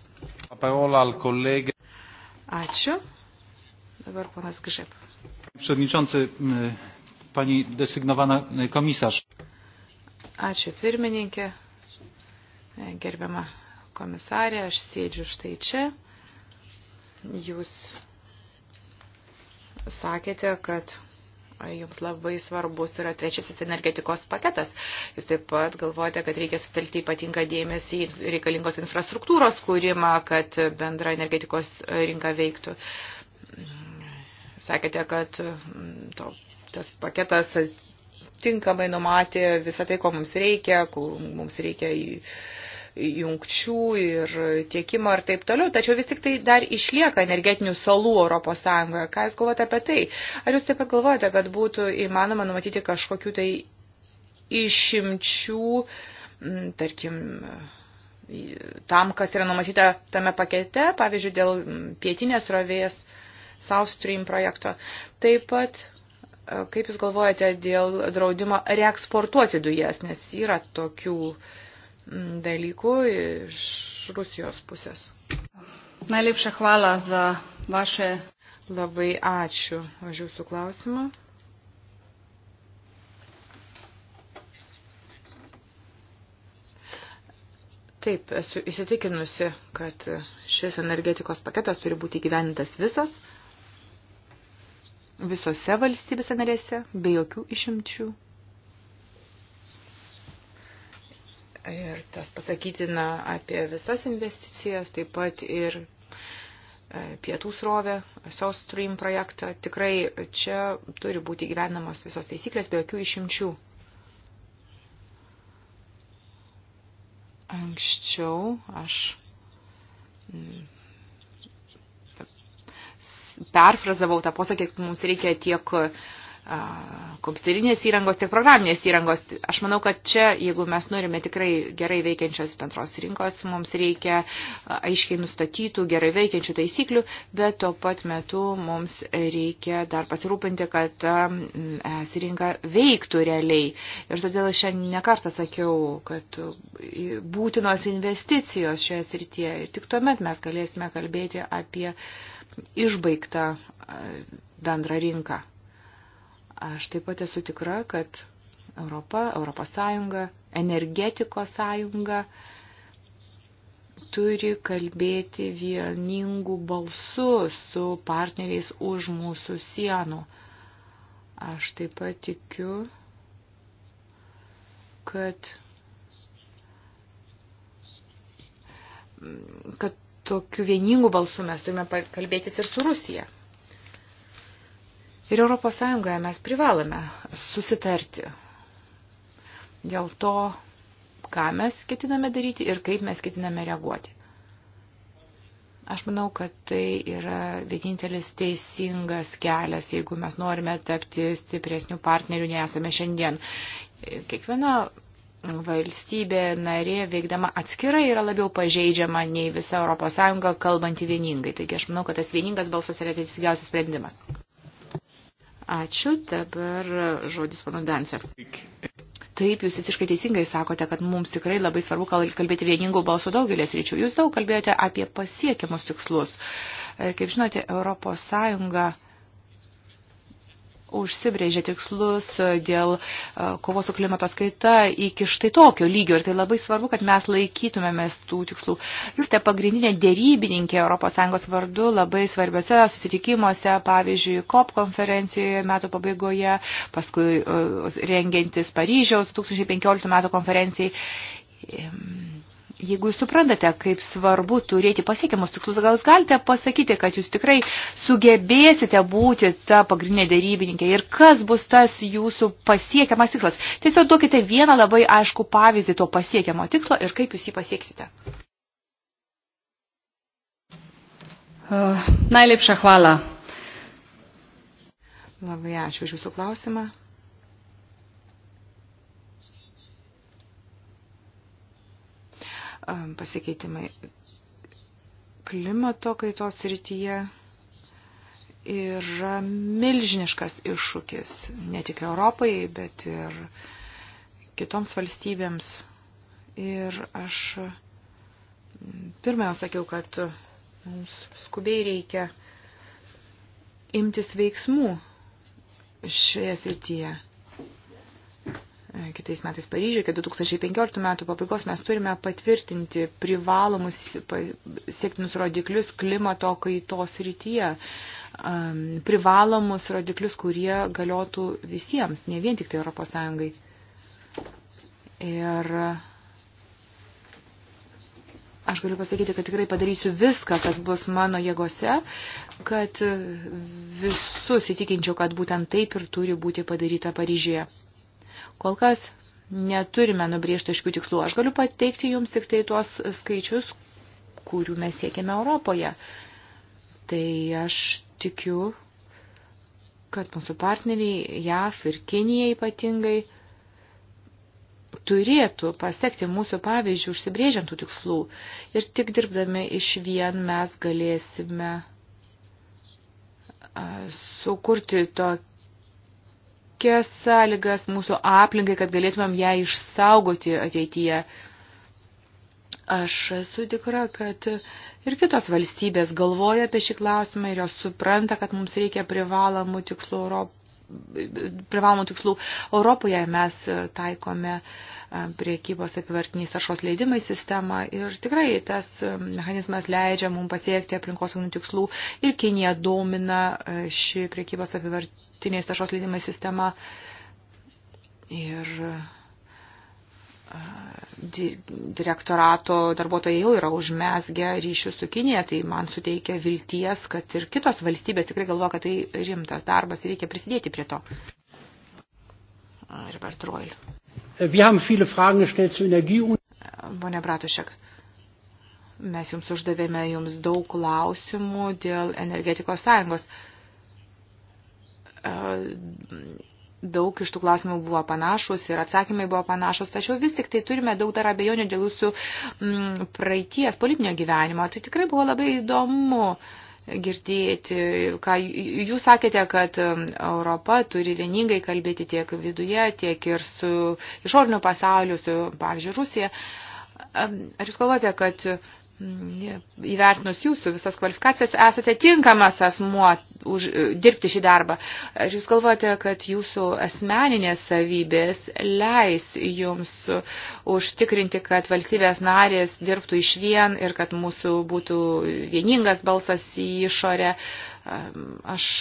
Ačiū. Dabar ponas Gžep. Przewodniczący, e, pani desygnowana e, komisarz. Ačiū pirmininkė, gerbiama komisarė, aš sėdžiu štai čia. Jūs sakėte, kad jums labai svarbus yra trečiasis energetikos paketas. Jūs taip pat galvojate, kad reikia sutelkti ypatingą dėmesį į reikalingos infrastruktūros kūrimą, kad bendra energetikos rinka veiktų. Sakėte, kad mm, to, tas paketas tinkamai numatė visą tai, ko mums reikia, ko mums reikia į jungčių ir tiekimo ir taip toliau. Tačiau vis tik tai dar išlieka energetinių salų Europos Sąjungoje. Ką Jūs galvojate apie tai? Ar Jūs taip pat galvojate, kad būtų įmanoma numatyti kažkokių tai išimčių, tarkim, tam, kas yra numatyta tame pakete, pavyzdžiui, dėl pietinės rovės South Stream projekto. Taip pat, e, kaip Jūs galvojate dėl draudimo reeksportuoti dujas, nes yra tokių uh, dalykų iš Rusijos pusės. Najlepša hvala za vaše. Labai ačiū už jūsų klausimą. Taip, esu įsitikinusi, kad šis energetikos paketas turi būti gyvenintas visas, visose valstybėse narėse, be jokių išimčių. Ir tas pasakytina apie visas investicijas, taip pat ir e, pietų srovę, South Stream projektą. Tikrai čia turi būti gyvenamos visos taisyklės, be jokių išimčių. Anksčiau aš mm, perfrazavau tą posakį, kad mums reikia tiek uh, kompiuterinės įrangos, tiek programinės įrangos. Aš manau, kad čia, jeigu mes norime tikrai gerai veikiančios bendros rinkos, mums reikia aiškiai nustatytų, gerai veikiančių taisyklių, bet tuo pat metu mums reikia dar pasirūpinti, kad es rinka veiktų realiai. Ir todėl aš šiandien nekartą sakiau, kad būtinos investicijos šioje srityje. Ir tik tuomet mes galėsime kalbėti apie išbaigtą bendrą rinką. Aš taip pat esu tikra, kad Europa, Europos Sąjunga, energetikos sąjunga turi kalbėti vieningų balsų su partneriais už mūsų sienų. Aš taip pat tikiu, kad, kad tokiu vieningu balsu mes turime kalbėtis ir su Rusija. Ir ES mes privalome susitarti dėl to, ką mes ketiname daryti ir kaip mes ketiname reaguoti. Aš manau, kad tai yra vienintelis teisingas kelias, jeigu mes norime tapti stipresnių partnerių, nesame šiandien. Kiekviena valstybė narė veikdama atskirai yra labiau pažeidžiama nei visa ES kalbanti vieningai. Taigi aš manau, kad tas vieningas balsas yra teisingiausias sprendimas. Ačiū, dabar žodis panu Dancer. Taip, jūs visiškai teisingai sakote, kad mums tikrai labai svarbu kalbėti vieningų balsų daugelės ryčių. Jūs daug kalbėjote apie pasiekiamus tikslus. E, kaip žinote, Europos Sąjunga užsibrėžė tikslus e, dėl e, kovos su klimato skaita iki štai tokio lygio. Ir tai labai svarbu, kad mes laikytumėmės tų tikslų. Jūs te pagrindinė dėrybininkė ES vardu labai svarbiose susitikimuose, pavyzdžiui, COP konferencijoje metų pabaigoje, paskui e, rengiantis Paryžiaus 2015 metų konferencijai Jeigu jūs suprantate, kaip svarbu turėti pasiekiamus tikslus, gal jūs galite pasakyti, kad jūs tikrai sugebėsite būti ta pagrindinė dėrybininkė ir kas bus tas jūsų pasiekiamas tikslas. Tiesiog duokite vieną labai aišku pavyzdį to pasiekiamo tikslo ir kaip jūs jį pasieksite. Uh, najlepša hvala. Labai ačiū už jūsų klausimą. Um, pasikeitimai klimato kaitos rytyje yra milžiniškas iššūkis ne tik Europai, bet ir kitoms valstybėms. Ir aš mm, pirmiausia sakiau, kad mums skubiai reikia imtis veiksmų šioje srityje. E, kitais metais Paryžiuje, kad 2015 metų pabaigos mes turime patvirtinti privalomus siektinus rodiklius klimato kaitos rytyje, e, privalomus rodiklius, kurie galiotų visiems, ne vien tik tai Europos Sąjungai. Ir aš galiu pasakyti, kad tikrai padarysiu viską, kas bus mano jėgose, kad visus įtikinčiau, kad būtent taip ir turi būti padaryta Paryžiuje. Kol kas neturime nubriežti aiškių tikslų. Aš galiu pateikti jums tik tai tuos skaičius, kurių mes siekiame Europoje. Tai aš tikiu, kad mūsų partneriai JAF ir Kinija ypatingai turėtų pasiekti mūsų pavyzdžių užsibrėžiantų tikslų ir tik dirbdami iš vien mes galėsime sukurti tokį palankias sąlygas mūsų aplinkai, kad galėtumėm ją išsaugoti ateityje. Aš esu tikra, kad ir kitos valstybės galvoja apie šį klausimą ir jos supranta, kad mums reikia privalomų tikslų, Europ... privalomų tikslų Europoje. Mes taikome priekybos apivartiniais ašos leidimai sistemą ir tikrai tas mechanizmas leidžia mums pasiekti aplinkosauginių tikslų ir Kinija domina šį priekybos apivartinį tinės tašos leidimai sistema. Ir di direktorato darbuotojai jau yra užmesgę ryšių su Kinėje, tai man suteikia vilties, kad ir kitos valstybės tikrai galvoja, kad tai rimtas darbas ir reikia prisidėti prie to. Herbert Reul. Wir haben viele Fragen gestellt zu Energie und... Pone Bratušek, mes jums uždavėme jums daug klausimų dėl energetikos sąjungos. Uh, daug iš tų klausimų buvo panašus ir atsakymai buvo panašus, tačiau vis tik tai turime daug dar abejonių dėl jūsų m, mm, praeities politinio gyvenimo. Tai tikrai buvo labai įdomu girdėti, ką jūs sakėte, kad mm, Europa turi vieningai kalbėti tiek viduje, tiek ir su išoriniu pasauliu, su, pavyzdžiui, Rusija. Ar jūs galvote, kad įvertinus jūsų visas kvalifikacijas, esate tinkamas asmuo už, dirbti šį darbą. Ar jūs galvojate, kad jūsų asmeninės savybės leis jums užtikrinti, kad valstybės narės dirbtų iš vien ir kad mūsų būtų vieningas balsas į išorę? Aš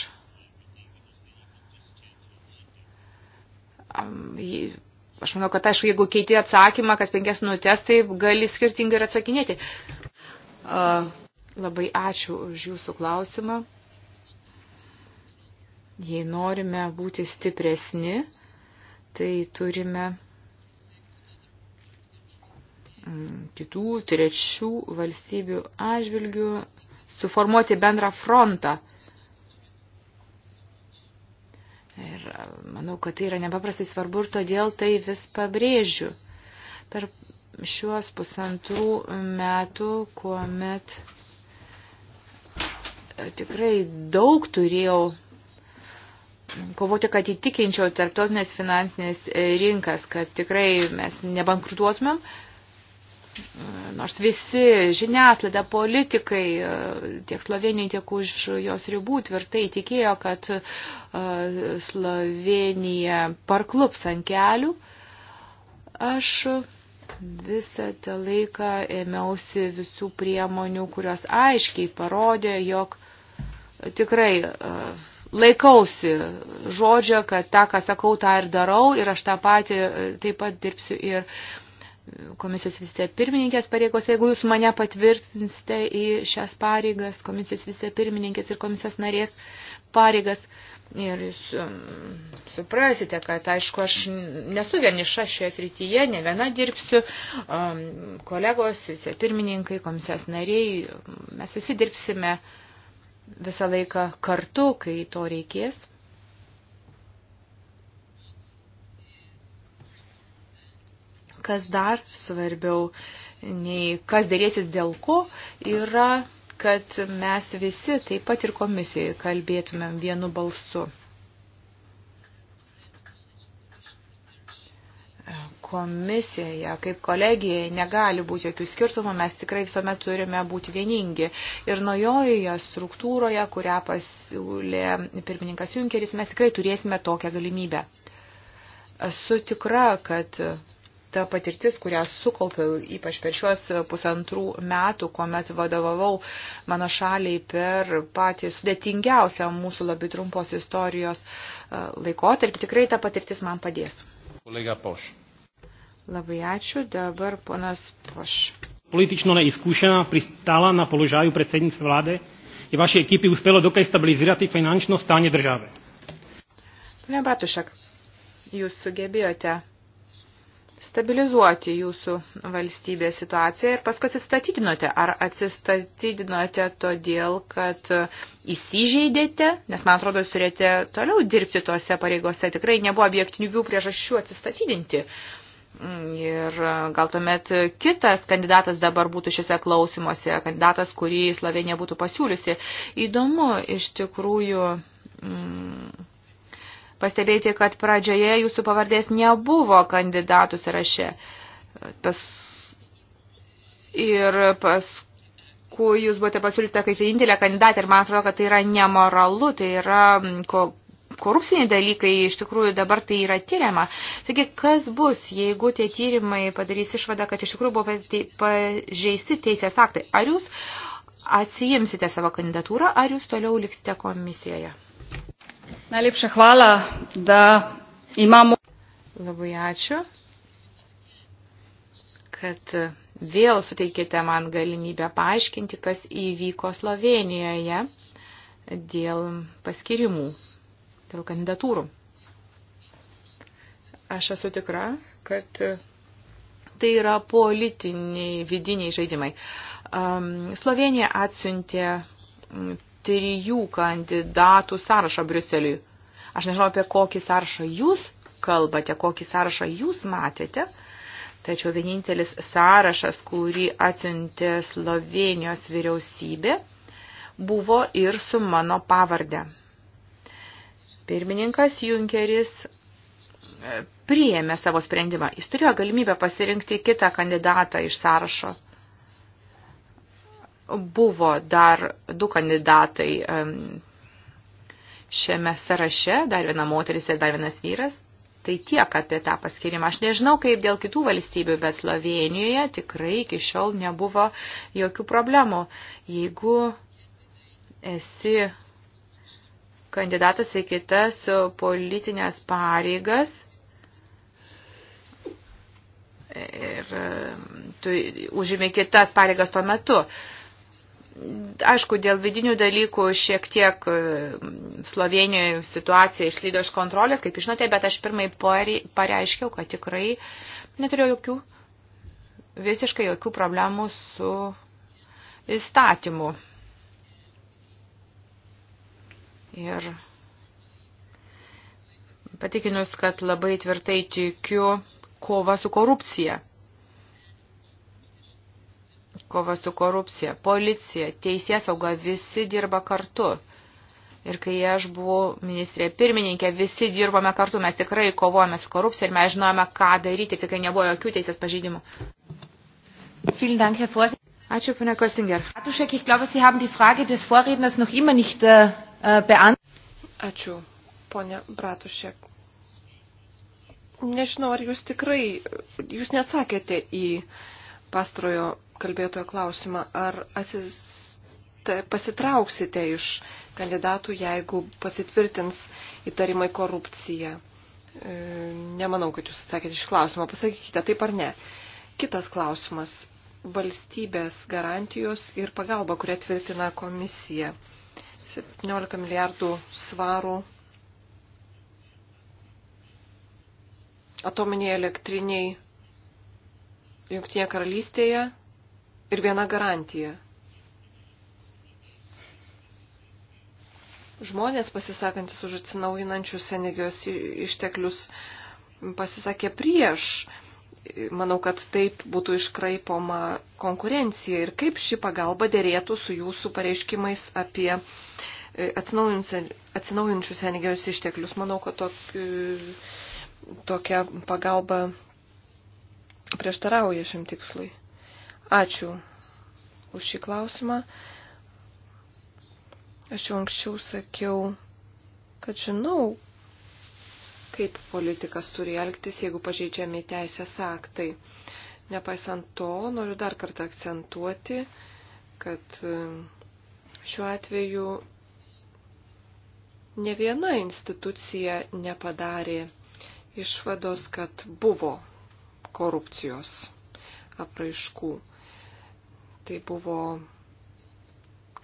Aš manau, kad aišku, jeigu keiti atsakymą, kas penkias minutės, tai gali skirtingai ir atsakinėti. Labai ačiū už jūsų klausimą. Jei norime būti stipresni, tai turime mm, kitų trečių valstybių atžvilgių suformuoti bendrą frontą. Ir manau, kad tai yra nepaprastai svarbu ir todėl tai vis pabrėžiu. Per šiuos pusantrų metų, kuomet e, tikrai daug turėjau kovoti, kad įtikinčiau tarptautinės finansinės e, rinkas, kad tikrai mes nebankrutuotumėm. E, nors visi žiniaslaida, politikai, tiek Slovenijai, tiek už jos ribų tvirtai tikėjo, kad Slovenija parklups ant kelių. Aš visą tą laiką ėmiausi visų priemonių, kurios aiškiai parodė, jog tikrai e, laikausi žodžio, kad tą, ką sakau, tą ir darau ir aš tą patį e, taip pat dirbsiu ir komisijos vicepirmininkės pareigos, jeigu jūs mane patvirtinsite į šias pareigas, komisijos vicepirmininkės ir komisijos narės pareigas. Uh, Ir jūs um, suprasite, kad, aišku, aš nesu vieniša šioje srityje, ne viena dirbsiu, um, kolegos, vicepirmininkai, komisijos nariai, mes visi dirbsime visą laiką kartu, kai to reikės. Kas dar svarbiau, nei kas dėlėsis dėl ko, yra kad mes visi, taip pat ir komisijoje, kalbėtumėm vienu balsu. komisijoje, kaip kolegijoje negali būti jokių skirtumų, mes tikrai visuomet turime būti vieningi. Ir naujojoje struktūroje, kurią pasiūlė pirmininkas Junkeris, mes tikrai turėsime tokią galimybę. Esu tikra, kad ta patirtis, kurią sukaupiau ypač per šiuos pusantrų metų, kuomet vadovavau mano šaliai per patį sudėtingiausią mūsų labai trumpos istorijos e, laikotarpį, tikrai ta patirtis man padės. Kolega Poš. Labai ačiū, dabar ponas Poš. Politično neiskušena pristala na položaju predsednice vlade i vaše ekipi uspelo dokaj stabilizirati finančno stanje države. Ne, Bratušek, jūs sugebėjote stabilizuoti jūsų valstybės situaciją ir paskui atsistatydinote. Ar atsistatydinote todėl, kad įsižeidėte, nes man atrodo, jūs turėjote toliau dirbti tose pareigose, tikrai nebuvo objektinių priežasčių atsistatydinti. Ir gal tuomet kitas kandidatas dabar būtų šiuose klausimuose, kandidatas, kurį Slovenija būtų pasiūliusi. Įdomu, iš tikrųjų. Mm, pastebėti, kad pradžioje jūsų pavardės nebuvo kandidatų sąraše. Pas... Ir paskui jūs buvote pasiūlyta kaip vienintelė kandidatė ir man atrodo, kad tai yra nemoralu, tai yra mm, ko, korupsiniai dalykai, iš tikrųjų dabar tai yra tyriama. Taigi, kas bus, jeigu tie tyrimai padarys išvadą, kad iš tikrųjų buvo pažeisti teisės aktai? Ar jūs atsijimsite savo kandidatūrą, ar jūs toliau liksite komisijoje? Najlepša hvala, da imamo. Labai ačiū, kad vėl suteikite man galimybę paaiškinti, kas įvyko Slovenijoje dėl paskirimų, dėl kandidatūrų. Aš esu tikra, kad tai yra politiniai vidiniai žaidimai. Slovenija atsiuntė trijų kandidatų sąrašą Briuseliui. Aš nežinau, apie kokį sąrašą jūs kalbate, kokį sąrašą jūs matėte, tačiau vienintelis sąrašas, kurį atsiuntė Slovenijos vyriausybė, buvo ir su mano pavardė. Pirmininkas Junkeris e, priėmė savo sprendimą. Jis turėjo galimybę pasirinkti kitą kandidatą iš sąrašo. Buvo dar du kandidatai šiame sąraše, dar viena moteris ir dar vienas vyras. Tai tiek apie tą paskirimą. Aš nežinau, kaip dėl kitų valstybių, bet Slovenijoje tikrai iki šiol nebuvo jokių problemų. Jeigu esi kandidatas į kitas politinės pareigas ir tu užimi kitas pareigas tuo metu, Aišku, dėl vidinių dalykų šiek tiek e, Slovenijoje situacija išlydo iš kontrolės, kaip žinote, bet aš pirmai pareiškiau, kad tikrai neturėjau jokių, visiškai jokių problemų su įstatymu. Ir patikinus, kad labai tvirtai tikiu kova su korupcija kova su korupcija, policija, teisėsauga, visi dirba kartu. Ir kai aš buvau ministrė pirmininkė, visi dirbome kartu, mes tikrai kovojame su korupcija ir mes žinojame, ką daryti, tikrai nebuvo jokių teisės pažydimų. Ačiū, ponia Kostinger. Äh, äh, Ačiū, ponia Bratušek. Nežinau, ar jūs tikrai, jūs neatsakėte į pastrojo kalbėtojo klausimą, ar atsis, pasitrauksite iš kandidatų, jeigu pasitvirtins įtarimai korupcija. E, nemanau, kad jūs atsakėte iš klausimą. Pasakykite taip ar ne. Kitas klausimas. Valstybės garantijos ir pagalba, kurią tvirtina komisija. 17 milijardų svarų atominiai elektriniai Junktinėje karalystėje ir viena garantija. Žmonės pasisakantis už atsinaujinančius energijos išteklius pasisakė prieš. Manau, kad taip būtų iškraipoma konkurencija ir kaip ši pagalba dėrėtų su jūsų pareiškimais apie e, atsinaujinčius energijos išteklius. Manau, kad tok, e, tokia pagalba prieštarauja šiam tikslui. Ačiū už šį klausimą. Aš jau anksčiau sakiau, kad žinau, kaip politikas turi elgtis, jeigu pažeidžiami teisės aktai. Nepaisant to, noriu dar kartą akcentuoti, kad e, šiuo atveju ne viena institucija nepadarė išvados, kad buvo korupcijos apraiškų. Tai buvo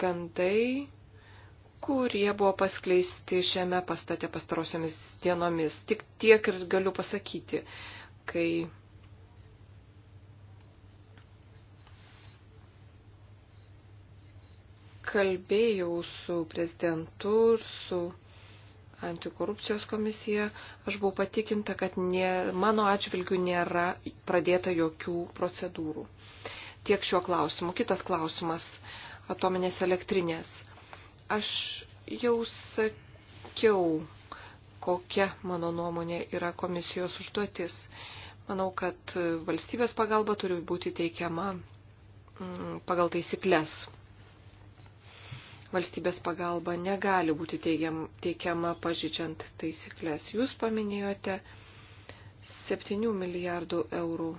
gandai, kurie buvo paskleisti šiame pastate pastarosiomis dienomis. Tik tiek ir galiu pasakyti, kai kalbėjau su prezidentu ir su antikorupcijos komisija, aš buvau patikinta, kad nė, mano atžvilgių nėra pradėta jokių procedūrų. Uh, Tiek šiuo klausimu. Kitas klausimas - atominės elektrinės. Aš jau sakiau, kokia mano nuomonė yra komisijos užduotis. Manau, kad valstybės pagalba turi būti teikiama mm, pagal taisyklės. Valstybės pagalba negali būti teigiam, teikiama pažydžiant taisyklės. Jūs paminėjote 7 milijardų eurų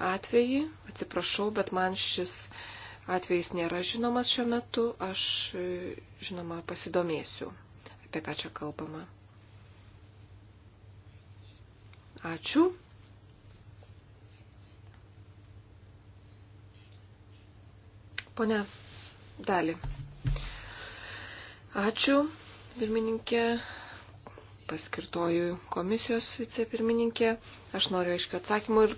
atvejį. Atsiprašau, bet man šis atvejis nėra žinomas šiuo metu. Aš, e, žinoma, pasidomėsiu, apie ką čia kalbama. Ačiū. Pone Dali. Ačiū, pirmininkė, paskirtojų komisijos vicepirmininkė. Aš noriu aiškiai atsakymų ir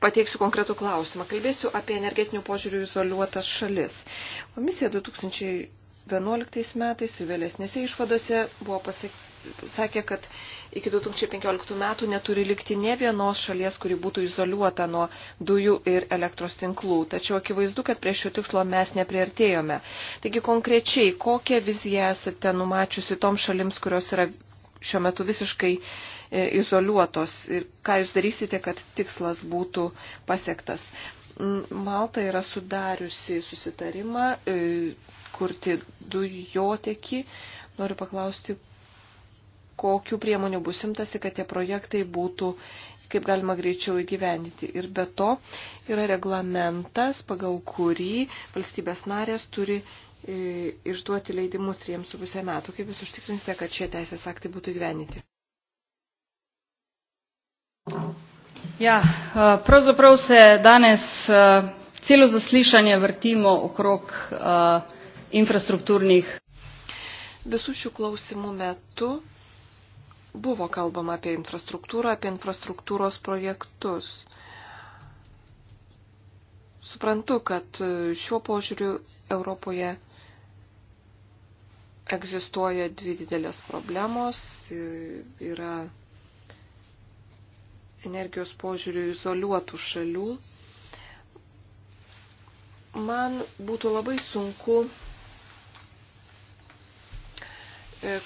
pateiksiu konkretų klausimą. Kalbėsiu apie energetinių požiūrių izoliuotas šalis. Komisija 2011 metais ir vėlesnėse išvadose buvo pasakė, kad iki 2015 metų neturi likti ne vienos šalies, kuri būtų izoliuota nuo dujų ir elektros tinklų. Tačiau akivaizdu, kad prie šio tikslo mes nepriartėjome. Taigi konkrečiai, kokią viziją esate numačiusi tom šalims, kurios yra šiuo metu visiškai E, izoliuotos ir ką jūs darysite, kad tikslas būtų pasiektas. Mm, Malta yra sudariusi susitarimą e, kurti dujotekį. Noriu paklausti, kokiu priemonių bus imtasi, kad tie projektai būtų kaip galima greičiau įgyvendyti. Ir be to yra reglamentas, pagal kurį valstybės narės turi e, išduoti leidimus 3,5 metų. Kaip jūs užtikrinsite, kad šie teisės aktai būtų įgyvendyti? Ja, eh, pravzaprav se danes eh, celo zaslišanje vrtimo okrog eh, infrastruktūrnih. Visų šių klausimų metu buvo kalbama apie infrastruktūrą, apie infrastruktūros projektus. Suprantu, kad šiuo požiūriu Europoje egzistuoja dvi didelės problemos. Yra energijos požiūrių izoliuotų šalių, man būtų labai sunku e,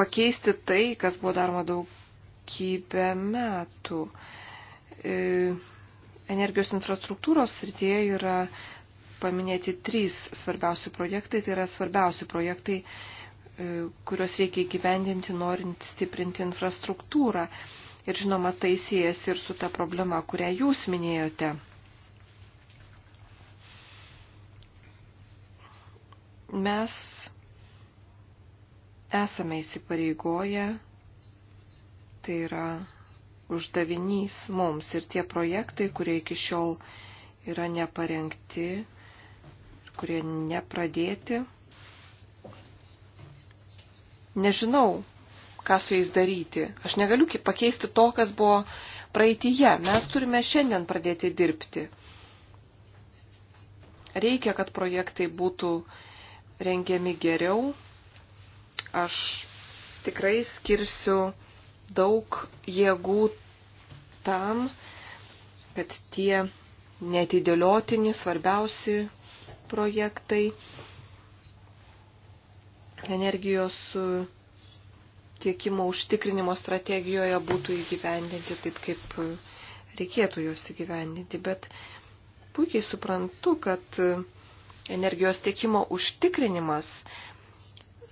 pakeisti tai, kas buvo daroma daugybę metų. E, energijos infrastruktūros srityje yra paminėti trys svarbiausi projektai. Tai yra svarbiausi projektai, e, kuriuos reikia įgyvendinti, norint stiprinti infrastruktūrą. Ir žinoma, tai siejas ir su ta problema, kurią jūs minėjote. Mes esame įsipareigoję, tai yra uždavinys mums ir tie projektai, kurie iki šiol yra neparengti, kurie nepradėti. Nežinau, ką su jais daryti. Aš negaliu pakeisti to, kas buvo praeitįje. Mes turime šiandien pradėti dirbti. Reikia, kad projektai būtų rengiami geriau. Aš tikrai skirsiu daug jėgų tam, kad tie netidėliotini svarbiausi projektai energijos tiekimo užtikrinimo strategijoje būtų įgyvendinti taip, kaip e, reikėtų juos įgyvendinti. Bet puikiai suprantu, kad e, energijos tiekimo užtikrinimas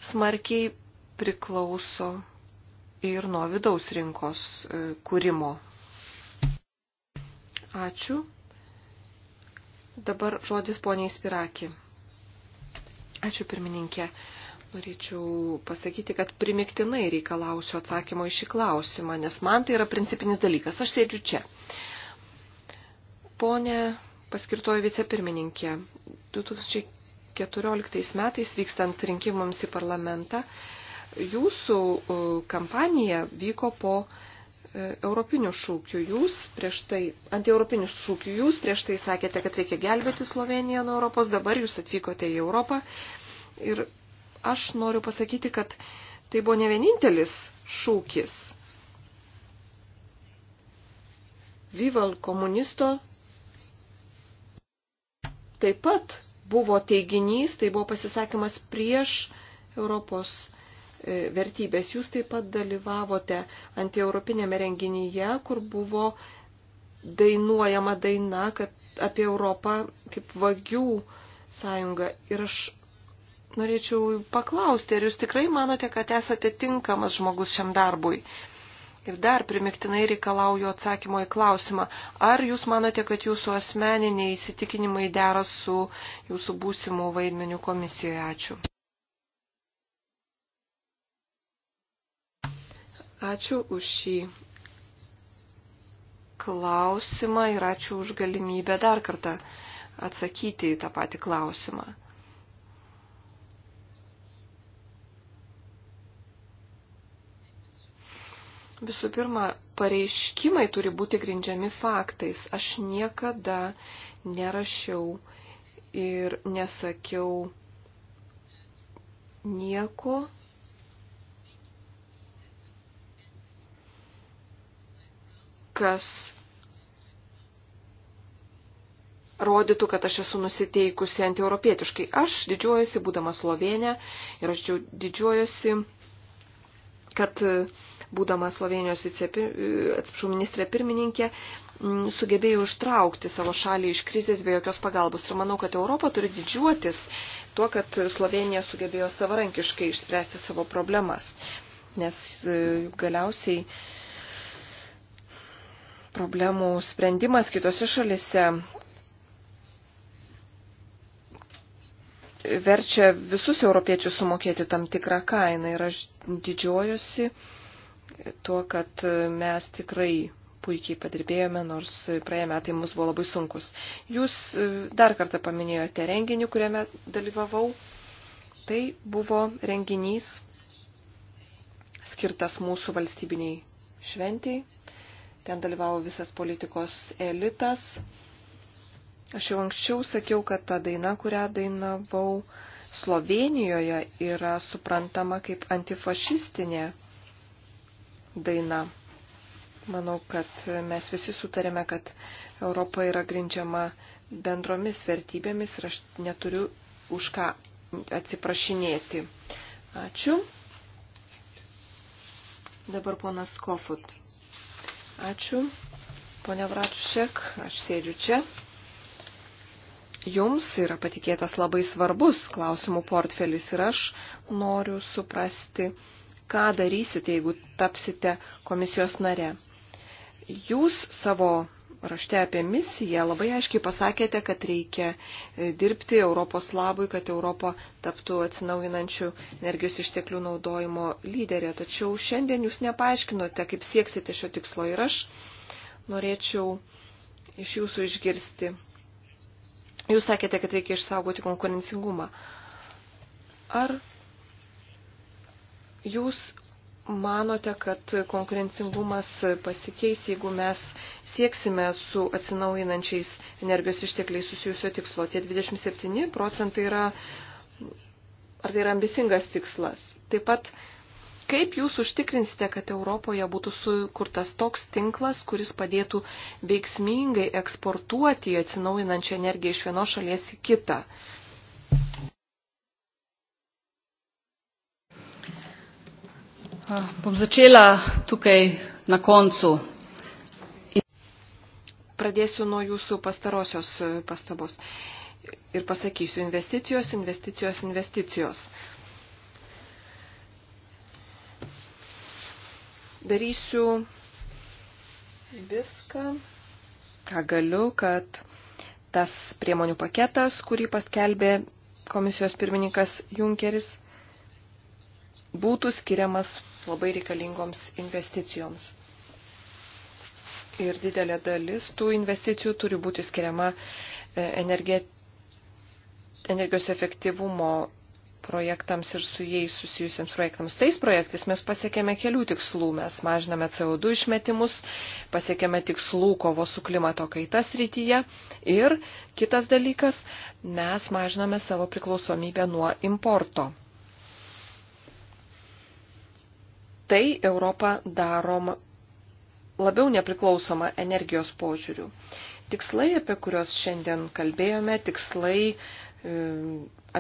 smarkiai priklauso ir nuo vidaus rinkos e, kūrimo. Ačiū. Dabar žodis poniai Spiraki. Ačiū pirmininkė. Norėčiau pasakyti, kad primiktinai reikalausiu atsakymo į šį klausimą, nes man tai yra principinis dalykas. Aš sėdžiu čia. Pone paskirtoji vicepirmininkė, 2014 metais vykstant rinkimams į parlamentą, jūsų e, kampanija vyko po e, europinių šūkių. Jūs prieš tai, antieuropinių šūkių, jūs prieš tai sakėte, kad reikia gelbėti Sloveniją nuo Europos, dabar jūs atvykote į Europą ir aš noriu pasakyti, kad tai buvo ne vienintelis šūkis. Vival komunisto taip pat buvo teiginys, tai buvo pasisakymas prieš Europos e, vertybės. Jūs taip pat dalyvavote antieuropinėme renginyje, kur buvo dainuojama daina, kad apie Europą kaip vagių sąjungą. Ir aš norėčiau paklausti, ar jūs tikrai manote, kad esate tinkamas žmogus šiam darbui? Ir dar primiktinai reikalauju atsakymo į klausimą, ar jūs manote, kad jūsų asmeniniai įsitikinimai dera su jūsų būsimų vaidmenių komisijoje? Ačiū. Ačiū už šį klausimą ir ačiū už galimybę dar kartą atsakyti į tą patį klausimą. Visų pirma, pareiškimai turi būti grindžiami faktais. Aš niekada nerašiau ir nesakiau nieko. kas rodytų, kad aš esu nusiteikusi antieuropietiškai. Aš didžiuojuosi, būdama Slovenė, ir aš didžiuojuosi, kad uh, būdama Slovenijos atsiprašau, ministrė pirmininkė, sugebėjo ištraukti savo šalį iš krizės be jokios pagalbos. Ir manau, kad Europa turi didžiuotis tuo, kad Slovenija sugebėjo savarankiškai išspręsti savo problemas. Nes e, galiausiai problemų sprendimas kitose šalise verčia visus europiečius sumokėti tam tikrą kainą ir aš didžiuojusi tuo, kad mes tikrai puikiai padirbėjome, nors praėję metai mums buvo labai sunkus. Jūs e, dar kartą paminėjote renginį, kuriame dalyvavau. Tai buvo renginys skirtas mūsų valstybiniai šventiai. Ten dalyvavo visas politikos elitas. Aš jau anksčiau sakiau, kad ta daina, kurią dainavau Slovenijoje, yra suprantama kaip antifašistinė daina. Manau, kad mes visi sutarėme, kad Europa yra grindžiama bendromis vertybėmis ir aš neturiu už ką atsiprašinėti. Ačiū. Dabar ponas Kofut. Ačiū. Pone Vratušek, aš sėdžiu čia. Jums yra patikėtas labai svarbus klausimų portfelis ir aš noriu suprasti, ką darysite, jeigu tapsite komisijos nare. Jūs savo rašte apie misiją labai aiškiai pasakėte, kad reikia e, dirbti Europos labui, kad Europa taptų atsinaujinančių energijos išteklių naudojimo lyderė. Tačiau šiandien jūs nepaaiškinote, kaip sieksite šio tikslo ir aš norėčiau iš jūsų išgirsti. Jūs sakėte, kad reikia išsaugoti konkurencingumą. Ar Jūs manote, kad konkurencingumas pasikeis, jeigu mes sieksime su atsinaujinančiais energijos ištekliais susijusio tikslo. Tie 27 procentai yra, ar tai yra ambicingas tikslas. Taip pat, kaip jūs užtikrinsite, kad Europoje būtų sukurtas toks tinklas, kuris padėtų veiksmingai eksportuoti atsinaujinančią energiją iš vienos šalies į kitą? Bom začela tukaj na koncu. Pradėsiu nuo jūsų pastarosios e, pastabos. Ir pasakysiu, investicijos, investicijos, investicijos. Darysiu viską, ką galiu, kad tas priemonių paketas, kurį paskelbė komisijos pirmininkas Junkeris, būtų skiriamas labai reikalingoms investicijoms. Ir didelė dalis tų investicijų turi būti skiriama e, energie, energijos efektyvumo projektams ir su jais susijusiems projektams. Tais projektais mes pasiekėme kelių tikslų. Mes mažiname CO2 išmetimus, pasiekėme tikslų kovo su klimato kaitas rytyje ir kitas dalykas, mes mažiname savo priklausomybę nuo importo. tai Europą darom labiau nepriklausoma energijos požiūrių. Tikslai, apie kuriuos šiandien kalbėjome, tikslai e,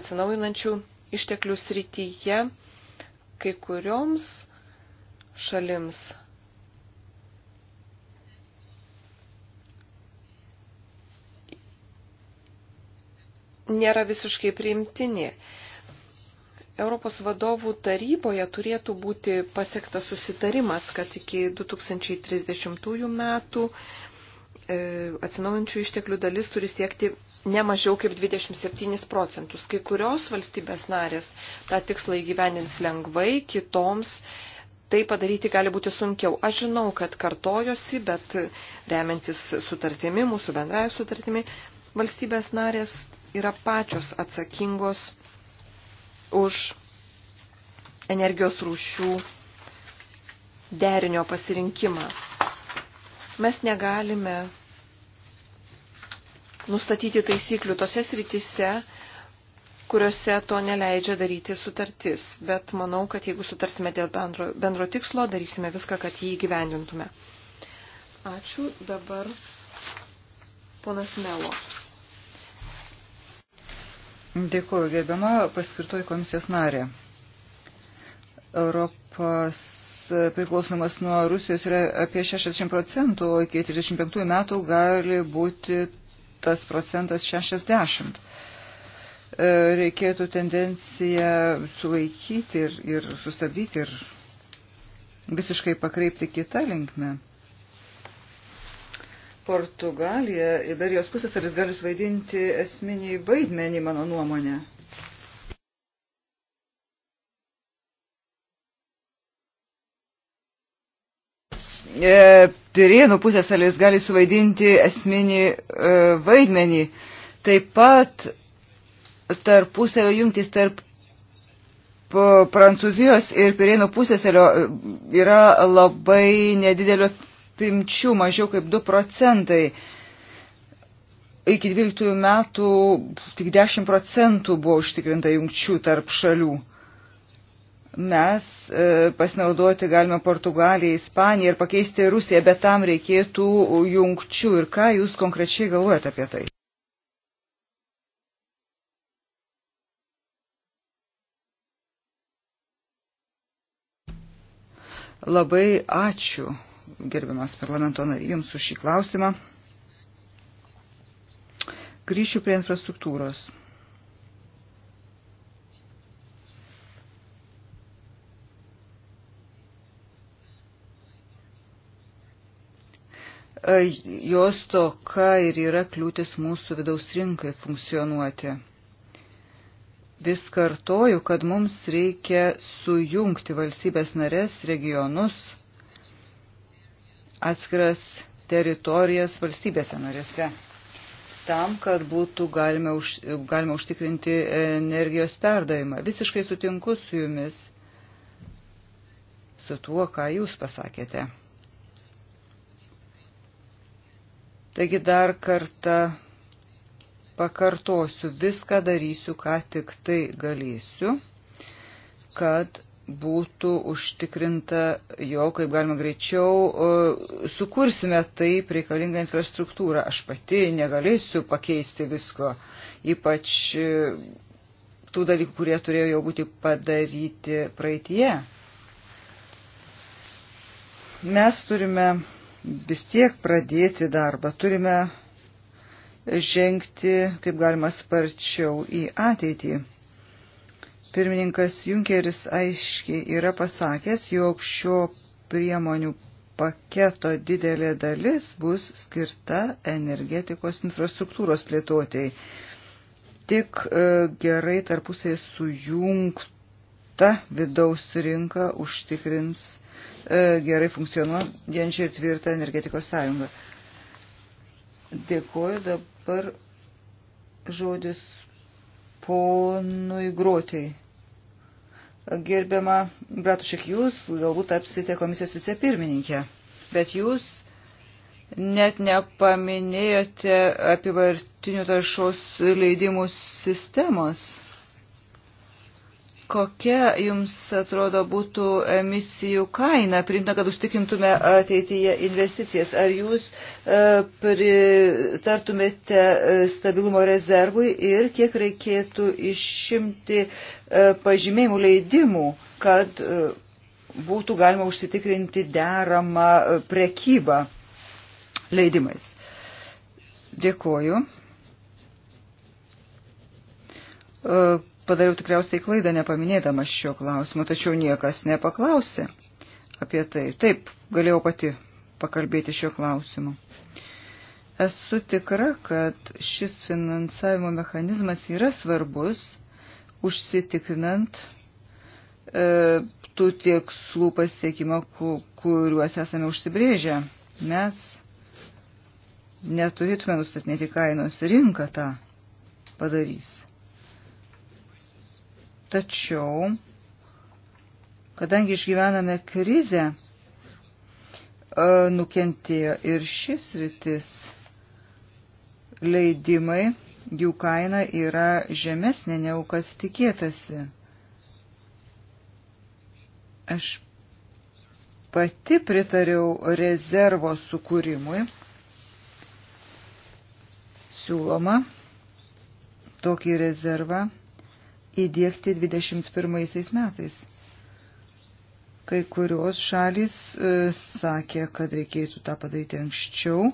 atsinaujinančių išteklių srityje, kai kurioms šalims nėra visiškai priimtini. Europos vadovų taryboje turėtų būti pasiektas susitarimas, kad iki 2030 metų e, atsinaujančių išteklių dalis turi siekti ne mažiau kaip 27 procentus. Kai kurios valstybės narės tą tikslą įgyvendins lengvai, kitoms tai padaryti gali būti sunkiau. Aš žinau, kad kartojosi, bet remiantis sutartimi, mūsų bendraja sutartimi, valstybės narės yra pačios atsakingos už energijos rūšių derinio pasirinkimą. Mes negalime nustatyti taisyklių tose sritise, kuriuose to neleidžia daryti sutartis. Bet manau, kad jeigu sutarsime dėl bendro, bendro tikslo, darysime viską, kad jį įgyvendintume. Ačiū. Dabar ponas Melo. Dėkuoju, gerbiama paskirtoji komisijos narė. Europos priklausomas nuo Rusijos yra apie 60 procentų, o iki 35 metų gali būti tas procentas 60. E, reikėtų tendenciją sulaikyti ir, ir sustabdyti ir visiškai pakreipti kitą linkmę. Portugalija, Iberijos pusėsalis gali suvaidinti esminį vaidmenį, mano nuomonė. E, Pirėnų pusėsalis gali suvaidinti esminį e, vaidmenį. Taip pat tarpusavio jungtis tarp Prancūzijos ir Pirėnų pusėsalio e, yra labai nedidelio apimčių mažiau kaip 2 procentai. Iki 12 metų tik 10 procentų buvo užtikrinta jungčių tarp šalių mes e, pasinaudoti galime Portugaliją, Ispaniją ir pakeisti Rusiją, bet tam reikėtų jungčių. Ir ką jūs konkrečiai galvojate apie tai? Labai ačiū gerbiamas parlamento nariai, jums už šį klausimą. Grįšiu prie infrastruktūros. E, jos toka ir yra kliūtis mūsų vidaus rinkai funkcionuoti vis kartoju, kad mums reikia sujungti valstybės narės regionus atskiras teritorijas valstybėse narėse, tam, kad būtų galima, už, galima užtikrinti energijos perdavimą. Visiškai sutinku su jumis, su tuo, ką jūs pasakėte. Taigi dar kartą pakartosiu, viską darysiu, ką tik tai galėsiu, kad būtų užtikrinta, jog kaip galima greičiau e, sukursime taip reikalingą infrastruktūrą. Aš pati negalėsiu pakeisti visko, ypač e, tų dalykų, kurie turėjo jau būti padaryti praeitie. Mes turime vis tiek pradėti darbą, turime žengti kaip galima sparčiau į ateitį. Pirmininkas Junkeris aiškiai yra pasakęs, jog šio priemonių paketo didelė dalis bus skirta energetikos infrastruktūros plėtotėjai. Tik e, gerai tarpusai sujungta vidaus rinka užtikrins e, gerai funkcionuojančią ir tvirtą energetikos sąjungą. Dėkuoju dabar žodis ponui Gruotijai. Gerbiama Bratušek, jūs galbūt tapsite komisijos vicepirmininkė, bet jūs net nepaminėjote apivartinių taršos leidimų sistemos. Kokia jums atrodo būtų emisijų kaina, priimta, kad užtikrintume ateityje investicijas? Ar jūs e, pritartumėte e, stabilumo rezervui ir kiek reikėtų išimti e, pažymėjimų leidimų, kad būtų galima užsitikrinti deramą prekybą leidimais? Dėkuoju padariau tikriausiai klaidą nepaminėdamas šio klausimo, tačiau niekas nepaklausė apie tai. Taip, galėjau pati pakalbėti šio klausimu. Esu tikra, kad šis finansavimo mechanizmas yra svarbus, užsitikrinant e, tų tikslų pasiekimą, ku, kuriuos esame užsibrėžę. Mes neturėtume nustatinėti kainos, rinka tą padarys. Tačiau, kadangi išgyvename krizę, e, nukentėjo ir šis rytis. Leidimai, jų kaina yra žemesnė negu kad tikėtasi. Aš pati pritariau rezervo sukūrimui. Siūloma tokį rezervą įdėkti 21 metais. Kai kurios šalis e, sakė, kad reikėtų tą padaryti anksčiau.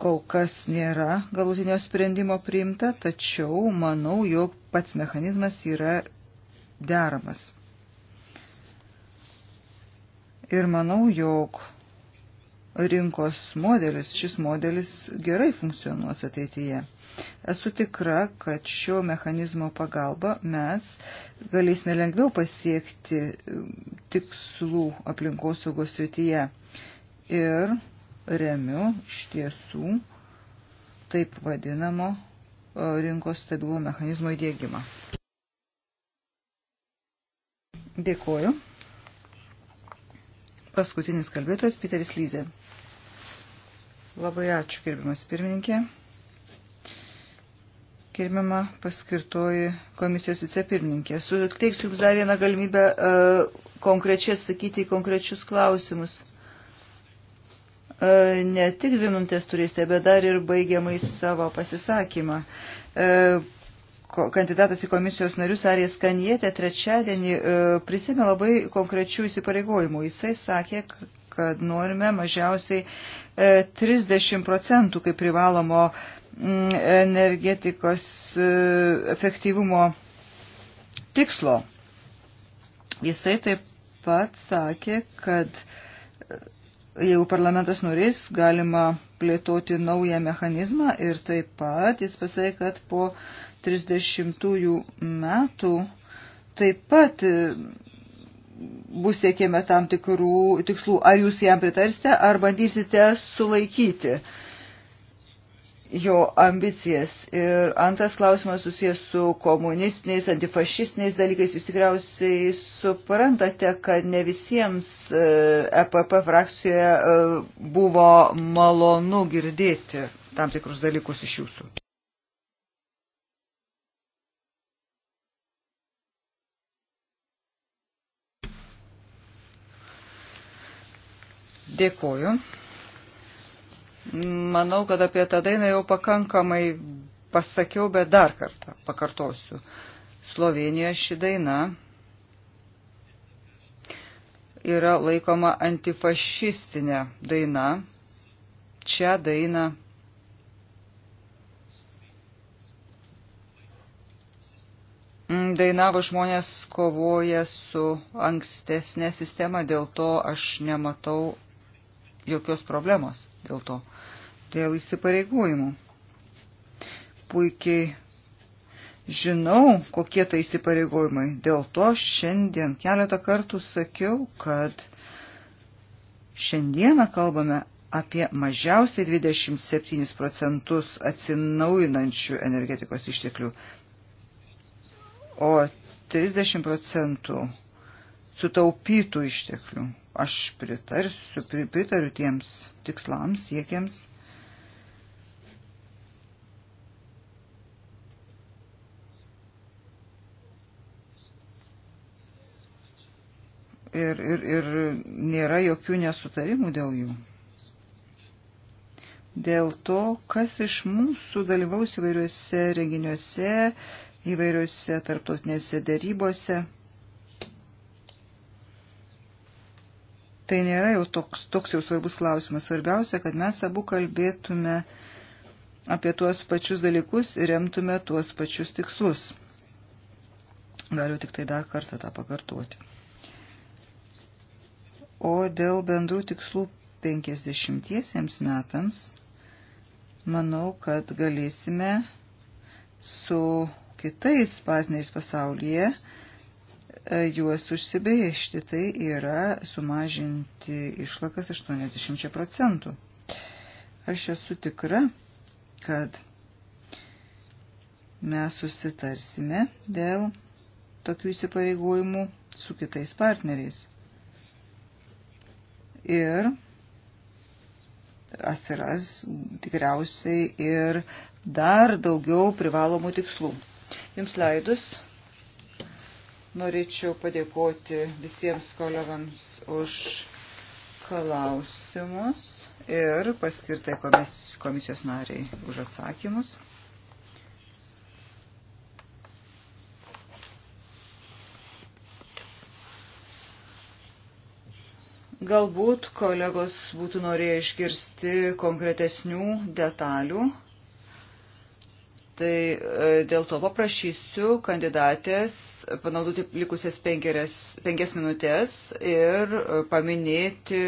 Kol kas nėra galutinio sprendimo priimta, tačiau manau, jog pats mechanizmas yra deramas. Ir manau, jog rinkos modelis, šis modelis gerai funkcionuos ateityje. Esu tikra, kad šio mechanizmo pagalba mes galėsime lengviau pasiekti um, tikslų aplinkosaugos srityje. Ir remiu iš tiesų taip vadinamo uh, rinkos stabilumo mechanizmo įdėgymą. Dėkuoju. Paskutinis kalbėtojas Piteris Lyzė. Labai ačiū, gerbiamas pirmininkė. Gerbiama paskirtoji komisijos vicepirmininkė. Suteiksiu Jums dar vieną galimybę uh, konkrečiai atsakyti į konkrečius klausimus. Uh, ne tik dvi minutės turėsite, bet dar ir baigiamai savo pasisakymą. Uh, kandidatas į komisijos narius Arijas Kanietė trečiadienį e, prisėmė labai konkrečių įsipareigojimų. Jisai sakė, kad norime mažiausiai 30 e, procentų kaip privalomo mm, energetikos e, efektyvumo tikslo. Jisai taip pat sakė, kad jeigu parlamentas norės, galima plėtoti naują mechanizmą ir taip pat jis pasakė, kad po 30 metų taip pat e, bus siekėme tam tikrų tikslų. Ar jūs jam pritarsite, ar bandysite sulaikyti jo ambicijas. Ir antras klausimas susijęs su komunistiniais, antifašistiniais dalykais. Jūs tikriausiai suprantate, kad ne visiems EPP e frakcijoje e, buvo malonu girdėti tam tikrus dalykus iš jūsų. Dėkuoju. Manau, kad apie tą dainą jau pakankamai pasakiau, bet dar kartą pakartosiu. Slovenijoje ši daina yra laikoma antifašistinė daina. Čia daina dainavo žmonės kovoja su ankstesnė sistema, dėl to aš nematau jokios problemos dėl to, dėl įsipareigojimų. Puikiai žinau, kokie tai įsipareigojimai. Dėl to šiandien keletą kartų sakiau, kad šiandieną kalbame apie mažiausiai 27 procentus atsinaujinančių energetikos išteklių, o 30 procentų sutaupytų išteklių. Aš pritarsiu, pritariu tiems tikslams, siekiams. Ir, ir, ir nėra jokių nesutarimų dėl jų dėl to, kas iš mūsų dalyvaus įvairiuose renginiuose, įvairiuose tarptautinėse darybose. tai nėra jau toks, toks jau svarbus klausimas. Svarbiausia, kad mes abu kalbėtume apie tuos pačius dalykus ir remtume tuos pačius tikslus. Galiu tik tai dar kartą tą pakartoti. O dėl bendrų tikslų 50 metams, manau, kad galėsime su kitais partneriais pasaulyje uh, E, juos užsibėžti, tai yra sumažinti išlakas 80 procentų. Aš esu tikra, kad mes susitarsime dėl tokių įsipareigojimų su kitais partneriais. Ir atsiras tikriausiai ir dar daugiau privalomų tikslų. Jums leidus Norėčiau padėkoti visiems kolegams už klausimus ir paskirtai komisijos nariai už atsakymus. Galbūt kolegos būtų norėję išgirsti konkretesnių detalių Tai e, dėl to paprašysiu kandidatės panaudoti likusias penkias minutės ir e, paminėti